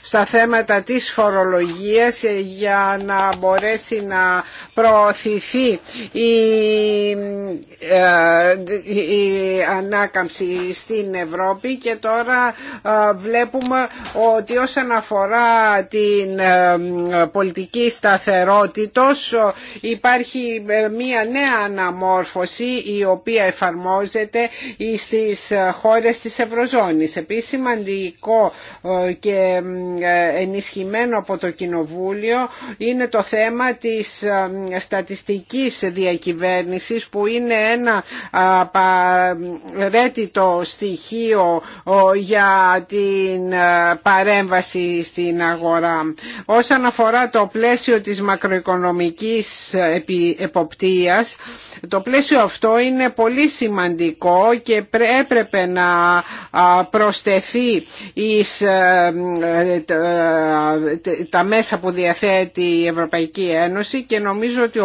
S3: στα θέματα της φορολογίας για να μπορέσει να προωθηθεί η, ε, η ανάκαμψη στην Ευρώπη και τώρα βλέπουμε ότι όσον αφορά την ε, πολιτική σταθερότητος υπάρχει ε, μια νέα αναμόρφωση η οποία εφαρμόζεται στις ε, χώρες της Ευρωζώνης. Επίσης σημαντικό και ενισχυμένο από το Κοινοβούλιο είναι το θέμα της στατιστικής διακυβέρνησης που είναι ένα απαραίτητο στοιχείο για την ε, παρέμβαση στην αγορά. Όσον αφορά το πλαίσιο της μακροοικονομικής ε, εποπτείας, το πλαίσιο αυτό είναι πολύ σημαντικό και έπρεπε να προσθεθεί εις ε, τα μέσα που διαθέτει η Ευρωπαϊκή Ένωση και νομίζω ότι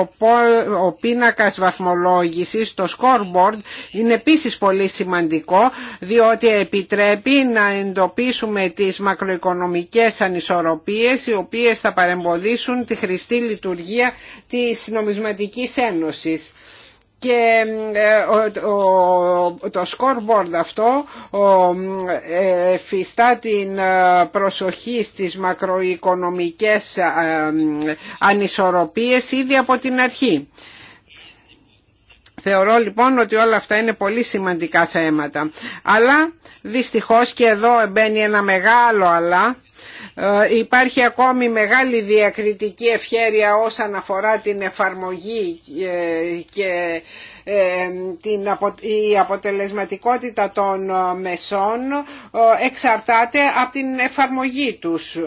S3: ο πίνακας βαθμολόγησης, το scoreboard, είναι επίσης πολύ σημαντικό διότι επιτρέπει επιτρέπει να εντοπίσουμε τις μακροοικονομικές ανισορροπίες οι οποίες θα παρεμποδίσουν τη χρηστή λειτουργία της νομισματικής ένωσης και ε, το scoreboard αυτό ε, φυστά την ε, προσοχή στις μακροοικονομικές ανισορροπίες ήδη από την αρχή. Θεωρώ λοιπόν ότι όλα αυτά είναι πολύ σημαντικά θέματα. Αλλά Δυστυχώς και εδώ μπαίνει ένα μεγάλο αλλά ε, υπάρχει ακόμη μεγάλη διακριτική ευχέρεια όσον αφορά την εφαρμογή ε, και ε, την η αποτελεσματικότητα των μεσών εξαρτάται από την εφαρμογή τους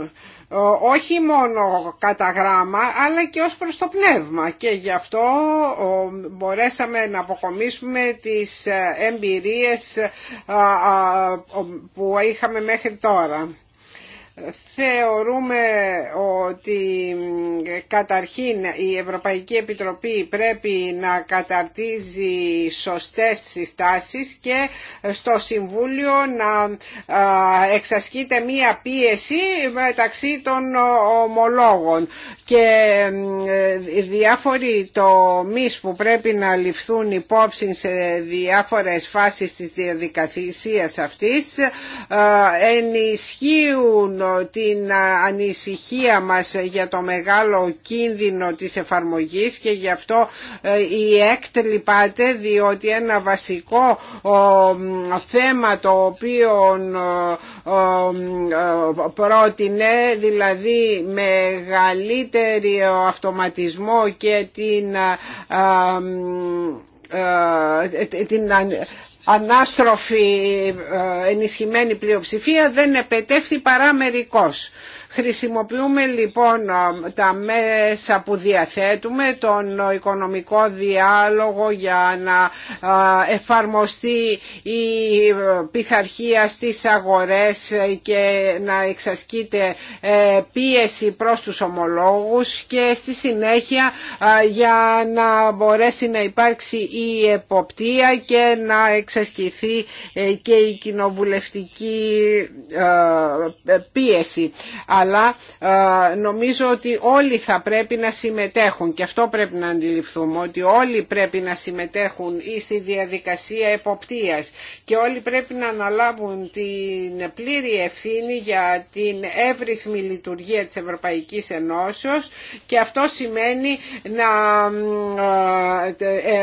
S3: όχι μόνο κατά γράμμα αλλά και ως προς το πνεύμα και γι' αυτό μπορέσαμε να αποκομίσουμε τις ε, εμπειρίες ε, που είχαμε μέχρι τώρα. Θεωρούμε ότι καταρχήν η Ευρωπαϊκή Επιτροπή πρέπει να καταρτίζει σωστές συστάσεις και στο Συμβούλιο να εξασκείται μία πίεση μεταξύ των ομολόγων και διάφοροι τομείς που πρέπει να ληφθούν υπόψη σε διάφορες φάσεις της διαδικασίας αυτής ενισχύουν ότι την ανησυχία μας για το μεγάλο κίνδυνο της εφαρμογής και γι' αυτό η ε, ΕΚΤ λυπάται διότι ένα βασικό θέμα το οποίο πρότεινε δηλαδή μεγαλύτερη ε, αυτοματισμό και την ε, την ανάστροφη ε, ενισχυμένη πλειοψηφία δεν επετέύθη παρά μερικώς. Χρησιμοποιούμε λοιπόν τα μέσα που διαθέτουμε, τον οικονομικό διάλογο για να εφαρμοστεί η ε, πειθαρχία στις αγορές ε, και να εξασκείται ε, πίεση προς τους ομολόγους και στη συνέχεια για να μπορέσει να υπάρξει η εποπτεία και να εξασκηθεί και η κοινοβουλευτική πίεση αλλά νομίζω ότι όλοι θα πρέπει να συμμετέχουν και αυτό πρέπει να αντιληφθούμε ότι όλοι πρέπει να συμμετέχουν στη διαδικασία εποπτείας και όλοι πρέπει να αναλάβουν την πλήρη ευθύνη για την εύρυθμη λειτουργία της Ευρωπαϊκής Ενώσεως και αυτό σημαίνει να ε,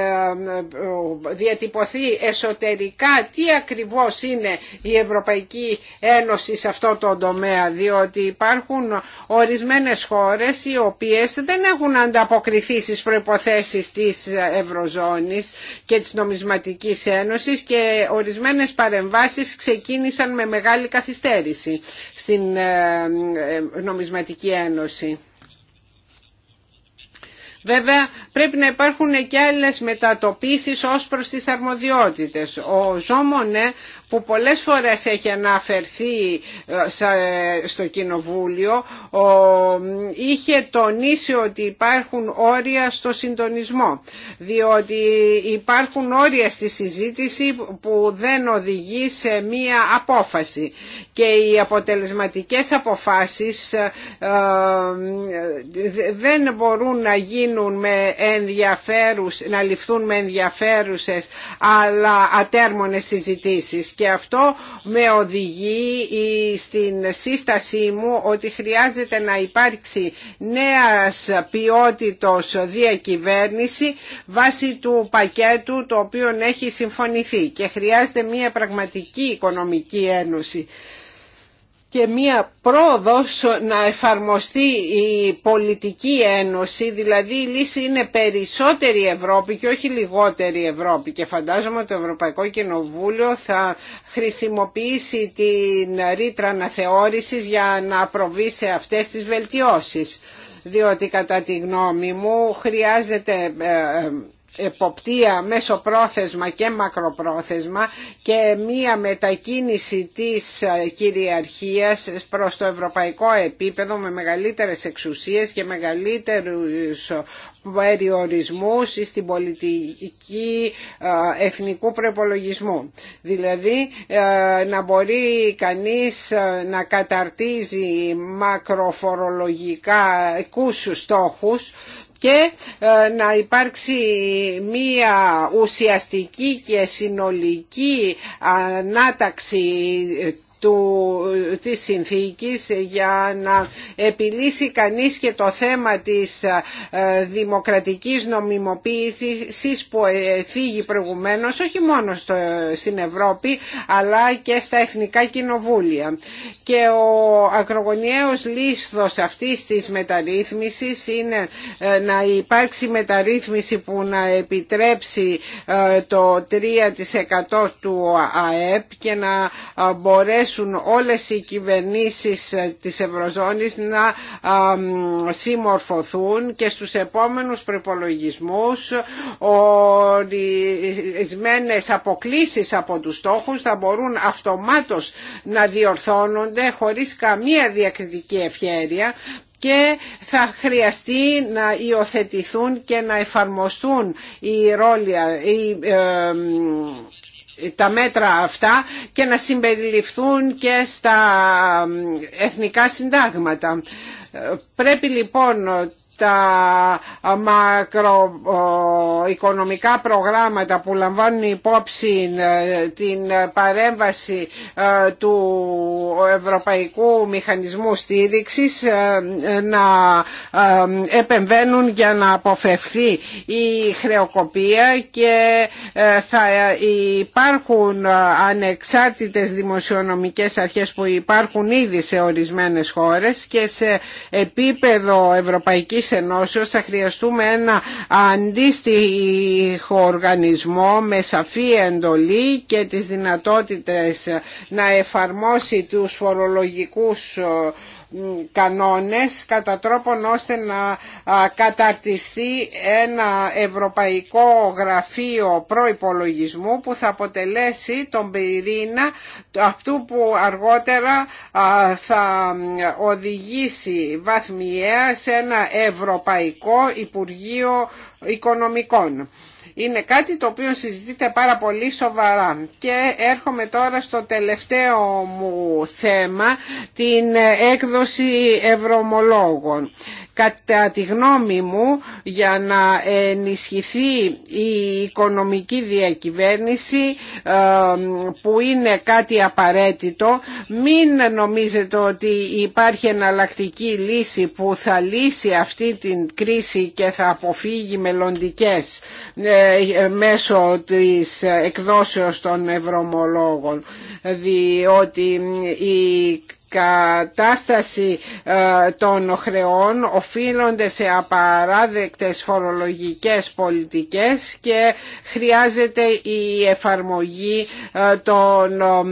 S3: διατυπωθεί εσωτερικά τι ακριβώς είναι η Ευρωπαϊκή Ένωση σε αυτό το τομέα διότι υπάρχουν ορισμένες χώρες οι οποίες δεν έχουν ανταποκριθεί στις προϋποθέσεις της Ευρωζώνης και της Νομισματικής Ένωσης και ορισμένες παρεμβάσεις ξεκίνησαν με μεγάλη καθυστέρηση στην ε, ε, Νομισματική Ένωση. Βέβαια πρέπει να υπάρχουν και άλλες μετατοπίσεις ως προς τις αρμοδιότητες. Ο ζωμόνε που πολλές φορές έχει αναφερθεί ε, στο Κοινοβούλιο είχε τονίσει ότι υπάρχουν όρια στο συντονισμό διότι υπάρχουν όρια στη συζήτηση που δεν οδηγεί σε μία απόφαση και οι αποτελεσματικές αποφάσεις ε, ε, δεν μπορούν να γίνουν με ενδιαφέρους, να ληφθούν με ενδιαφέρουσες αλλά ατέρμονες συζητήσεις και αυτό με οδηγεί στην σύστασή μου ότι χρειάζεται να υπάρξει νέας ποιότητος διακυβέρνηση βάσει του πακέτου το οποίο έχει συμφωνηθεί και χρειάζεται μια πραγματική οικονομική ένωση και μία πρόοδος να εφαρμοστεί η πολιτική ένωση, δηλαδή η λύση είναι περισσότερη Ευρώπη και όχι λιγότερη Ευρώπη και φαντάζομαι ότι το Ευρωπαϊκό Κοινοβούλιο θα χρησιμοποιήσει την ρήτρα αναθεώρησης για να προβεί σε αυτές τις βελτιώσεις διότι κατά τη γνώμη μου χρειάζεται ε, ε, εποπτεία μέσω πρόθεσμα και μακροπρόθεσμα και μία μετακίνηση της ε, κυριαρχίας προς το ευρωπαϊκό επίπεδο με μεγαλύτερες εξουσίες και μεγαλύτερους ε, περιορισμούς στην πολιτική ε, εθνικού προπολογισμού. Δηλαδή να μπορεί κανείς να καταρτίζει μακροφορολογικά κούσους στόχους και ε, να υπάρξει μία ουσιαστική και συνολική ανάταξη τη της συνθήκης για να επιλύσει κανείς και το θέμα της ε, δημοκρατικής νομιμοποίησης που φύγει προηγουμένως όχι μόνο στο, στην Ευρώπη αλλά και στα εθνικά κοινοβούλια. Και ο ακρογωνιαίος λίσθος αυτής της μεταρρύθμισης είναι ε, να υπάρξει μεταρρύθμιση που να επιτρέψει ε, το 3% του ΑΕΠ και να μπορέσουν μπορέσουν όλες οι κυβερνήσεις ε, της Ευρωζώνης να συμμορφωθούν και στους επόμενους προπολογισμούς ορισμένες αποκλήσεις από τους στόχους θα μπορούν αυτομάτως να διορθώνονται χωρίς καμία διακριτική ευχέρεια και θα χρειαστεί να υιοθετηθούν και να εφαρμοστούν οι ρόλια, ε, τα μέτρα αυτά και να συμπεριληφθούν και στα εθνικά συντάγματα. Ε, πρέπει λοιπόν τα μακροοικονομικά προγράμματα που λαμβάνουν υπόψη ε, την παρέμβαση ε, του Ευρωπαϊκού Μηχανισμού Στήριξης ε, να επεμβαίνουν για να αποφευθεί η χρεοκοπία και θα υπάρχουν ανεξάρτητες δημοσιονομικές αρχές που υπάρχουν ήδη σε ορισμένες χώρες και σε επίπεδο Ευρωπαϊκής Ευρωπαϊκής θα χρειαστούμε ένα αντίστοιχο οργανισμό με σαφή εντολή και τις δυνατότητες να εφαρμόσει τους φορολογικούς κανόνες κατά τρόπον ώστε να καταρτιστεί ένα ευρωπαϊκό γραφείο προϋπολογισμού που θα αποτελέσει τον πυρήνα αυτού που αργότερα θα οδηγήσει βαθμιαία σε ένα ευρωπαϊκό Υπουργείο Οικονομικών. Είναι κάτι το οποίο συζητείται πάρα πολύ σοβαρά. Και έρχομαι τώρα στο τελευταίο μου θέμα, την έκδοση ευρωμολόγων. Κατά τη γνώμη μου, για να ενισχυθεί η οικονομική διακυβέρνηση ε, που είναι κάτι απαραίτητο, μην νομίζετε ότι υπάρχει εναλλακτική λύση που θα λύσει αυτή την κρίση και θα αποφύγει μελλοντικές ε, μέσω της εκδόσεως των ευρωμολόγων διότι η κατάσταση ε, των χρεών οφείλονται σε απαράδεκτες φορολογικές πολιτικές και χρειάζεται η εφαρμογή ε, των ε,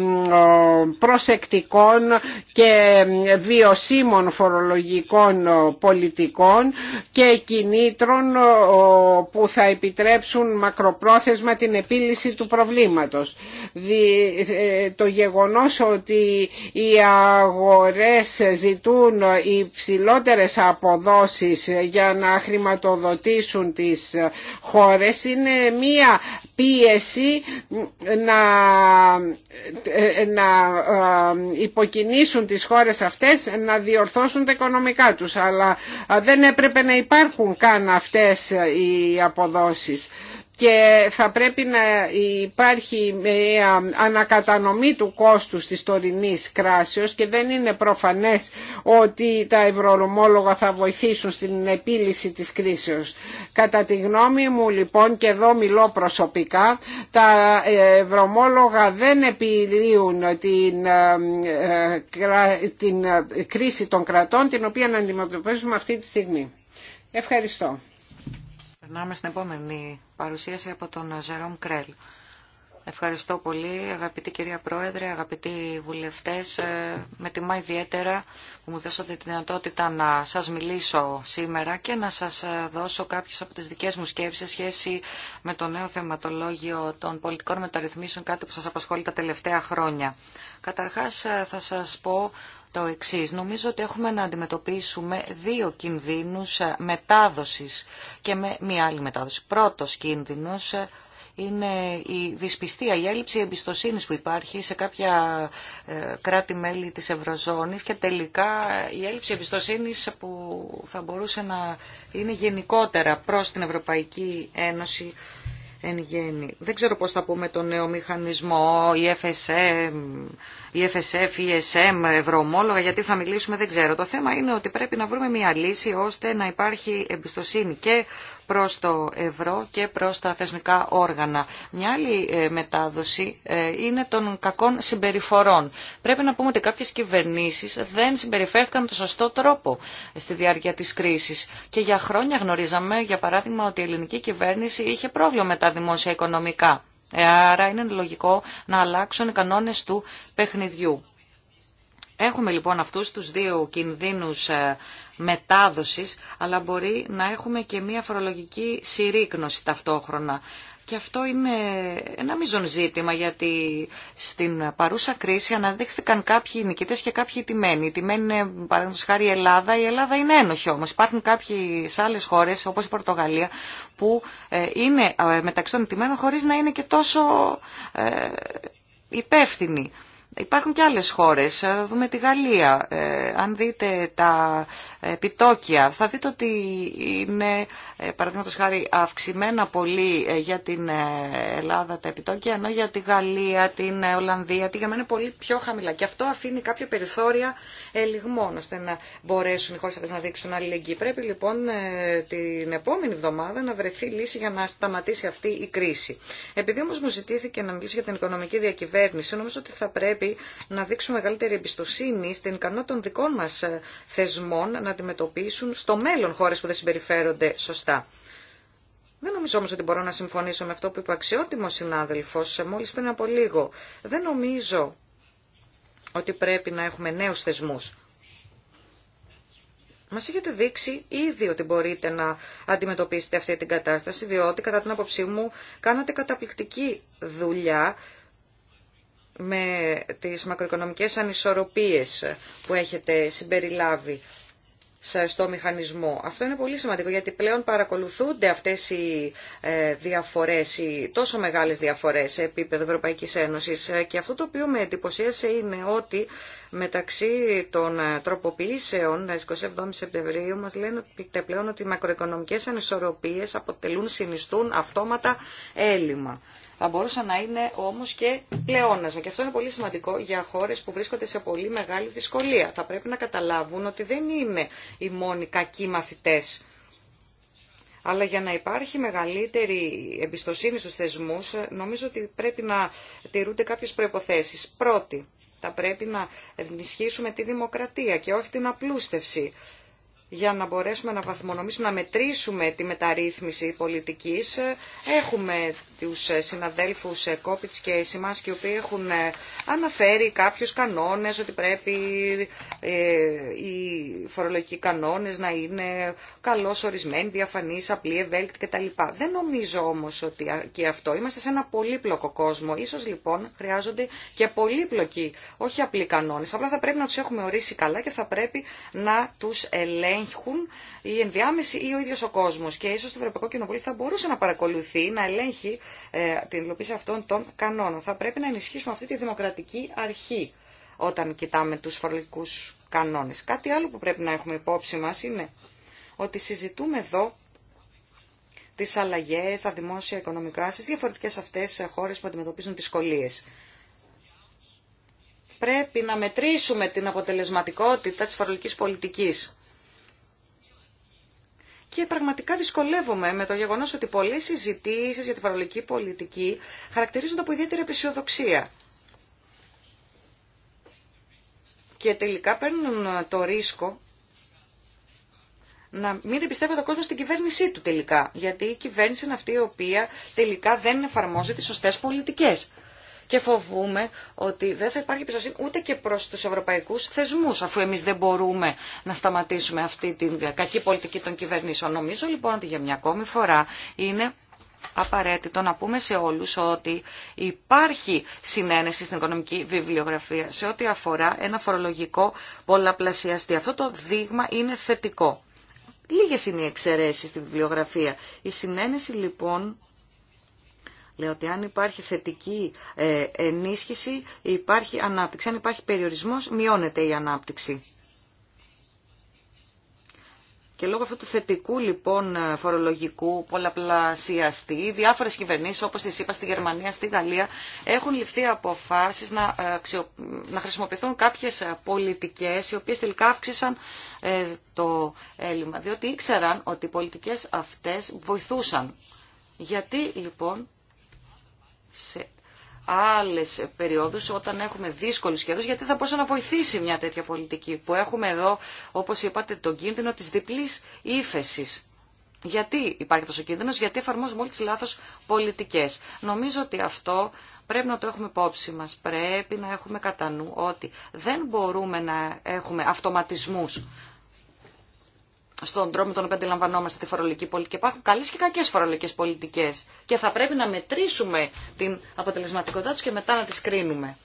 S3: προσεκτικών και βιωσίμων φορολογικών πολιτικών και κινήτρων που θα επιτρέψουν μακροπρόθεσμα την επίλυση του προβλήματος. Το γεγονός ότι η αγορές ζητούν υψηλότερες αποδόσεις για να χρηματοδοτήσουν τις χώρες είναι μία πίεση να, να ε, υποκινήσουν τις χώρες αυτές να διορθώσουν τα οικονομικά τους αλλά δεν έπρεπε να υπάρχουν καν αυτές οι αποδόσεις και θα πρέπει να υπάρχει μια ανακατανομή του κόστους της τωρινής κράσεως και δεν είναι προφανές ότι τα ευρωομόλογα θα βοηθήσουν στην επίλυση της κρίσεως. Κατά τη γνώμη μου λοιπόν και εδώ μιλώ προσωπικά τα ευρωομόλογα δεν επιλύουν την, ε, την κρίση των κρατών την οποία να αντιμετωπίζουμε
S2: αυτή τη στιγμή. Ευχαριστώ. Περνάμε στην επόμενη παρουσίαση από τον Ζερόμ Κρέλ. Ευχαριστώ πολύ, αγαπητή κυρία Πρόεδρε, αγαπητοί βουλευτές. Ε, με τιμά ιδιαίτερα που μου δώσατε τη δυνατότητα να σας μιλήσω σήμερα και να σας ε, δώσω κάποιες από τις δικές μου σκέψεις σε σχέση με το νέο θεματολόγιο των πολιτικών μεταρρυθμίσεων, κάτι που σας απασχολεί τα τελευταία χρόνια. Καταρχάς ε, θα σας πω το εξής. Νομίζω ότι έχουμε να αντιμετωπίσουμε δύο κινδύνους ε, μετάδοσης και με μία άλλη μετάδοση. Πρώτος κίνδυνος ε, είναι η δυσπιστία, η έλλειψη εμπιστοσύνης που υπάρχει σε κάποια ε, κράτη-μέλη της Ευρωζώνης και τελικά η έλλειψη εμπιστοσύνης που θα μπορούσε να είναι γενικότερα προς την Ευρωπαϊκή Ένωση εν γέννη. Δεν ξέρω πώς θα πούμε το νέο μηχανισμό, η FSM, η FSF, η ESM, ευρωομόλογα, γιατί θα μιλήσουμε δεν ξέρω. Το θέμα είναι ότι πρέπει να βρούμε μια λύση ώστε να υπάρχει εμπιστοσύνη και προς το ευρώ και προς τα θεσμικά όργανα. Μια άλλη ε, μετάδοση ε, είναι των κακών συμπεριφορών. Πρέπει να πούμε ότι κάποιες κυβερνήσεις δεν συμπεριφέρθηκαν με τον σωστό τρόπο ε, στη διάρκεια της κρίσης. Και για χρόνια γνωρίζαμε, για παράδειγμα, ότι η ελληνική κυβέρνηση είχε πρόβλημα με τα δημόσια οικονομικά. Άρα είναι λογικό να αλλάξουν οι κανόνες του παιχνιδιού. Έχουμε λοιπόν αυτούς τους δύο κινδύνους ε, μετάδοσης, αλλά μπορεί να έχουμε και μία φορολογική συρρήκνωση ταυτόχρονα. Και αυτό είναι ένα μείζον ζήτημα, γιατί στην παρούσα κρίση αναδείχθηκαν κάποιοι νικητές και κάποιοι τιμένοι. Οι τιμένοι είναι, παραδείγματος χάρη, η Ελλάδα. Η Ελλάδα είναι ένοχη όμως. Υπάρχουν κάποιες άλλες χώρες, όπως η Πορτογαλία, που ε, είναι ε, μεταξύ των τιμένων χωρίς να είναι και τόσο υπεύθυνοι. Υπάρχουν και άλλες χώρες, θα ε, δούμε τη Γαλλία, ε, αν δείτε τα επιτόκια, θα δείτε ότι είναι, ε, παραδείγματος χάρη, αυξημένα πολύ για την Ελλάδα τα επιτόκια, ενώ για τη Γαλλία, την Ολλανδία, τη Γερμανία είναι πολύ πιο χαμηλά. Και αυτό αφήνει κάποια περιθώρια ελιγμών, ώστε να μπορέσουν οι χώρες αυτές να δείξουν αλληλεγγύη. Πρέπει λοιπόν την επόμενη εβδομάδα να βρεθεί λύση για να σταματήσει αυτή η κρίση. Επειδή όμως μου ζητήθηκε να μιλήσω για την οικονομική διακυβέρνηση, νομίζω ότι θα πρέπει να δείξουμε μεγαλύτερη εμπιστοσύνη στην ικανότητα των δικών μα ε, θεσμών να αντιμετωπίσουν στο μέλλον χώρε που δεν συμπεριφέρονται σωστά. Δεν νομίζω όμω ότι μπορώ να συμφωνήσω με αυτό που είπε ο αξιότιμο συνάδελφο ε, μόλι πριν από λίγο. Δεν νομίζω ότι πρέπει να έχουμε νέου θεσμού. Μα έχετε δείξει ήδη ότι μπορείτε να αντιμετωπίσετε αυτή την κατάσταση, διότι κατά την άποψή μου κάνατε καταπληκτική δουλειά με τις μακροοικονομικές ανισορροπίες που έχετε συμπεριλάβει στο μηχανισμό. Αυτό είναι πολύ σημαντικό γιατί πλέον παρακολουθούνται αυτές οι ε, διαφορές, οι τόσο μεγάλες διαφορές σε επίπεδο Ευρωπαϊκής Ένωσης ε, και αυτό το οποίο με εντυπωσίασε είναι ότι μεταξύ των ε, τροποποιήσεων 27 Σεπτεμβρίου μας λένε πλέον ότι οι μακροοικονομικές ανισορροπίες αποτελούν, συνιστούν αυτόματα έλλειμμα θα μπορούσαν να είναι όμως και πλεόνασμα. Και αυτό είναι πολύ σημαντικό για χώρες που βρίσκονται σε πολύ μεγάλη δυσκολία. Θα πρέπει να καταλάβουν ότι δεν είναι οι μόνοι κακοί μαθητές. Αλλά για να υπάρχει μεγαλύτερη εμπιστοσύνη στους θεσμούς, νομίζω ότι πρέπει να τηρούνται κάποιες προϋποθέσεις. Πρώτη, θα πρέπει να ενισχύσουμε τη δημοκρατία και όχι την απλούστευση για να μπορέσουμε να βαθμονομήσουμε, να μετρήσουμε τη μεταρρύθμιση πολιτικής. Έχουμε του ε, συναδέλφους ε, Κόπιτς και και οι οποίοι έχουν ε, αναφέρει κάποιους κανόνες, ότι πρέπει οι φορολογικοί κανόνες να είναι καλώς ορισμένοι, διαφανείς, απλοί, ευέλικτοι κτλ. Δεν νομίζω όμως ότι και αυτό. Είμαστε σε ένα πολύπλοκο κόσμο. Ίσως λοιπόν χρειάζονται και πολύπλοκοι, όχι απλοί κανόνες. Απλά θα πρέπει να τους έχουμε ορίσει καλά και θα πρέπει να τους ελέγχουν η ενδιάμεση ή ο ίδιος ο κόσμος. Και ίσως το Ευρωπαϊκό Κοινοβούλιο θα μπορούσε να παρακολουθεί, να ελέγχει ε, την υλοποίηση αυτών των κανόνων. Θα πρέπει να ενισχύσουμε αυτή τη δημοκρατική αρχή όταν κοιτάμε τους φορολογικούς κανόνες. Κάτι άλλο που πρέπει να έχουμε υπόψη μας είναι ότι συζητούμε εδώ τις αλλαγές, τα δημόσια οικονομικά στις διαφορετικές αυτές χώρες που αντιμετωπίζουν δυσκολίες. Πρέπει να μετρήσουμε την αποτελεσματικότητα της φορολογικής πολιτικής και πραγματικά δυσκολεύομαι με το γεγονός ότι πολλές συζητήσει για τη παρολική πολιτική χαρακτηρίζονται από ιδιαίτερη επισιοδοξία. Και τελικά παίρνουν ε, το ρίσκο να μην εμπιστεύεται ο κόσμο στην κυβέρνησή του τελικά. Γιατί η κυβέρνηση είναι αυτή η οποία τελικά δεν εφαρμόζει τι σωστέ πολιτικέ και φοβούμε ότι δεν θα υπάρχει πιστοσύνη ούτε και προ του Ευρωπαϊκού θεσμού, αφού εμεί δεν μπορούμε να σταματήσουμε αυτή την κακή πολιτική των κυβερνήσεων. Νομίζω λοιπόν ότι για μια ακόμη φορά είναι απαραίτητο να πούμε σε όλους ότι υπάρχει συνένεση στην οικονομική βιβλιογραφία σε ό,τι αφορά ένα φορολογικό πολλαπλασιαστή. Αυτό το δείγμα είναι θετικό. Λίγες είναι οι εξαιρέσεις στη βιβλιογραφία. Η συνένεση λοιπόν Λέω ότι αν υπάρχει θετική ε, ενίσχυση υπάρχει ανάπτυξη. Αν υπάρχει περιορισμός μειώνεται η ανάπτυξη. Και λόγω αυτού του θετικού λοιπόν ε, φορολογικού πολλαπλασιαστή, διάφορε κυβερνήσει όπω τη είπα στη Γερμανία, στη Γαλλία, έχουν ληφθεί αποφάσει να, ε, να χρησιμοποιηθούν κάποιε πολιτικέ οι οποίε τελικά αύξησαν το έλλειμμα. Διότι ήξεραν ότι οι πολιτικέ αυτέ βοηθούσαν. Γιατί λοιπόν σε άλλε περιόδους όταν έχουμε δύσκολου καιρού, γιατί θα μπορούσε να βοηθήσει μια τέτοια πολιτική που έχουμε εδώ όπως είπατε τον κίνδυνο τη διπλή ύφεση. Γιατί υπάρχει αυτός ο γιατί εφαρμόζουμε όλοι τι λάθος πολιτικές. Νομίζω ότι αυτό πρέπει να το έχουμε υπόψη μα. Πρέπει να έχουμε κατά νου ότι δεν μπορούμε να έχουμε αυτόματισμού στον τρόπο με τον οποίο αντιλαμβανόμαστε τη φορολογική πολιτική. Υπάρχουν καλές και κακές φορολογικέ πολιτικές και θα πρέπει να μετρήσουμε την αποτελεσματικότητά του και μετά να τι κρίνουμε.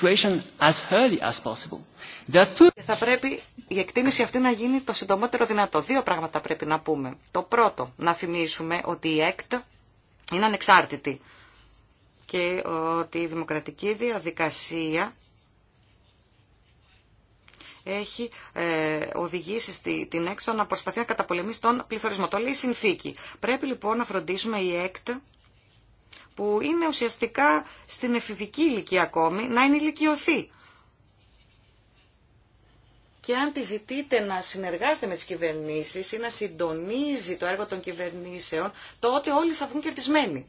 S2: As as Και θα πρέπει η εκτίμηση αυτή να γίνει το συντομότερο δυνατό. Δύο πράγματα πρέπει να πούμε. Το πρώτο, να θυμίσουμε ότι η ΕΚΤ είναι ανεξάρτητη και ότι η δημοκρατική διαδικασία έχει ε, οδηγήσει την έξω να προσπαθεί να καταπολεμήσει τον πληθωρισμό. Το λέει η συνθήκη. Πρέπει λοιπόν να φροντίσουμε η ΕΚΤ που είναι ουσιαστικά στην εφηβική ηλικία ακόμη, να ενηλικιωθεί. Και αν τη ζητείτε να συνεργάζεται με τις κυβερνήσεις ή να συντονίζει το έργο των κυβερνήσεων, τότε όλοι θα βγουν κερδισμένοι.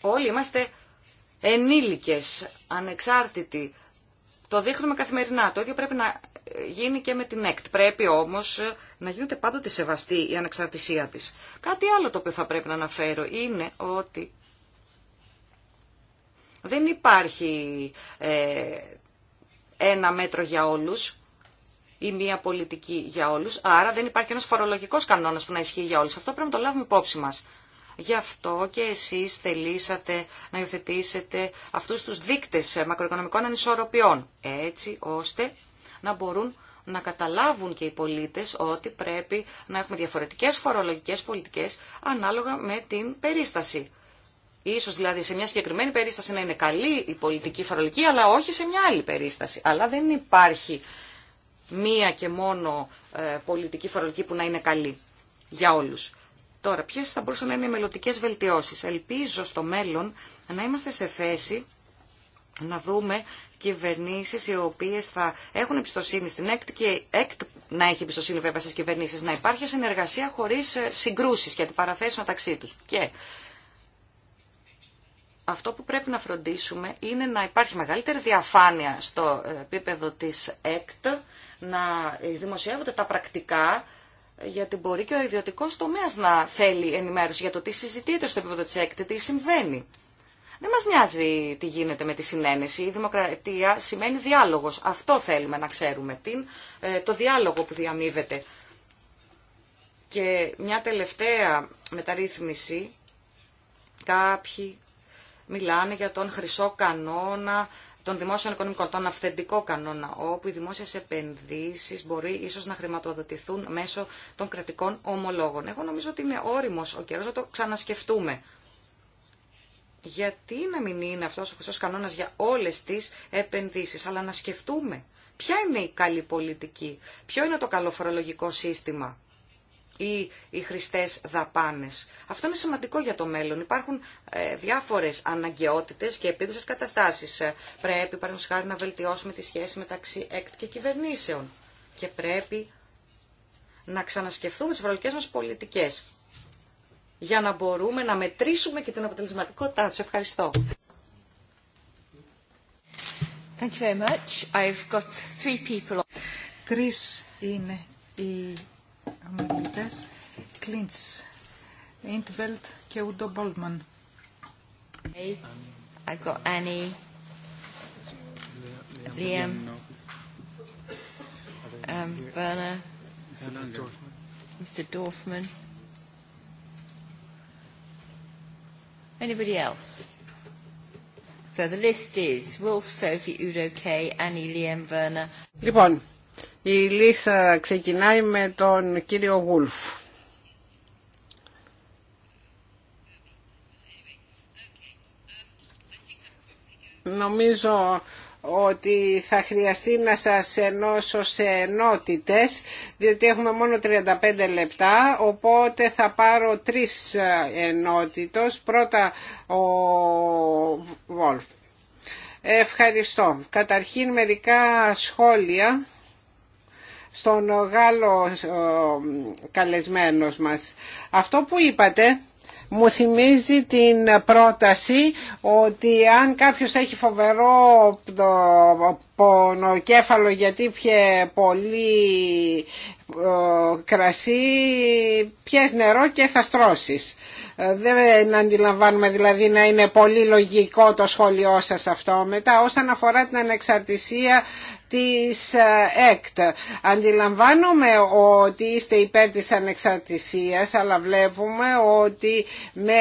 S2: Όλοι είμαστε ενήλικες, ανεξάρτητοι το δείχνουμε καθημερινά. Το ίδιο πρέπει να γίνει και με την ΕΚΤ. Πρέπει όμω να γίνεται πάντοτε σεβαστή η ανεξαρτησία τη. Κάτι άλλο το οποίο θα πρέπει να αναφέρω είναι ότι δεν υπάρχει ε, ένα μέτρο για όλους ή μία πολιτική για όλους, άρα δεν υπάρχει ένας φορολογικός κανόνας που να ισχύει για όλους. Αυτό πρέπει να το λάβουμε υπόψη μας. Γι' αυτό και εσείς θελήσατε να υιοθετήσετε αυτούς τους δείκτες μακροοικονομικών ανισορροπιών, έτσι ώστε να μπορούν να καταλάβουν και οι πολίτες ότι πρέπει να έχουμε διαφορετικές φορολογικές πολιτικές ανάλογα με την περίσταση. Ίσως δηλαδή σε μια συγκεκριμένη περίσταση να είναι καλή η πολιτική φορολογική, αλλά όχι σε μια άλλη περίσταση. Αλλά δεν υπάρχει μία και μόνο ε, πολιτική φορολογική που να είναι καλή για όλους. Τώρα, ποιε θα μπορούσαν να είναι οι μελλοντικέ βελτιώσει. Ελπίζω στο μέλλον να είμαστε σε θέση να δούμε κυβερνήσεις οι οποίες θα έχουν εμπιστοσύνη στην ΕΚΤ και ΕΚΤ να έχει εμπιστοσύνη βέβαια στις κυβερνήσεις, να υπάρχει συνεργασία χωρίς ε, συγκρούσεις και αντιπαραθέσεις μεταξύ τους. Και αυτό που πρέπει να φροντίσουμε είναι να υπάρχει μεγαλύτερη διαφάνεια στο επίπεδο της ΕΚΤ, να δημοσιεύονται τα πρακτικά γιατί μπορεί και ο ιδιωτικό τομέα να θέλει ενημέρωση για το τι συζητείται στο επίπεδο τη έκτη, τι συμβαίνει. Δεν μα νοιάζει τι γίνεται με τη συνένεση. Η δημοκρατία σημαίνει διάλογο. Αυτό θέλουμε να ξέρουμε. Την, ε, το διάλογο που διαμείβεται. Και μια τελευταία μεταρρύθμιση. Κάποιοι μιλάνε για τον χρυσό κανόνα τον δημόσιο οικονομικό, τον αυθεντικό κανόνα, όπου οι δημόσιε επενδύσεις μπορεί ίσως να χρηματοδοτηθούν μέσω των κρατικών ομολόγων. Εγώ νομίζω ότι είναι όριμος ο καιρός να το ξανασκεφτούμε. Γιατί να μην είναι αυτός ο χρυσό κανόνας για όλες τις επενδύσεις, αλλά να σκεφτούμε ποια είναι η καλή πολιτική, ποιο είναι το καλό φορολογικό σύστημα ή οι χρηστές δαπάνες. Αυτό είναι σημαντικό για το μέλλον. Υπάρχουν ε, διάφορες αναγκαιότητες και επίγουσες καταστάσεις. Ε, πρέπει, παραδείγματος χάρη, να βελτιώσουμε τη σχέση μεταξύ ΕΚΤ και κυβερνήσεων. Και πρέπει να ξανασκεφτούμε τις ευρωπαϊκές μας πολιτικές για να μπορούμε να μετρήσουμε και την αποτελεσματικότητά τους. Ευχαριστώ.
S1: είναι οι ομιλητές Κλίντς, Ιντβελτ και Ούντο Μπόλτμαν. I've got Annie, Liam, um, Werner,
S3: Mr. Dorfman. Anybody else? So the list is Wolf, Sophie, Udo K, Annie, Liam, Werner. Λοιπόν, η λίστα ξεκινάει με τον κύριο Γούλφ. Νομίζω ότι θα χρειαστεί να σας ενώσω σε ενότητες, διότι έχουμε μόνο 35 λεπτά, οπότε θα πάρω τρεις ενότητες. Πρώτα ο Βόλφ. Ευχαριστώ. Καταρχήν μερικά σχόλια στον Γάλλο καλεσμένος μας. Αυτό που είπατε μου θυμίζει την πρόταση ότι αν κάποιος έχει φοβερό πονοκέφαλο γιατί πιε πολύ κρασί, πιες νερό και θα στρώσεις. Δεν αντιλαμβάνουμε δηλαδή να είναι πολύ λογικό το σχόλιο σας αυτό. Μετά όσον αφορά την ανεξαρτησία της ε, ΕΚΤ. Αντιλαμβάνομαι ότι είστε υπέρ της ανεξαρτησίας, αλλά βλέπουμε ότι με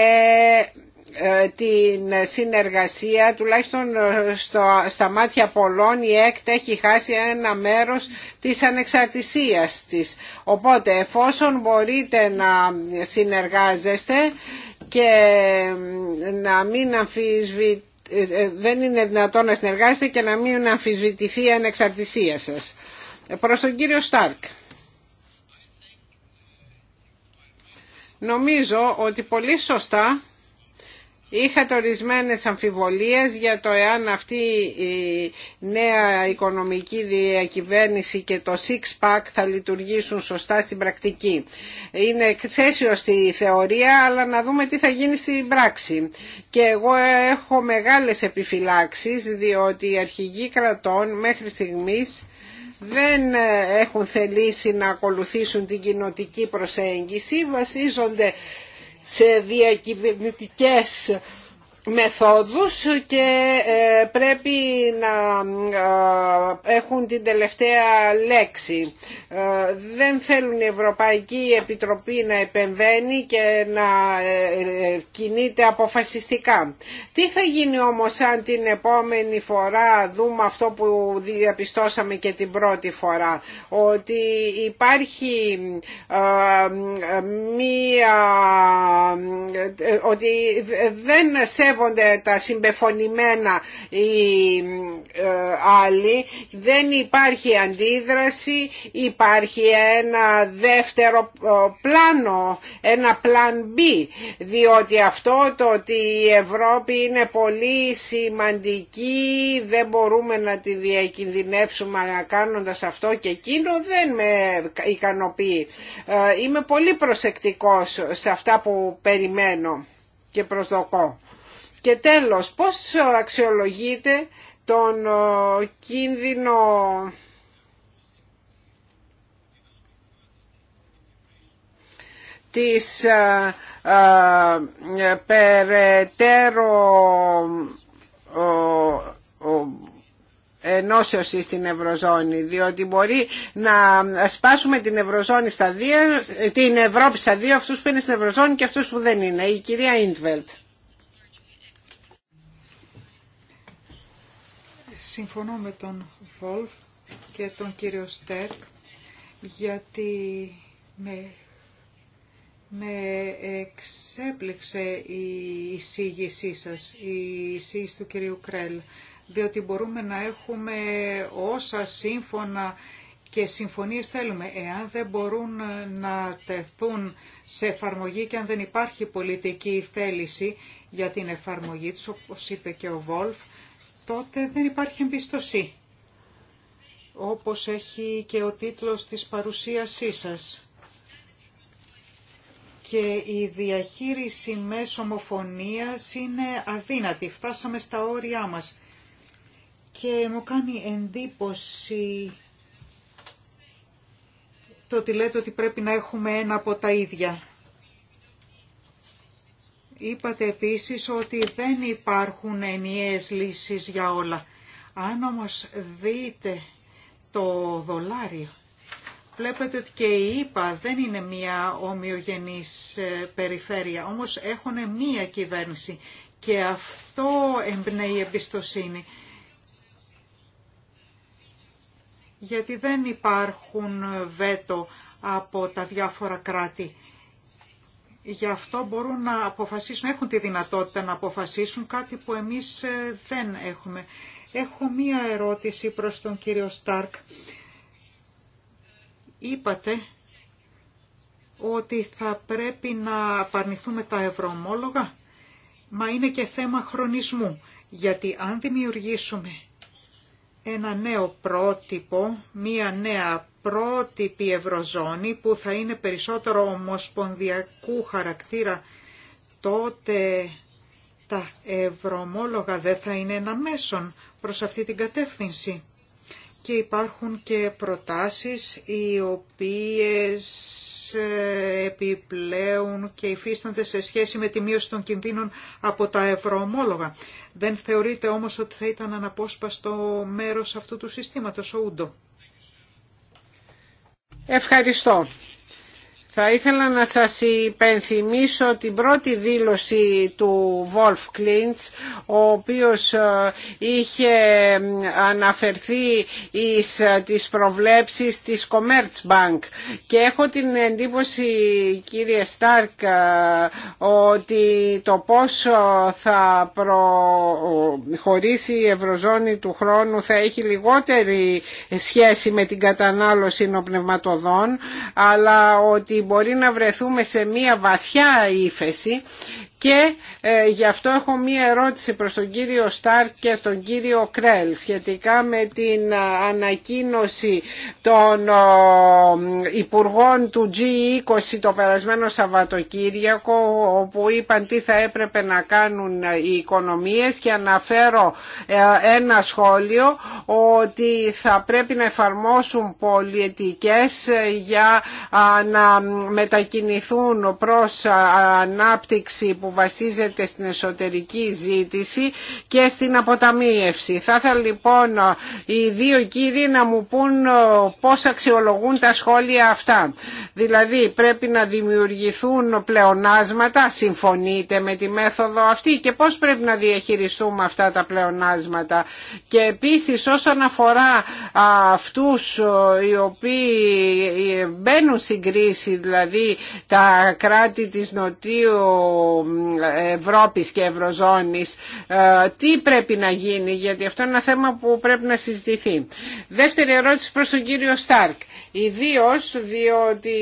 S3: ε, την συνεργασία τουλάχιστον ε, στο, στα μάτια πολλών η ΕΚΤ έχει χάσει ένα μέρος της ανεξαρτησίας της. Οπότε εφόσον μπορείτε να συνεργάζεστε και να μην αμφισβητείτε ε, ε, δεν είναι δυνατόν να συνεργάσετε και να μην αμφισβητηθεί η ανεξαρτησία σας. Προς τον κύριο Στάρκ. Νομίζω ότι πολύ σωστά Είχατε ορισμένες αμφιβολίες για το εάν αυτή η νέα οικονομική διακυβέρνηση και το six-pack θα λειτουργήσουν σωστά στην πρακτική. Είναι εξαίσιο στη θεωρία, αλλά να δούμε τι θα γίνει στην πράξη. Και εγώ έχω μεγάλες επιφυλάξεις, διότι οι αρχηγοί κρατών μέχρι στιγμής δεν έχουν θελήσει να ακολουθήσουν την κοινοτική προσέγγιση, βασίζονται σε διακυβερνητικές μεθόδους και ε, πρέπει να ε, έχουν την τελευταία λέξη. Ε, δεν θέλουν η Ευρωπαϊκή Επιτροπή να επεμβαίνει και να κινείται αποφασιστικά. Τι θα γίνει όμως αν την επόμενη φορά δούμε αυτό που διαπιστώσαμε και την πρώτη φορά, ότι υπάρχει μία, ότι δεν σε τα συμπεφωνημένα οι ε, άλλοι, δεν υπάρχει αντίδραση, υπάρχει ένα δεύτερο ε, πλάνο, ένα πλάν B, διότι αυτό το ότι η Ευρώπη είναι πολύ σημαντική, δεν μπορούμε να τη διακινδυνεύσουμε κάνοντας αυτό και εκείνο, δεν με ικανοποιεί. Ε, είμαι πολύ προσεκτικός σε αυτά που περιμένω και προσδοκώ. Και τέλος, πώς αξιολογείτε τον ε, κίνδυνο της ε, ε, περαιτέρω ενώσεως στην Ευρωζώνη διότι μπορεί να σπάσουμε την, Ευρωζώνη στα δύο, την Ευρώπη στα δύο αυτούς που είναι στην Ευρωζώνη και αυτούς που δεν είναι η κυρία Ίντβελτ
S1: Συμφωνώ με τον Βολφ και τον κύριο Στέρκ γιατί με, με εξέπληξε η εισήγησή σας, η εισήγηση του κυρίου Κρέλ, διότι μπορούμε να έχουμε όσα σύμφωνα και συμφωνίες θέλουμε. Εάν δεν μπορούν να τεθούν σε εφαρμογή και αν δεν υπάρχει πολιτική θέληση για την εφαρμογή τους, όπως είπε και ο Βόλφ, τότε δεν υπάρχει εμπιστοσύνη, όπως έχει και ο τίτλος της παρουσίασής σας. Και η διαχείριση μέσω ομοφωνίας είναι αδύνατη. Φτάσαμε στα όρια μας. Και μου κάνει εντύπωση το ότι λέτε ότι πρέπει να έχουμε ένα από τα ίδια. Είπατε επίσης ότι δεν υπάρχουν ενιαίες λύσεις για όλα. Αν όμως δείτε το δολάριο, βλέπετε ότι και η ΕΠΑ δεν είναι μια ομοιογενής ε, περιφέρεια, όμως έχουν μία κυβέρνηση και αυτό εμπνέει εμπιστοσύνη. Γιατί δεν υπάρχουν ε, βέτο από τα διάφορα κράτη γι' αυτό μπορούν να αποφασίσουν, έχουν τη δυνατότητα να αποφασίσουν κάτι που εμείς ε, δεν έχουμε. Έχω μία ερώτηση προς τον κύριο Στάρκ. Είπατε ότι θα πρέπει να απαρνηθούμε τα ευρωομόλογα, μα είναι και θέμα χρονισμού, γιατί αν δημιουργήσουμε ένα νέο πρότυπο, μία νέα πρότυπη ευρωζώνη που θα είναι περισσότερο ομοσπονδιακού χαρακτήρα, τότε τα ευρωομόλογα δεν θα είναι ένα μέσον προς αυτή την κατεύθυνση. Και υπάρχουν και προτάσεις οι οποίες ε, επιπλέουν και υφίστανται σε σχέση με τη μείωση των κινδύνων από τα ευρωομόλογα. Δεν θεωρείται όμως ότι θα ήταν αναπόσπαστο μέρος αυτού του συστήματος ο Ούντο.
S3: Ευχαριστώ. Θα ήθελα να σας υπενθυμίσω την πρώτη δήλωση του Βολφ Κλίντς, ο οποίος ε, είχε αναφερθεί εις ε, τις προβλέψεις της Commerzbank και έχω την εντύπωση κύριε Στάρκ ε, ότι το πόσο θα προχωρήσει η Ευρωζώνη του χρόνου θα έχει λιγότερη σχέση με την κατανάλωση νοπνευματοδών αλλά ότι μπορεί να βρεθούμε σε μία βαθιά ύφεση και ε, γι' αυτό έχω μία ερώτηση προς τον κύριο Στάρκ και τον κύριο Κρέλ σχετικά με την ε, ανακοίνωση των υπουργών του G20 το περασμένο Σαββατοκύριακο όπου είπαν τι θα έπρεπε να κάνουν ε, οι οικονομίες και αναφέρω ένα σχόλιο ότι θα πρέπει να εφαρμόσουν πολιτικές για να μετακινηθούν προς ανάπτυξη που βασίζεται στην εσωτερική ζήτηση και στην αποταμίευση. Θα ήθελα λοιπόν οι δύο κύριοι να μου πούν ε, πώς αξιολογούν τα σχόλια αυτά. Δηλαδή πρέπει να δημιουργηθούν πλεονάσματα, συμφωνείτε με τη μέθοδο αυτή και πώς πρέπει να διαχειριστούμε αυτά τα πλεονάσματα. Και επίσης όσον αφορά αυτούς ε, οι οποίοι ε, μπαίνουν στην κρίση, δηλαδή τα κράτη της Νοτιού Ευρώπης και Ευρωζώνης ε, τι πρέπει να γίνει γιατί αυτό είναι ένα θέμα που πρέπει να συζητηθεί. Δεύτερη ερώτηση προς τον κύριο Στάρκ. Ιδίω διότι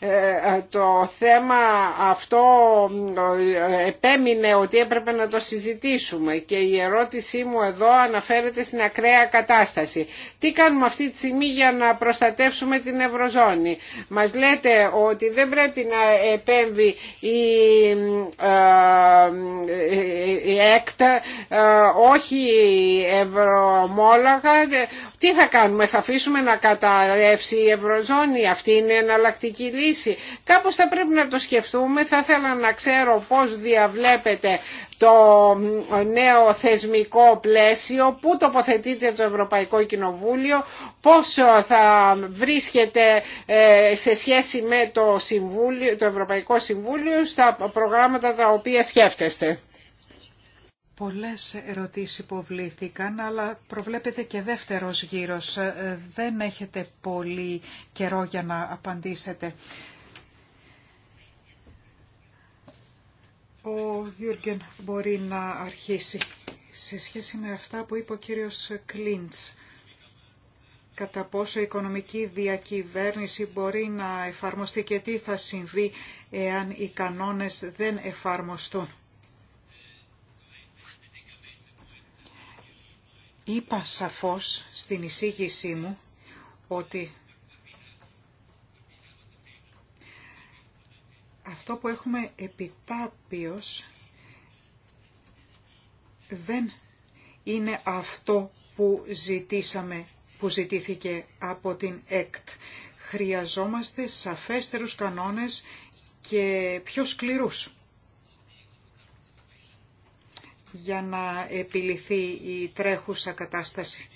S3: ε, το θέμα αυτό ε, επέμεινε ότι έπρεπε να το συζητήσουμε και η ερώτησή μου εδώ αναφέρεται στην ακραία κατάσταση. Τι κάνουμε αυτή τη στιγμή για να προστατεύσουμε την Ευρωζώνη. Μας λέτε ότι δεν πρέπει να επέμβει η έκτα, ε, ε, ε, όχι ευρωμόλαγα Τι θα κάνουμε, θα αφήσουμε να καταρρεύσει η Ευρωζώνη, αυτή είναι η εναλλακτική λύση. Κάπως θα πρέπει να το σκεφτούμε, θα ήθελα να ξέρω πώς διαβλέπετε το νέο θεσμικό πλαίσιο, πού τοποθετείται το Ευρωπαϊκό Κοινοβούλιο, πόσο ε, θα βρίσκεται ε, σε σχέση με το, Συμβούλιο, το Ευρωπαϊκό Συμβούλιο στα προγράμματα τα οποία σκέφτεστε.
S1: Πολλές ερωτήσεις υποβλήθηκαν, αλλά προβλέπετε και δεύτερος γύρος. Ε, δεν έχετε πολύ καιρό για να απαντήσετε. Ο Γιούργεν μπορεί να αρχίσει σε σχέση με αυτά που είπε ο κύριος Κλίντς. Κατά πόσο η οικονομική διακυβέρνηση μπορεί να εφαρμοστεί και τι θα συμβεί εάν οι κανόνες δεν εφαρμοστούν. Είπα σαφώς στην εισήγησή μου ότι αυτό που έχουμε επιτάπιος δεν είναι αυτό που ζητήσαμε, που ζητήθηκε από την ΕΚΤ. Χρειαζόμαστε σαφέστερους κανόνες και πιο σκληρούς για να επιληθεί η τρέχουσα κατάσταση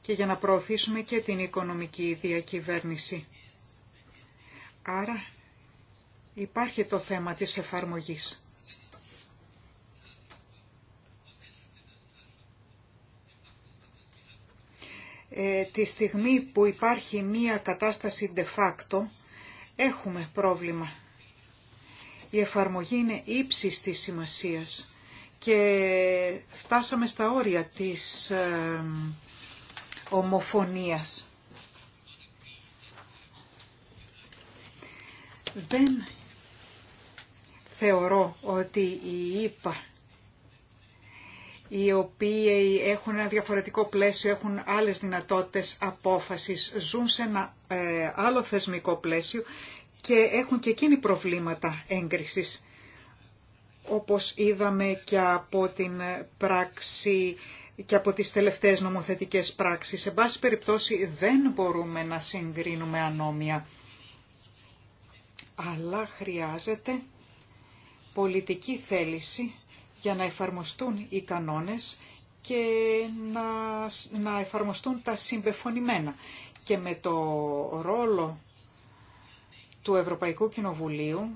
S1: και για να προωθήσουμε και την οικονομική διακυβέρνηση. Άρα υπάρχει το θέμα της εφαρμογής. Ε, τη στιγμή που υπάρχει μία κατάσταση de facto, έχουμε πρόβλημα. Η εφαρμογή είναι ύψης της σημασίας και φτάσαμε στα όρια της ε, ομοφωνίας. Δεν θεωρώ ότι οι ΙΠΑ οι οποίοι έχουν ένα διαφορετικό πλαίσιο, έχουν άλλες δυνατότητες απόφασης, ζουν σε ένα ε, άλλο θεσμικό πλαίσιο και έχουν και εκείνοι προβλήματα έγκρισης. Όπως είδαμε και από την πράξη και από τις τελευταίες νομοθετικές πράξεις. Σε πάση περιπτώσει δεν μπορούμε να συγκρίνουμε ανώμια. Αλλά χρειάζεται πολιτική θέληση για να εφαρμοστούν οι κανόνες και να, να εφαρμοστούν τα συμπεφωνημένα. Και με το ρόλο του Ευρωπαϊκού Κοινοβουλίου,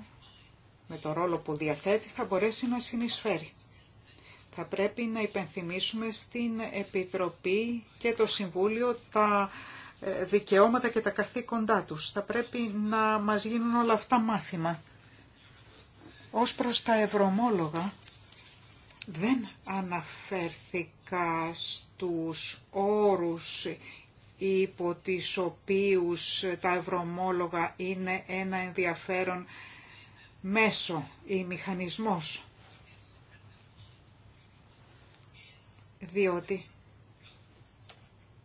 S1: με το ρόλο που διαθέτει, θα μπορέσει να συνεισφέρει. Θα πρέπει να υπενθυμίσουμε στην Επιτροπή και το Συμβούλιο τα ε, δικαιώματα και τα καθήκοντά τους. Θα πρέπει να μας γίνουν όλα αυτά μάθημα. Ως προς τα ευρωμόλογα, δεν αναφέρθηκα στους όρους υπό τις οποίους τα ευρωμόλογα είναι ένα ενδιαφέρον μέσο ή μηχανισμός. Διότι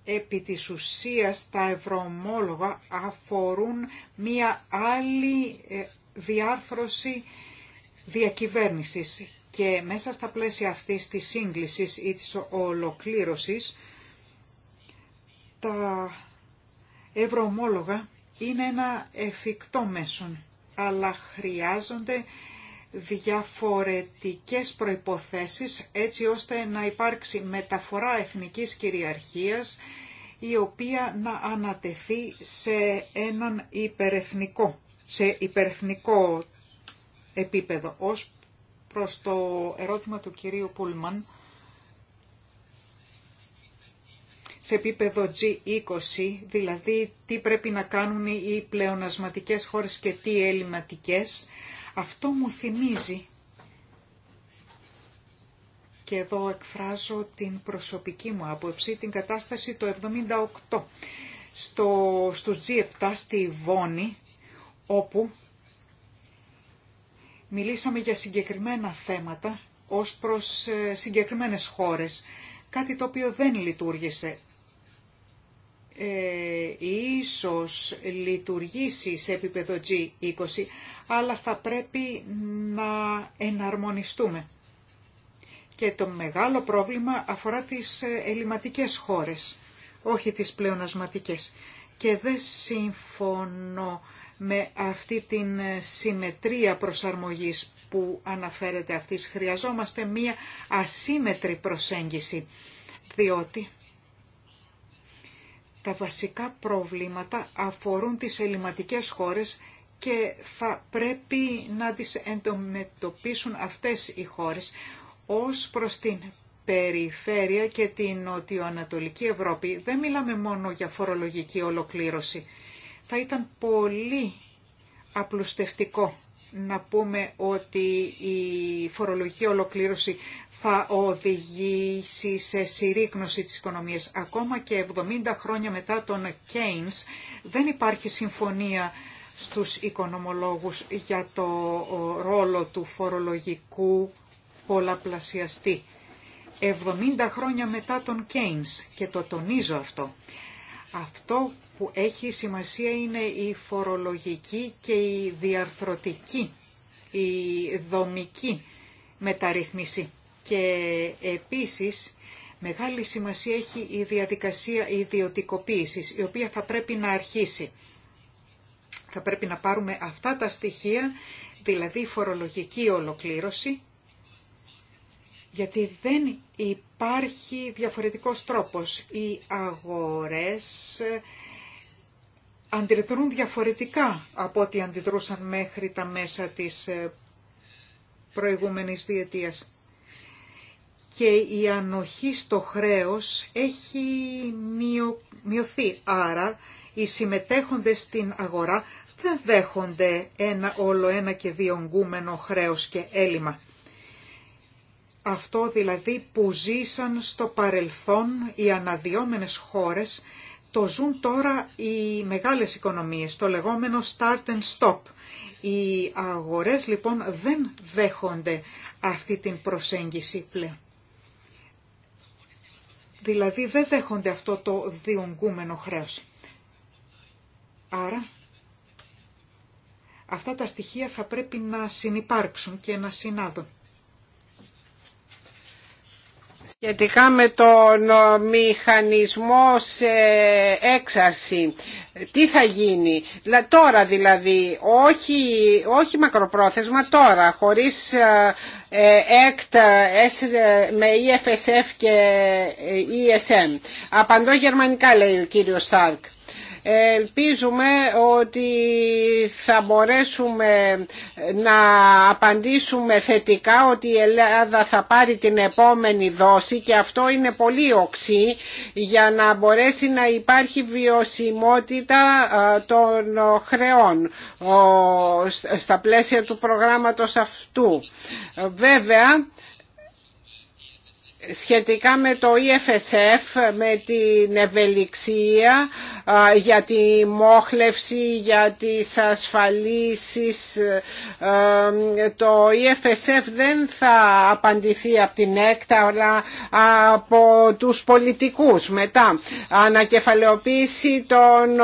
S1: επί της ουσίας τα ευρωμόλογα αφορούν μία άλλη ε, διάρθρωση διακυβέρνησης και μέσα στα πλαίσια αυτής της σύγκλησης ή της ολοκλήρωσης τα ευρωομόλογα είναι ένα εφικτό μέσον, αλλά χρειάζονται διαφορετικές προϋποθέσεις έτσι ώστε να υπάρξει μεταφορά εθνικής κυριαρχίας η οποία να ανατεθεί σε έναν υπερεθνικό, σε υπερεθνικό επίπεδο. Ως προς το ερώτημα του κυρίου Πούλμαν, σε επίπεδο G20, δηλαδή τι πρέπει να κάνουν οι πλεονασματικές χώρες και τι ελληματικές, αυτό μου θυμίζει και εδώ εκφράζω την προσωπική μου άποψη, την κατάσταση το 78 στο, στους G7 στη Βόνη, όπου Μιλήσαμε για συγκεκριμένα θέματα ως προς ε, συγκεκριμένες χώρες, κάτι το οποίο δεν λειτουργήσε. Ε, ίσως λειτουργήσει σε επίπεδο G20, αλλά θα πρέπει να εναρμονιστούμε. Και το μεγάλο πρόβλημα αφορά τις ε, ελληματικές χώρες, όχι τις πλεονασματικές. Και δεν συμφωνώ με αυτή την ε, συμμετρία προσαρμογής που αναφέρεται αυτής. Χρειαζόμαστε μία ασύμετρη προσέγγιση, διότι τα βασικά προβλήματα αφορούν τις ελληματικές χώρες και θα πρέπει να τις εντομετωπίσουν αυτές οι χώρες ως προς την περιφέρεια και την νοτιοανατολική Ευρώπη. Δεν μιλάμε μόνο για φορολογική ολοκλήρωση. Θα ήταν πολύ απλουστευτικό να πούμε ότι η φορολογική ολοκλήρωση θα οδηγήσει σε συρρήκνωση της οικονομίας. Ακόμα και 70 χρόνια μετά τον Keynes δεν υπάρχει συμφωνία στους οικονομολόγους για το ρόλο του φορολογικού πολλαπλασιαστή. 70 χρόνια μετά τον Keynes και το τονίζω αυτό. Αυτό που έχει σημασία είναι η φορολογική και η διαρθρωτική, η δομική μεταρρύθμιση. Και επίσης μεγάλη σημασία έχει η διαδικασία ιδιωτικοποίησης, η οποία θα πρέπει να αρχίσει. Θα πρέπει να πάρουμε αυτά τα στοιχεία, δηλαδή φορολογική ολοκλήρωση γιατί δεν υπάρχει διαφορετικός τρόπος. Οι αγορές ε, αντιδρούν διαφορετικά από ό,τι αντιδρούσαν μέχρι τα μέσα της ε, προηγούμενης διετίας. Και η ανοχή στο χρέος έχει μειωθεί, άρα οι συμμετέχοντες στην αγορά δεν δέχονται ένα όλο ένα και διονγκούμενο χρέος και έλλειμμα. Αυτό δηλαδή που ζήσαν στο παρελθόν οι αναδιόμενες χώρες, το ζουν τώρα οι μεγάλες οικονομίες, το λεγόμενο start and stop. Οι αγορές λοιπόν δεν δέχονται αυτή την προσέγγιση πλέον. Δηλαδή δεν δέχονται αυτό το διονγκούμενο χρέος. Άρα αυτά τα στοιχεία θα πρέπει να συνυπάρξουν και να συνάδουν
S3: σχετικά με τον μηχανισμό σε έξαρση. Τι θα γίνει τώρα δηλαδή, όχι, όχι μακροπρόθεσμα τώρα, χωρίς ΕΚΤ ε, με EFSF και ESM. Ε, Απαντώ γερμανικά λέει ο κύριος Στάρκ. Ελπίζουμε ότι θα μπορέσουμε να απαντήσουμε θετικά ότι η Ελλάδα θα πάρει την επόμενη δόση και αυτό είναι πολύ οξύ για να μπορέσει να υπάρχει βιωσιμότητα των χρεών στα πλαίσια του προγράμματος αυτού. Βέβαια, σχετικά με το EFSF, με την ευελιξία για τη μόχλευση, για τις ασφαλίσεις. Το EFSF δεν θα απαντηθεί από την ΕΚΤΑ, αλλά από τους πολιτικούς. Μετά, ανακεφαλαιοποίηση των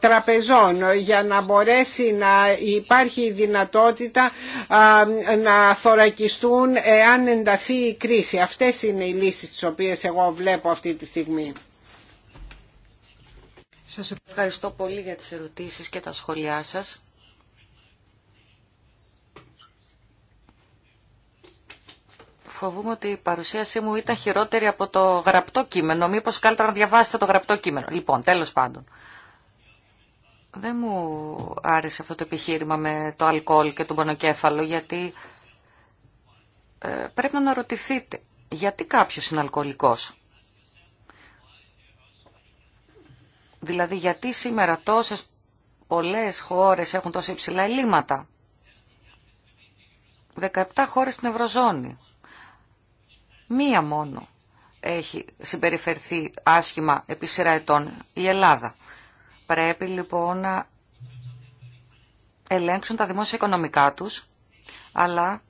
S3: τραπεζών για να μπορέσει να υπάρχει η δυνατότητα να θωρακιστούν εάν ενταθεί η κρίση. Αυτές είναι οι λύσεις τις οποίες εγώ βλέπω αυτή τη στιγμή.
S2: Σας ευχαριστώ πολύ για τις ερωτήσεις και τα σχόλιά σας. Φοβούμαι ότι η παρουσίασή μου ήταν χειρότερη από το γραπτό κείμενο. Μήπως καλύτερα να διαβάσετε το γραπτό κείμενο. Λοιπόν, τέλος πάντων. Δεν μου άρεσε αυτό το επιχείρημα με το αλκοόλ και το πονοκέφαλο, γιατί ε, πρέπει να αναρωτηθείτε γιατί κάποιος είναι αλκοολικός. Δηλαδή γιατί σήμερα τόσες πολλές χώρες έχουν τόσο υψηλά ελλείμματα. 17 χώρες στην Ευρωζώνη. Μία μόνο έχει συμπεριφερθεί άσχημα επί σειρά ετών η Ελλάδα. Πρέπει λοιπόν να ελέγξουν τα δημόσια οικονομικά τους, αλλά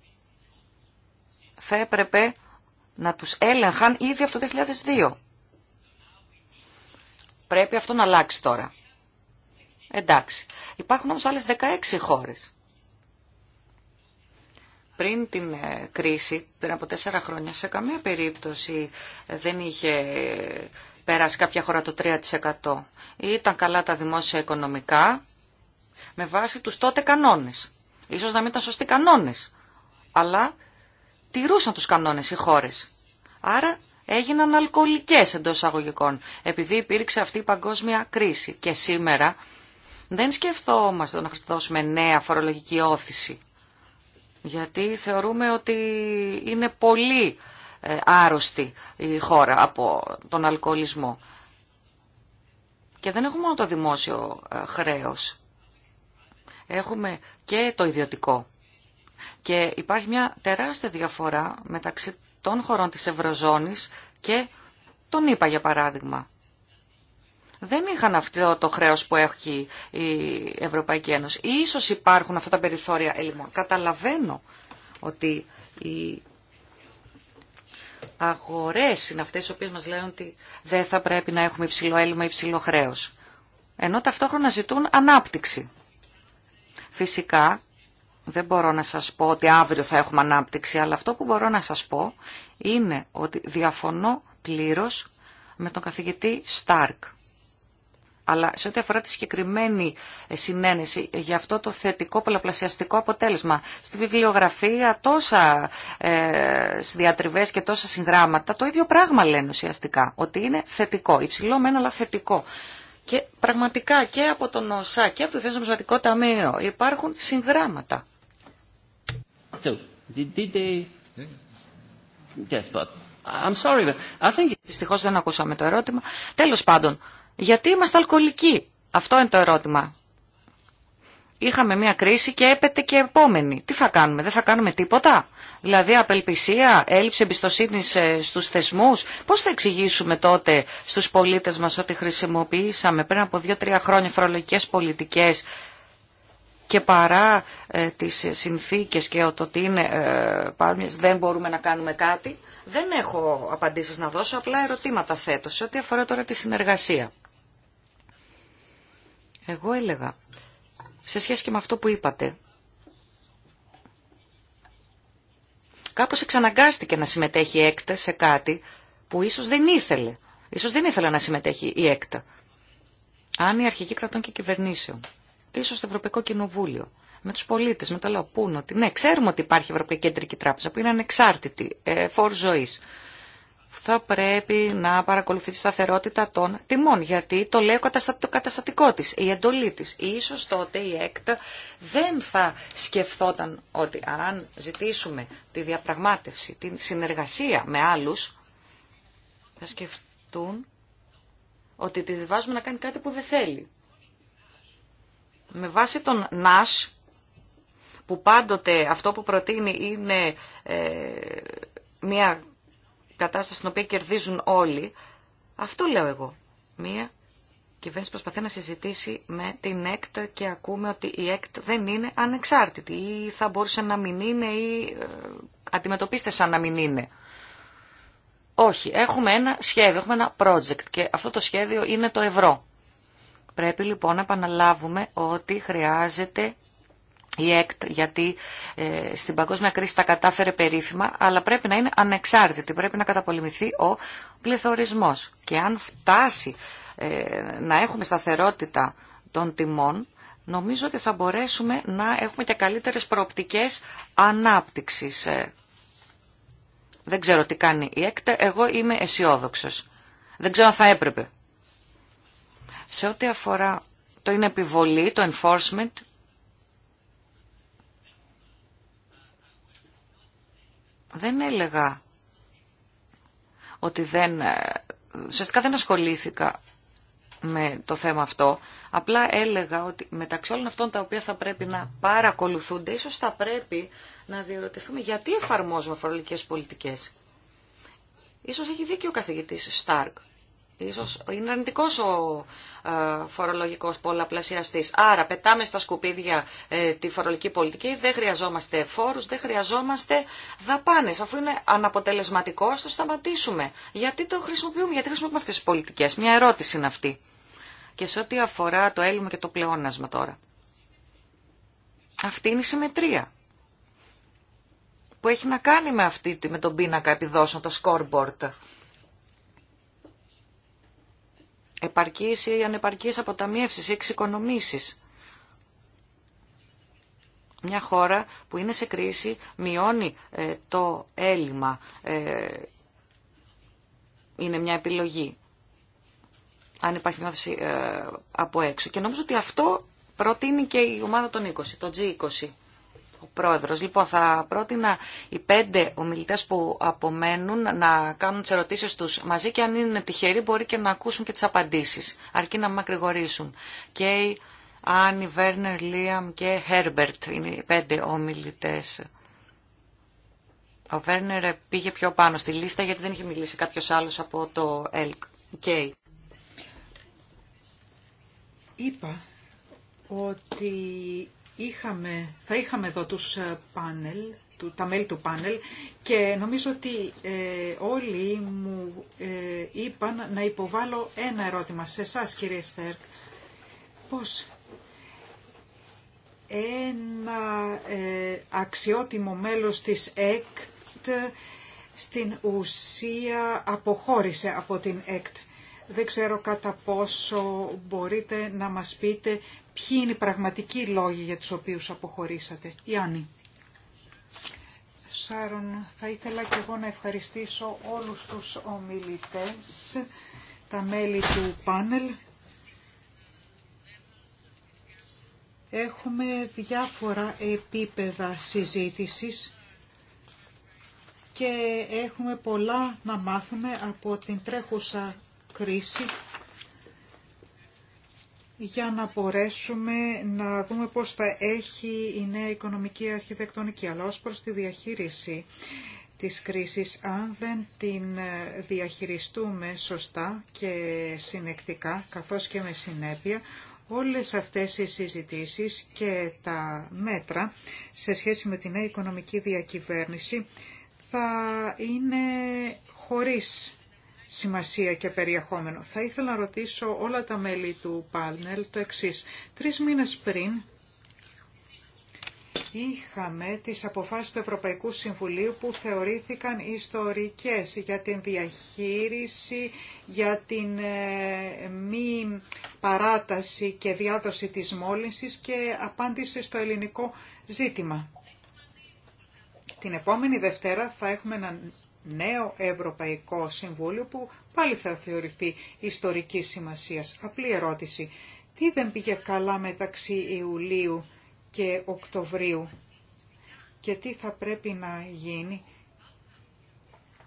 S2: θα έπρεπε να τους έλεγχαν ήδη από το 2002. Πρέπει αυτό να αλλάξει τώρα. Εντάξει. Υπάρχουν όμως άλλες 16 χώρες. Πριν την ε, κρίση, πριν από τέσσερα χρόνια, σε καμία περίπτωση ε, δεν είχε περάσει κάποια χώρα το 3%. Ήταν καλά τα δημόσια οικονομικά με βάση τους τότε κανόνες. Ίσως να μην ήταν σωστοί κανόνες, αλλά τηρούσαν τους κανόνες οι χώρες. Άρα έγιναν αλκοολικές εντό αγωγικών, επειδή υπήρξε αυτή η παγκόσμια κρίση. Και σήμερα δεν σκεφτόμαστε να χρησιμοποιήσουμε νέα φορολογική όθηση, γιατί θεωρούμε ότι είναι πολύ ε, άρρωστη η χώρα από τον αλκοολισμό. Και δεν έχουμε μόνο το δημόσιο ε, χρέος. Έχουμε και το ιδιωτικό. Και υπάρχει μια τεράστια διαφορά μεταξύ των χωρών της Ευρωζώνης και τον είπα για παράδειγμα. Δεν είχαν αυτό το χρέος που έχει η Ευρωπαϊκή Ένωση. Ίσως υπάρχουν αυτά τα περιθώρια έλλειμμα Καταλαβαίνω ότι οι αγορές είναι αυτές οι οποίες μας λένε ότι δεν θα πρέπει να έχουμε υψηλό έλλειμμα ή υψηλό χρέος. Ενώ ταυτόχρονα ζητούν ανάπτυξη. Φυσικά δεν μπορώ να σας πω ότι αύριο θα έχουμε ανάπτυξη, αλλά αυτό που μπορώ να σας πω είναι ότι διαφωνώ πλήρως με τον καθηγητή Στάρκ. Αλλά σε ό,τι αφορά τη συγκεκριμένη ε, συνένεση για αυτό το θετικό πολλαπλασιαστικό αποτέλεσμα, στη βιβλιογραφία τόσα ε, διατριβές και τόσα συγγράμματα, το ίδιο πράγμα λένε ουσιαστικά, ότι είναι θετικό, υψηλό μεν αλλά θετικό. Και πραγματικά και από τον ΩΣΑ και από το Διεθνές Ταμείο υπάρχουν συγγράμματα So, did, did they... Yes, but I'm sorry, but I think... Δυστυχώς δεν ακούσαμε το ερώτημα. Τέλος πάντων, γιατί είμαστε αλκοολικοί. Αυτό είναι το ερώτημα. Είχαμε μια κρίση και έπεται και επόμενη. Τι θα κάνουμε, δεν θα κάνουμε τίποτα. Δηλαδή απελπισία, έλλειψη εμπιστοσύνη ε, στους θεσμούς. Πώς θα εξηγήσουμε τότε στους πολίτες μας ότι χρησιμοποιήσαμε πριν από δύο-τρία χρόνια φορολογικές πολιτικές και παρά ε, τις συνθήκες και το ότι είναι ε, δεν μπορούμε να κάνουμε κάτι. Δεν έχω απαντήσεις να δώσω, απλά ερωτήματα θέτω σε ό,τι αφορά τώρα τη συνεργασία. Εγώ έλεγα, σε σχέση και με αυτό που είπατε, κάπως εξαναγκάστηκε να συμμετέχει η έκτα σε κάτι που ίσως δεν ήθελε. Ίσως δεν ήθελε να συμμετέχει η έκτα. Αν η αρχική κρατών και κυβερνήσεων ίσως το Ευρωπαϊκό Κοινοβούλιο, με του πολίτε με το λαό, πούν ότι ναι, ξέρουμε ότι υπάρχει Ευρωπαϊκή Κεντρική Τράπεζα που είναι ανεξάρτητη, ε, φόρ ζωή. Θα πρέπει να παρακολουθεί τη σταθερότητα των τιμών, γιατί το λέει το καταστατικό τη η εντολή τη. Ίσως τότε η ΕΚΤ δεν θα σκεφτόταν ότι αν ζητήσουμε τη διαπραγμάτευση, τη συνεργασία με άλλου θα σκεφτούν ότι τη βάζουμε να κάνει κάτι που δεν θέλει. Με βάση τον ΝΑΣ, που πάντοτε αυτό που προτείνει είναι ε, μια κατάσταση στην οποία κερδίζουν όλοι, αυτό λέω εγώ. Μια κυβέρνηση προσπαθεί να συζητήσει με την ΕΚΤ και ακούμε ότι η ΕΚΤ δεν είναι ανεξάρτητη ή θα μπορούσε να μην είναι ή ε, αντιμετωπίστε σαν να μην είναι. Όχι, έχουμε ένα σχέδιο, έχουμε ένα project και αυτό το σχέδιο είναι το ευρώ. Πρέπει λοιπόν να επαναλάβουμε ότι χρειάζεται η ΕΚΤ, γιατί ε, στην παγκόσμια κρίση τα κατάφερε περίφημα, αλλά πρέπει να είναι ανεξάρτητη, πρέπει να καταπολεμηθεί ο πληθωρισμός. Και αν φτάσει ε, να έχουμε σταθερότητα των τιμών, νομίζω ότι θα μπορέσουμε να έχουμε και καλύτερες προοπτικές ανάπτυξης. Ε, δεν ξέρω τι κάνει η ΕΚΤ, εγώ είμαι αισιόδοξο. Δεν ξέρω αν θα έπρεπε σε ό,τι αφορά το είναι επιβολή, το enforcement, δεν έλεγα ότι δεν... Ε, ουσιαστικά δεν ασχολήθηκα με το θέμα αυτό. Απλά έλεγα ότι μεταξύ όλων αυτών τα οποία θα πρέπει να παρακολουθούνται, ίσως θα πρέπει να διερωτηθούμε γιατί εφαρμόζουμε φορολογικές πολιτικές. Ίσως έχει δίκιο ο καθηγητής Στάρκ. Ίσως είναι αρνητικό ο ε, φορολογικός πολλαπλασιαστής. Άρα πετάμε στα σκουπίδια ε, τη φορολογική πολιτική, δεν χρειαζόμαστε φόρους, δεν χρειαζόμαστε δαπάνες. Αφού είναι αναποτελεσματικό, ας το σταματήσουμε. Γιατί το χρησιμοποιούμε, γιατί χρησιμοποιούμε αυτές τις πολιτικές. Μια ερώτηση είναι αυτή. Και σε ό,τι αφορά το έλλειμμα και το πλεόνασμα τώρα. Αυτή είναι η συμμετρία που έχει να κάνει με, αυτή, με τον πίνακα επιδόσων, το scoreboard επαρκείς ή ανεπαρκείς αποταμιεύσεις ή εξοικονομήσεις. Μια χώρα που είναι σε κρίση μειώνει ε, το έλλειμμα. Ε, είναι μια επιλογή. Αν υπάρχει μια ε, από έξω. Και νομίζω ότι αυτό προτείνει και η ομάδα των 20, το G20 ο πρόεδρος. Λοιπόν, θα πρότεινα οι πέντε ομιλητές που απομένουν να κάνουν τις ερωτήσεις τους μαζί και αν είναι τυχεροί μπορεί και να ακούσουν και τις απαντήσεις, αρκεί να μακρηγορήσουν. Και οι Άννη, Βέρνερ, Λίαμ και Χέρμπερτ είναι οι πέντε ομιλητές. Ο Βέρνερ πήγε πιο πάνω στη λίστα γιατί δεν είχε μιλήσει κάποιο άλλος από το ΕΛΚ. Okay.
S1: Είπα ότι είχαμε, θα είχαμε εδώ τους ε, πάνελ, τα μέλη του πάνελ και νομίζω ότι ε, όλοι μου ε, είπαν να υποβάλω ένα ερώτημα σε εσά, κύριε Στέρκ. Πώς ένα αξιότιμο μέλος της ΕΚΤ στην ουσία αποχώρησε από την ΕΚΤ. Δεν ξέρω κατά πόσο μπορείτε να μας πείτε ποιοι είναι οι πραγματικοί λόγοι για τους οποίους αποχωρήσατε. Ιάννη. Σάρον, θα ήθελα και εγώ να ευχαριστήσω όλους τους ομιλητές, τα μέλη του πάνελ. Έχουμε διάφορα επίπεδα συζήτησης και έχουμε πολλά να μάθουμε από την τρέχουσα κρίση για να μπορέσουμε να δούμε πώς θα έχει η νέα οικονομική αρχιτεκτονική. Αλλά ως προς τη διαχείριση της κρίσης, αν δεν την διαχειριστούμε σωστά και συνεκτικά, καθώς και με συνέπεια, όλες αυτές οι συζητήσεις και τα μέτρα σε σχέση με τη νέα οικονομική διακυβέρνηση θα είναι χωρίς σημασία και περιεχόμενο. Θα ήθελα να ρωτήσω όλα τα μέλη του πάνελ το εξής. Τρεις μήνες πριν είχαμε τις αποφάσεις του Ευρωπαϊκού Συμβουλίου που θεωρήθηκαν ιστορικές για την διαχείριση, για την ε, μη παράταση και διάδοση της μόλυνσης και απάντηση στο ελληνικό ζήτημα. Την επόμενη Δευτέρα θα έχουμε έναν νέο Ευρωπαϊκό Συμβούλιο που πάλι θα θεωρηθεί ιστορική σημασίας. Απλή ερώτηση. Τι δεν πήγε καλά μεταξύ Ιουλίου και Οκτωβρίου και τι θα πρέπει να γίνει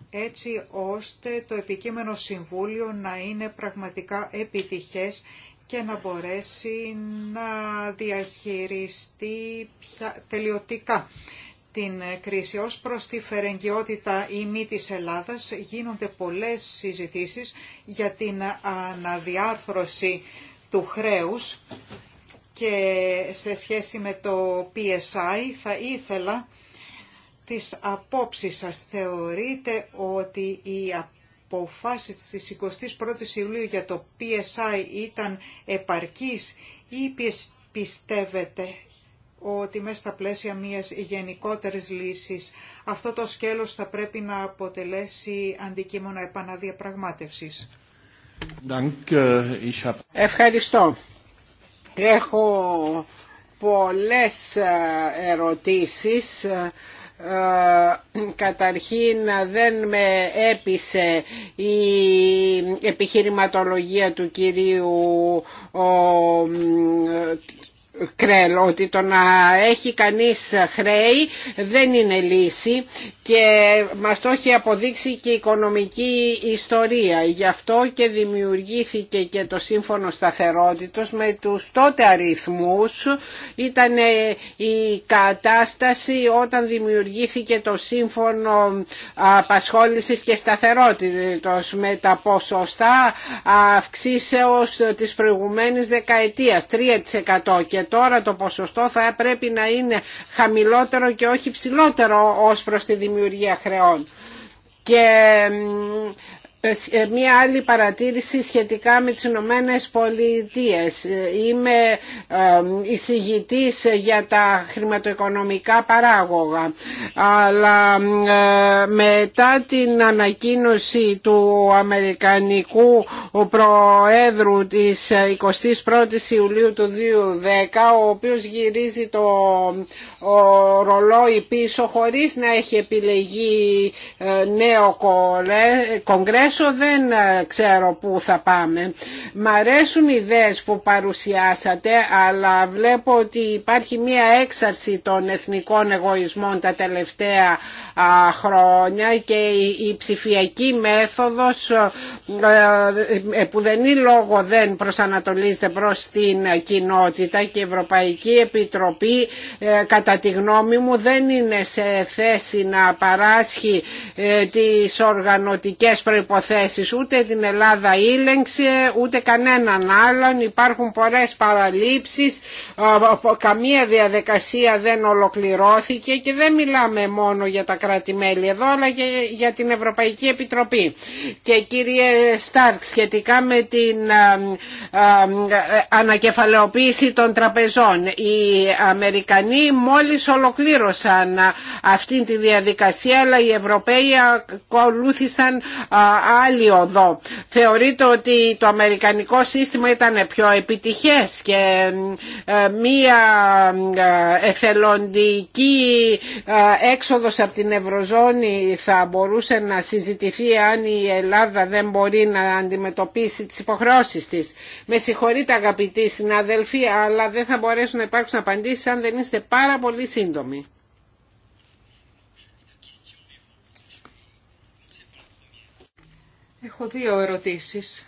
S1: έτσι ώστε το επικείμενο Συμβούλιο να είναι πραγματικά επιτυχές και να μπορέσει να διαχειριστεί τελειωτικά την ε, κρίση. Ως προς τη φερεγγιότητα ή μη της Ελλάδας γίνονται πολλές συζητήσεις για την ε, αναδιάρθρωση του χρέους και σε σχέση με το PSI θα ήθελα τις απόψεις σας. Θεωρείτε ότι η αποφάση της 21ης Ιουλίου για το PSI ήταν επαρκής ή πιστεύετε ότι μέσα στα πλαίσια μιας γενικότερης λύσης αυτό το σκέλος θα πρέπει να αποτελέσει αντικείμενο επαναδιαπραγμάτευσης. Ε, Ευχαριστώ.
S3: Έχω πολλές ε, ερωτήσεις. Ε, καταρχήν δεν με έπεισε η επιχειρηματολογία του κυρίου κρέλ ότι το να έχει κανείς χρέη δεν είναι λύση και μας το έχει αποδείξει και η οικονομική ιστορία. Γι' αυτό και δημιουργήθηκε και το Σύμφωνο Σταθερότητος με τους τότε αριθμούς. Ήταν ε, η κατάσταση όταν δημιουργήθηκε το Σύμφωνο Απασχόλησης και Σταθερότητος με τα ποσοστά αυξήσεως της προηγουμένης δεκαετίας 3% και τώρα το ποσοστό θα πρέπει να είναι χαμηλότερο και όχι ψηλότερο ως προς τη δημιουργία χρεών. Ε, μία άλλη παρατήρηση σχετικά με τις Ηνωμένε Πολιτείε. Ε, είμαι εισηγητής για τα χρηματοοικονομικά παράγωγα, αλλά ε, μετά την ανακοίνωση του Αμερικανικού Προέδρου της 21ης Ιουλίου του 2010, ο οποίος γυρίζει το ο ρολόι πίσω χωρίς να έχει επιλεγεί ε, νέο κογκρέσο δεν ε, ξέρω πού θα πάμε. Μ' αρέσουν οι ιδέες που παρουσιάσατε αλλά βλέπω ότι υπάρχει μία έξαρση των εθνικών εγωισμών τα τελευταία χρόνια και η ψηφιακή μέθοδος ε, που δεν είναι λόγο δεν προσανατολίζεται προς την κοινότητα και η Ευρωπαϊκή Επιτροπή κατά κατά τη γνώμη μου δεν είναι σε θέση να παράσχει ε, τις οργανωτικές προϋποθέσεις ούτε την Ελλάδα ήλεγξε ούτε κανέναν άλλον υπάρχουν πολλές παραλήψεις καμία διαδικασία δεν ολοκληρώθηκε και δεν μιλάμε μόνο για τα κράτη-μέλη εδώ αλλά και για την Ευρωπαϊκή Επιτροπή και κύριε Στάρκ σχετικά με την ε, ε, ανακεφαλαιοποίηση των τραπεζών οι Αμερικανοί μόλις μόλις ολοκλήρωσαν αυτή τη διαδικασία αλλά οι Ευρωπαίοι ακολούθησαν άλλη οδό. Θεωρείται ότι το αμερικανικό σύστημα ήταν πιο επιτυχές και ε, μία ε, εθελοντική ε, έξοδος από την Ευρωζώνη θα μπορούσε να συζητηθεί αν η Ελλάδα δεν μπορεί να αντιμετωπίσει τις υποχρεώσεις της. Με συγχωρείτε αγαπητοί συναδελφοί αλλά δεν θα μπορέσουν να υπάρξουν απαντήσεις αν δεν είστε πάρα πολύ πολύ σύντομη.
S1: Έχω δύο ερωτήσεις.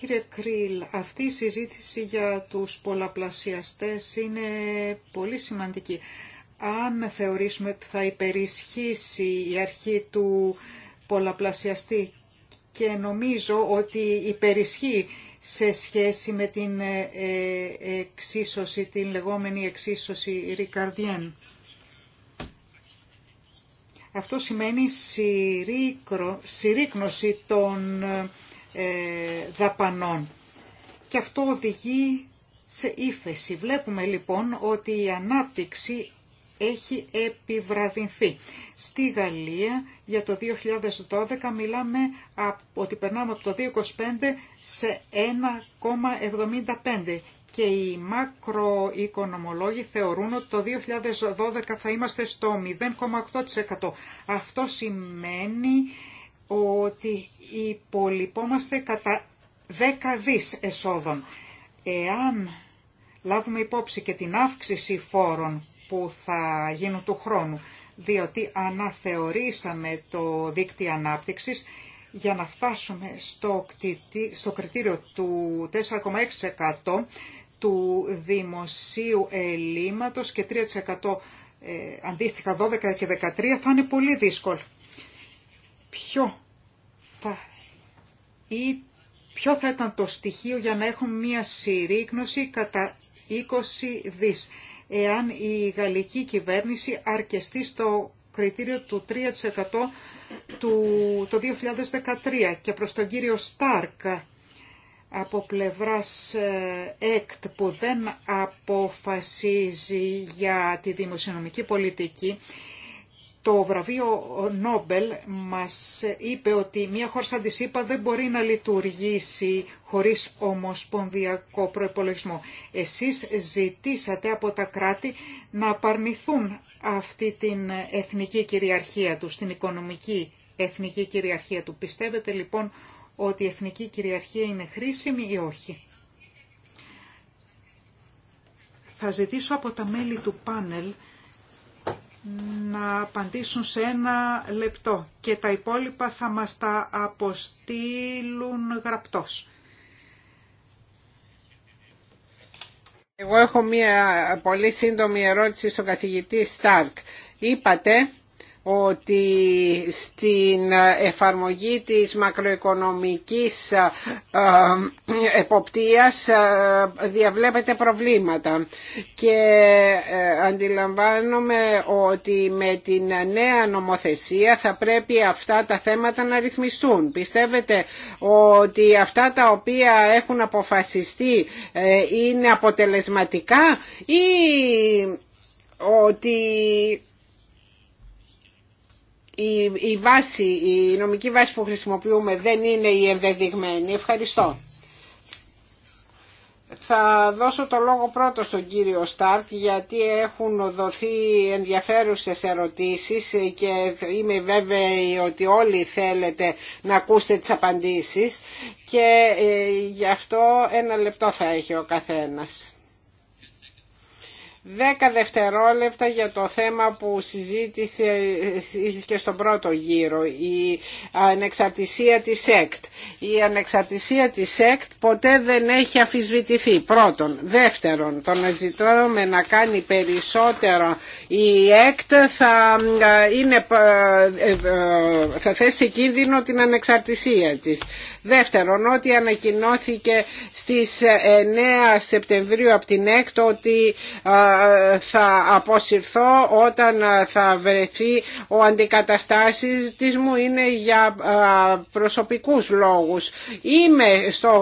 S1: Κύριε Κρίλ, αυτή η συζήτηση για τους πολλαπλασιαστές είναι πολύ σημαντική. Αν θεωρήσουμε ότι θα υπερισχύσει η αρχή του πολλαπλασιαστή και νομίζω ότι υπερισχύει σε σχέση με την ε, ε, εξίσωση, την λεγόμενη εξίσωση Ρικαρδιέν. Αυτό σημαίνει συρίκνωση των ε, δαπανών και αυτό οδηγεί σε ύφεση. Βλέπουμε λοιπόν ότι η ανάπτυξη έχει επιβραδυνθεί. Στη Γαλλία για το 2012 μιλάμε ότι περνάμε από το 2,25 σε 1,75 και οι μακροοικονομολόγοι θεωρούν ότι το 2012 θα είμαστε στο 0,8%. Αυτό σημαίνει ότι υπολοιπόμαστε κατά 10 δις εσόδων. Εάν λάβουμε υπόψη και την αύξηση φόρων που θα γίνουν του χρόνου, διότι αναθεωρήσαμε το δίκτυο ανάπτυξης για να φτάσουμε στο κριτήριο του 4,6% του δημοσίου ελλείμματος και 3% ε, αντίστοιχα 12 και 13 θα είναι πολύ δύσκολο. Ποιο θα, ή ποιο θα ήταν το στοιχείο για να έχουμε μία συρρήγνωση κατά 20 δις εάν η γαλλική κυβέρνηση αρκεστεί στο κριτήριο του 3% του, το 2013 και προς τον κύριο Στάρκ από πλευράς ε, ΕΚΤ που δεν αποφασίζει για τη δημοσιονομική πολιτική το βραβείο Νόμπελ μας είπε ότι μια χώρα σαν τη ΣΥΠΑ δεν μπορεί να λειτουργήσει χωρίς ομοσπονδιακό προϋπολογισμό. Εσείς ζητήσατε από τα κράτη να απαρνηθούν αυτή την εθνική κυριαρχία του, την οικονομική εθνική κυριαρχία του. Πιστεύετε λοιπόν ότι η εθνική κυριαρχία είναι χρήσιμη ή όχι. Θα ζητήσω από τα μέλη του πάνελ να απαντήσουν σε ένα λεπτό και τα υπόλοιπα θα μας τα αποστείλουν γραπτός. Εγώ έχω
S3: μία πολύ σύντομη ερώτηση στον καθηγητή Στάρκ. Είπατε ότι στην εφαρμογή της μακροοικονομικής ε, εποπτείας ε, διαβλέπεται προβλήματα και ε, αντιλαμβάνομαι ότι με την νέα νομοθεσία θα πρέπει αυτά τα θέματα να ρυθμιστούν. Πιστεύετε ότι αυτά τα οποία έχουν αποφασιστεί είναι αποτελεσματικά ή ότι η, βάση, η νομική βάση που χρησιμοποιούμε δεν είναι η ενδεδειγμένη. Ευχαριστώ. Θα δώσω το λόγο πρώτο στον κύριο Στάρκ γιατί έχουν δοθεί ενδιαφέρουσες ερωτήσεις και είμαι βέβαιη ότι όλοι θέλετε να ακούσετε τις απαντήσεις και ε, γι' αυτό ένα λεπτό θα έχει ο καθένας. Δέκα δευτερόλεπτα για το θέμα που συζήτησε και στον πρώτο γύρο, η ανεξαρτησία της ΕΚΤ. Η ανεξαρτησία της ΕΚΤ ποτέ δεν έχει αφισβητηθεί. Πρώτον. Δεύτερον, το να ζητώμε να κάνει περισσότερο η ΕΚΤ θα, ε, είναι, ε, ε, θα θέσει κίνδυνο την ανεξαρτησία της. Δεύτερον, ότι ανακοινώθηκε στις 9 Σεπτεμβρίου από την ΕΚΤ ότι θα αποσυρθώ όταν ε, θα βρεθεί ο αντικαταστάσης μου είναι για ε, προσωπικούς λόγους. Είμαι στο,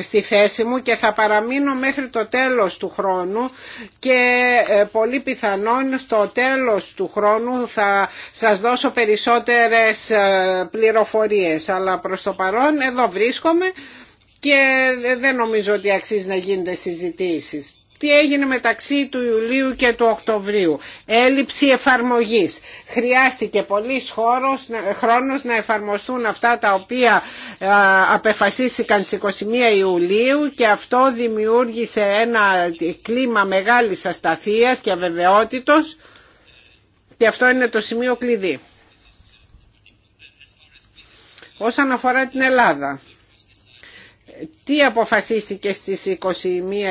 S3: στη θέση μου και θα παραμείνω μέχρι το τέλος του χρόνου και ε, πολύ πιθανόν στο τέλος του χρόνου θα σας δώσω περισσότερες πληροφορίες. Αλλά προς το παρόν εδώ βρίσκομαι και δεν νομίζω ότι αξίζει να γίνονται συζητήσεις τι έγινε μεταξύ του Ιουλίου και του Οκτωβρίου. Έλλειψη εφαρμογής. Χρειάστηκε πολλή χρόνος να εφαρμοστούν αυτά τα οποία απεφασίστηκαν στις 21 Ιουλίου και αυτό δημιούργησε ένα κλίμα μεγάλης ασταθείας και αβεβαιότητος και αυτό είναι το σημείο κλειδί. Όσον αφορά την Ελλάδα τι αποφασίστηκε στις 21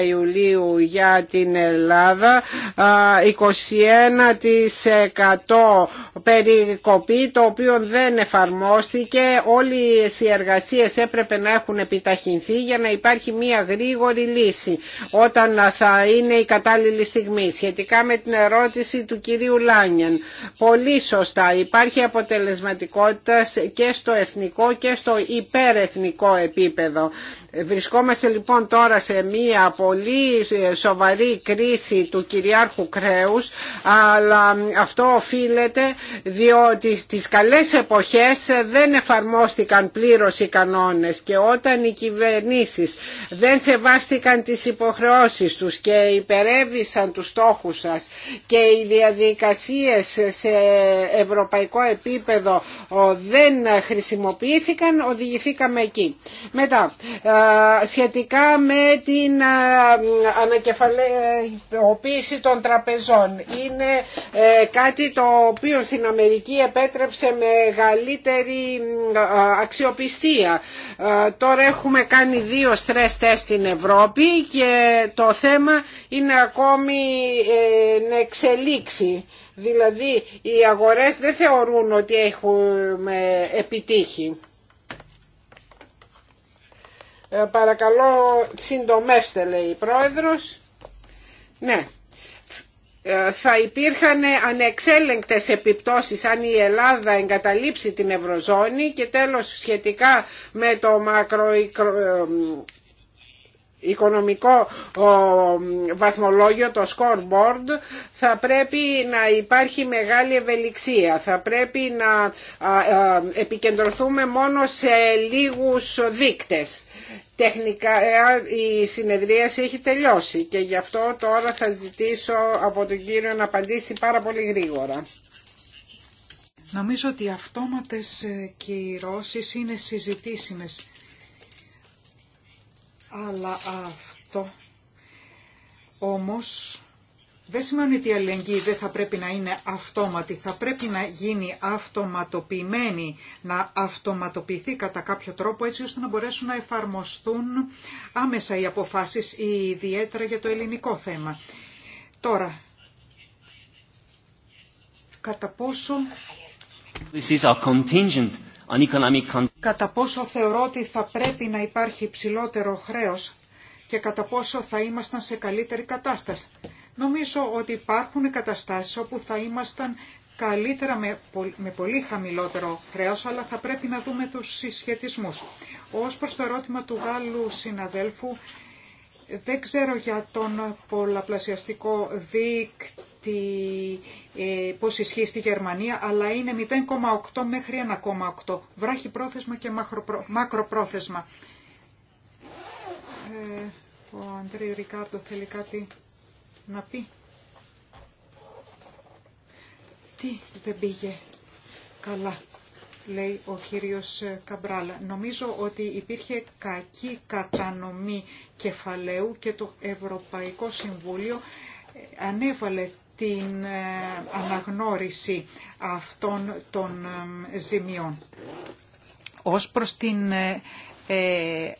S3: Ιουλίου για την Ελλάδα 21% περικοπή το οποίο δεν εφαρμόστηκε όλες οι εργασίες έπρεπε να έχουν επιταχυνθεί για να υπάρχει μια γρήγορη λύση όταν θα είναι η κατάλληλη στιγμή σχετικά με την ερώτηση του κυρίου Λάνιεν πολύ σωστά υπάρχει αποτελεσματικότητα και στο εθνικό και στο υπερεθνικό επίπεδο Βρισκόμαστε λοιπόν τώρα σε μία πολύ σοβαρή κρίση του κυριάρχου κρέους αλλά αυτό οφείλεται διότι στις καλές εποχές δεν εφαρμόστηκαν πλήρως οι κανόνες και όταν οι κυβερνήσεις δεν σεβάστηκαν τις υποχρεώσεις τους και υπερέβησαν τους στόχους σας και οι διαδικασίες σε ευρωπαϊκό επίπεδο ε, δεν χρησιμοποιήθηκαν οδηγηθήκαμε εκεί. Μετά ε, σχετικά με την ανακεφαλαιοποίηση των τραπεζών. Είναι ε, κάτι το οποίο στην Αμερική επέτρεψε μεγαλύτερη αξιοπιστία. Τώρα έχουμε κάνει δύο στρες τεστ στην Ευρώπη και το θέμα είναι ακόμη ε, να εξελίξει. Δηλαδή οι αγορές δεν θεωρούν ότι έχουν επιτύχει. Ε, παρακαλώ συντομεύστε λέει η πρόεδρος. Ναι. Ε, θα υπήρχαν ανεξέλεγκτες επιπτώσεις αν η Ελλάδα εγκαταλείψει την Ευρωζώνη και τέλος σχετικά με το μακρο ε, οικονομικό βαθμολόγιο, το scoreboard, θα πρέπει να υπάρχει μεγάλη ευελιξία. Θα πρέπει να επικεντρωθούμε μόνο σε λίγους δείκτες. Τεχνικά ε, η συνεδρίαση έχει τελειώσει και γι' αυτό τώρα θα ζητήσω από τον κύριο να απαντήσει πάρα πολύ γρήγορα.
S1: Νομίζω ότι οι αυτόματες ε, κυρώσεις είναι συζητήσιμες αλλά αυτό όμως δεν σημαίνει ότι η αλληλεγγύη δεν θα πρέπει να είναι αυτόματη, θα πρέπει να γίνει αυτοματοποιημένη, να αυτοματοποιηθεί κατά κάποιο τρόπο έτσι ώστε να μπορέσουν να εφαρμοστούν άμεσα οι αποφάσεις, ιδιαίτερα για το ελληνικό θέμα. Τώρα, κατά πόσο... This Κατά πόσο θεωρώ ότι θα πρέπει να υπάρχει ψηλότερο χρέος και κατά πόσο θα ήμασταν σε καλύτερη κατάσταση. Νομίζω ότι υπάρχουν καταστάσεις όπου θα ήμασταν καλύτερα με, με πολύ χαμηλότερο χρέος, αλλά θα πρέπει να δούμε τους συσχετισμούς. Ως προς το ερώτημα του Γάλλου συναδέλφου, δεν ξέρω για τον πολλαπλασιαστικό δίκτυο Πώ ε, πώς ισχύει στη Γερμανία, αλλά είναι 0,8 μέχρι 1,8. Βράχει πρόθεσμα και μακροπρόθεσμα. Ε, ο Αντρέι Ρικάρτο θέλει κάτι να πει. Τι δεν πήγε καλά λέει ο κύριος Καμπράλα. Νομίζω ότι υπήρχε κακή κατανομή κεφαλαίου και το Ευρωπαϊκό Συμβούλιο ανέβαλε την ε, αναγνώριση αυτών των ε, ζημιών. Ως προς την ε,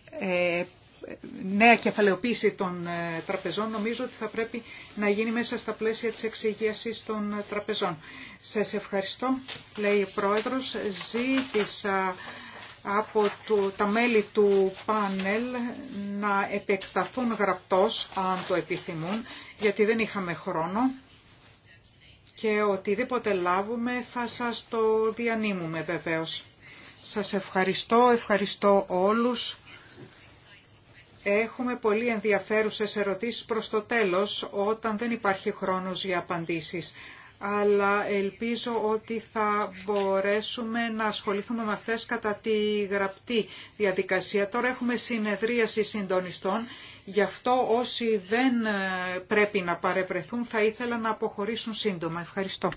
S1: νέα κεφαλαιοποίηση των τραπεζών νομίζω ότι θα πρέπει να γίνει μέσα στα πλαίσια της εξηγίασης των τραπεζών. Σας ευχαριστώ, λέει ο Πρόεδρος. Ζήτησα από το, τα μέλη του πάνελ να επεκταθούν γραπτός, αν το επιθυμούν, γιατί δεν είχαμε χρόνο και οτιδήποτε λάβουμε θα σας το διανύμουμε βεβαίως. Σας ευχαριστώ, ευχαριστώ όλους. Έχουμε πολύ ενδιαφέρουσες ερωτήσεις προς το τέλος όταν δεν υπάρχει χρόνος για απαντήσεις. Αλλά ελπίζω ότι θα μπορέσουμε να ασχοληθούμε με αυτές κατά τη γραπτή διαδικασία. Τώρα έχουμε συνεδρίαση συντονιστών Γι' αυτό όσοι δεν ε, πρέπει να παρεπρεθούν θα ήθελα να αποχωρήσουν σύντομα. Ευχαριστώ.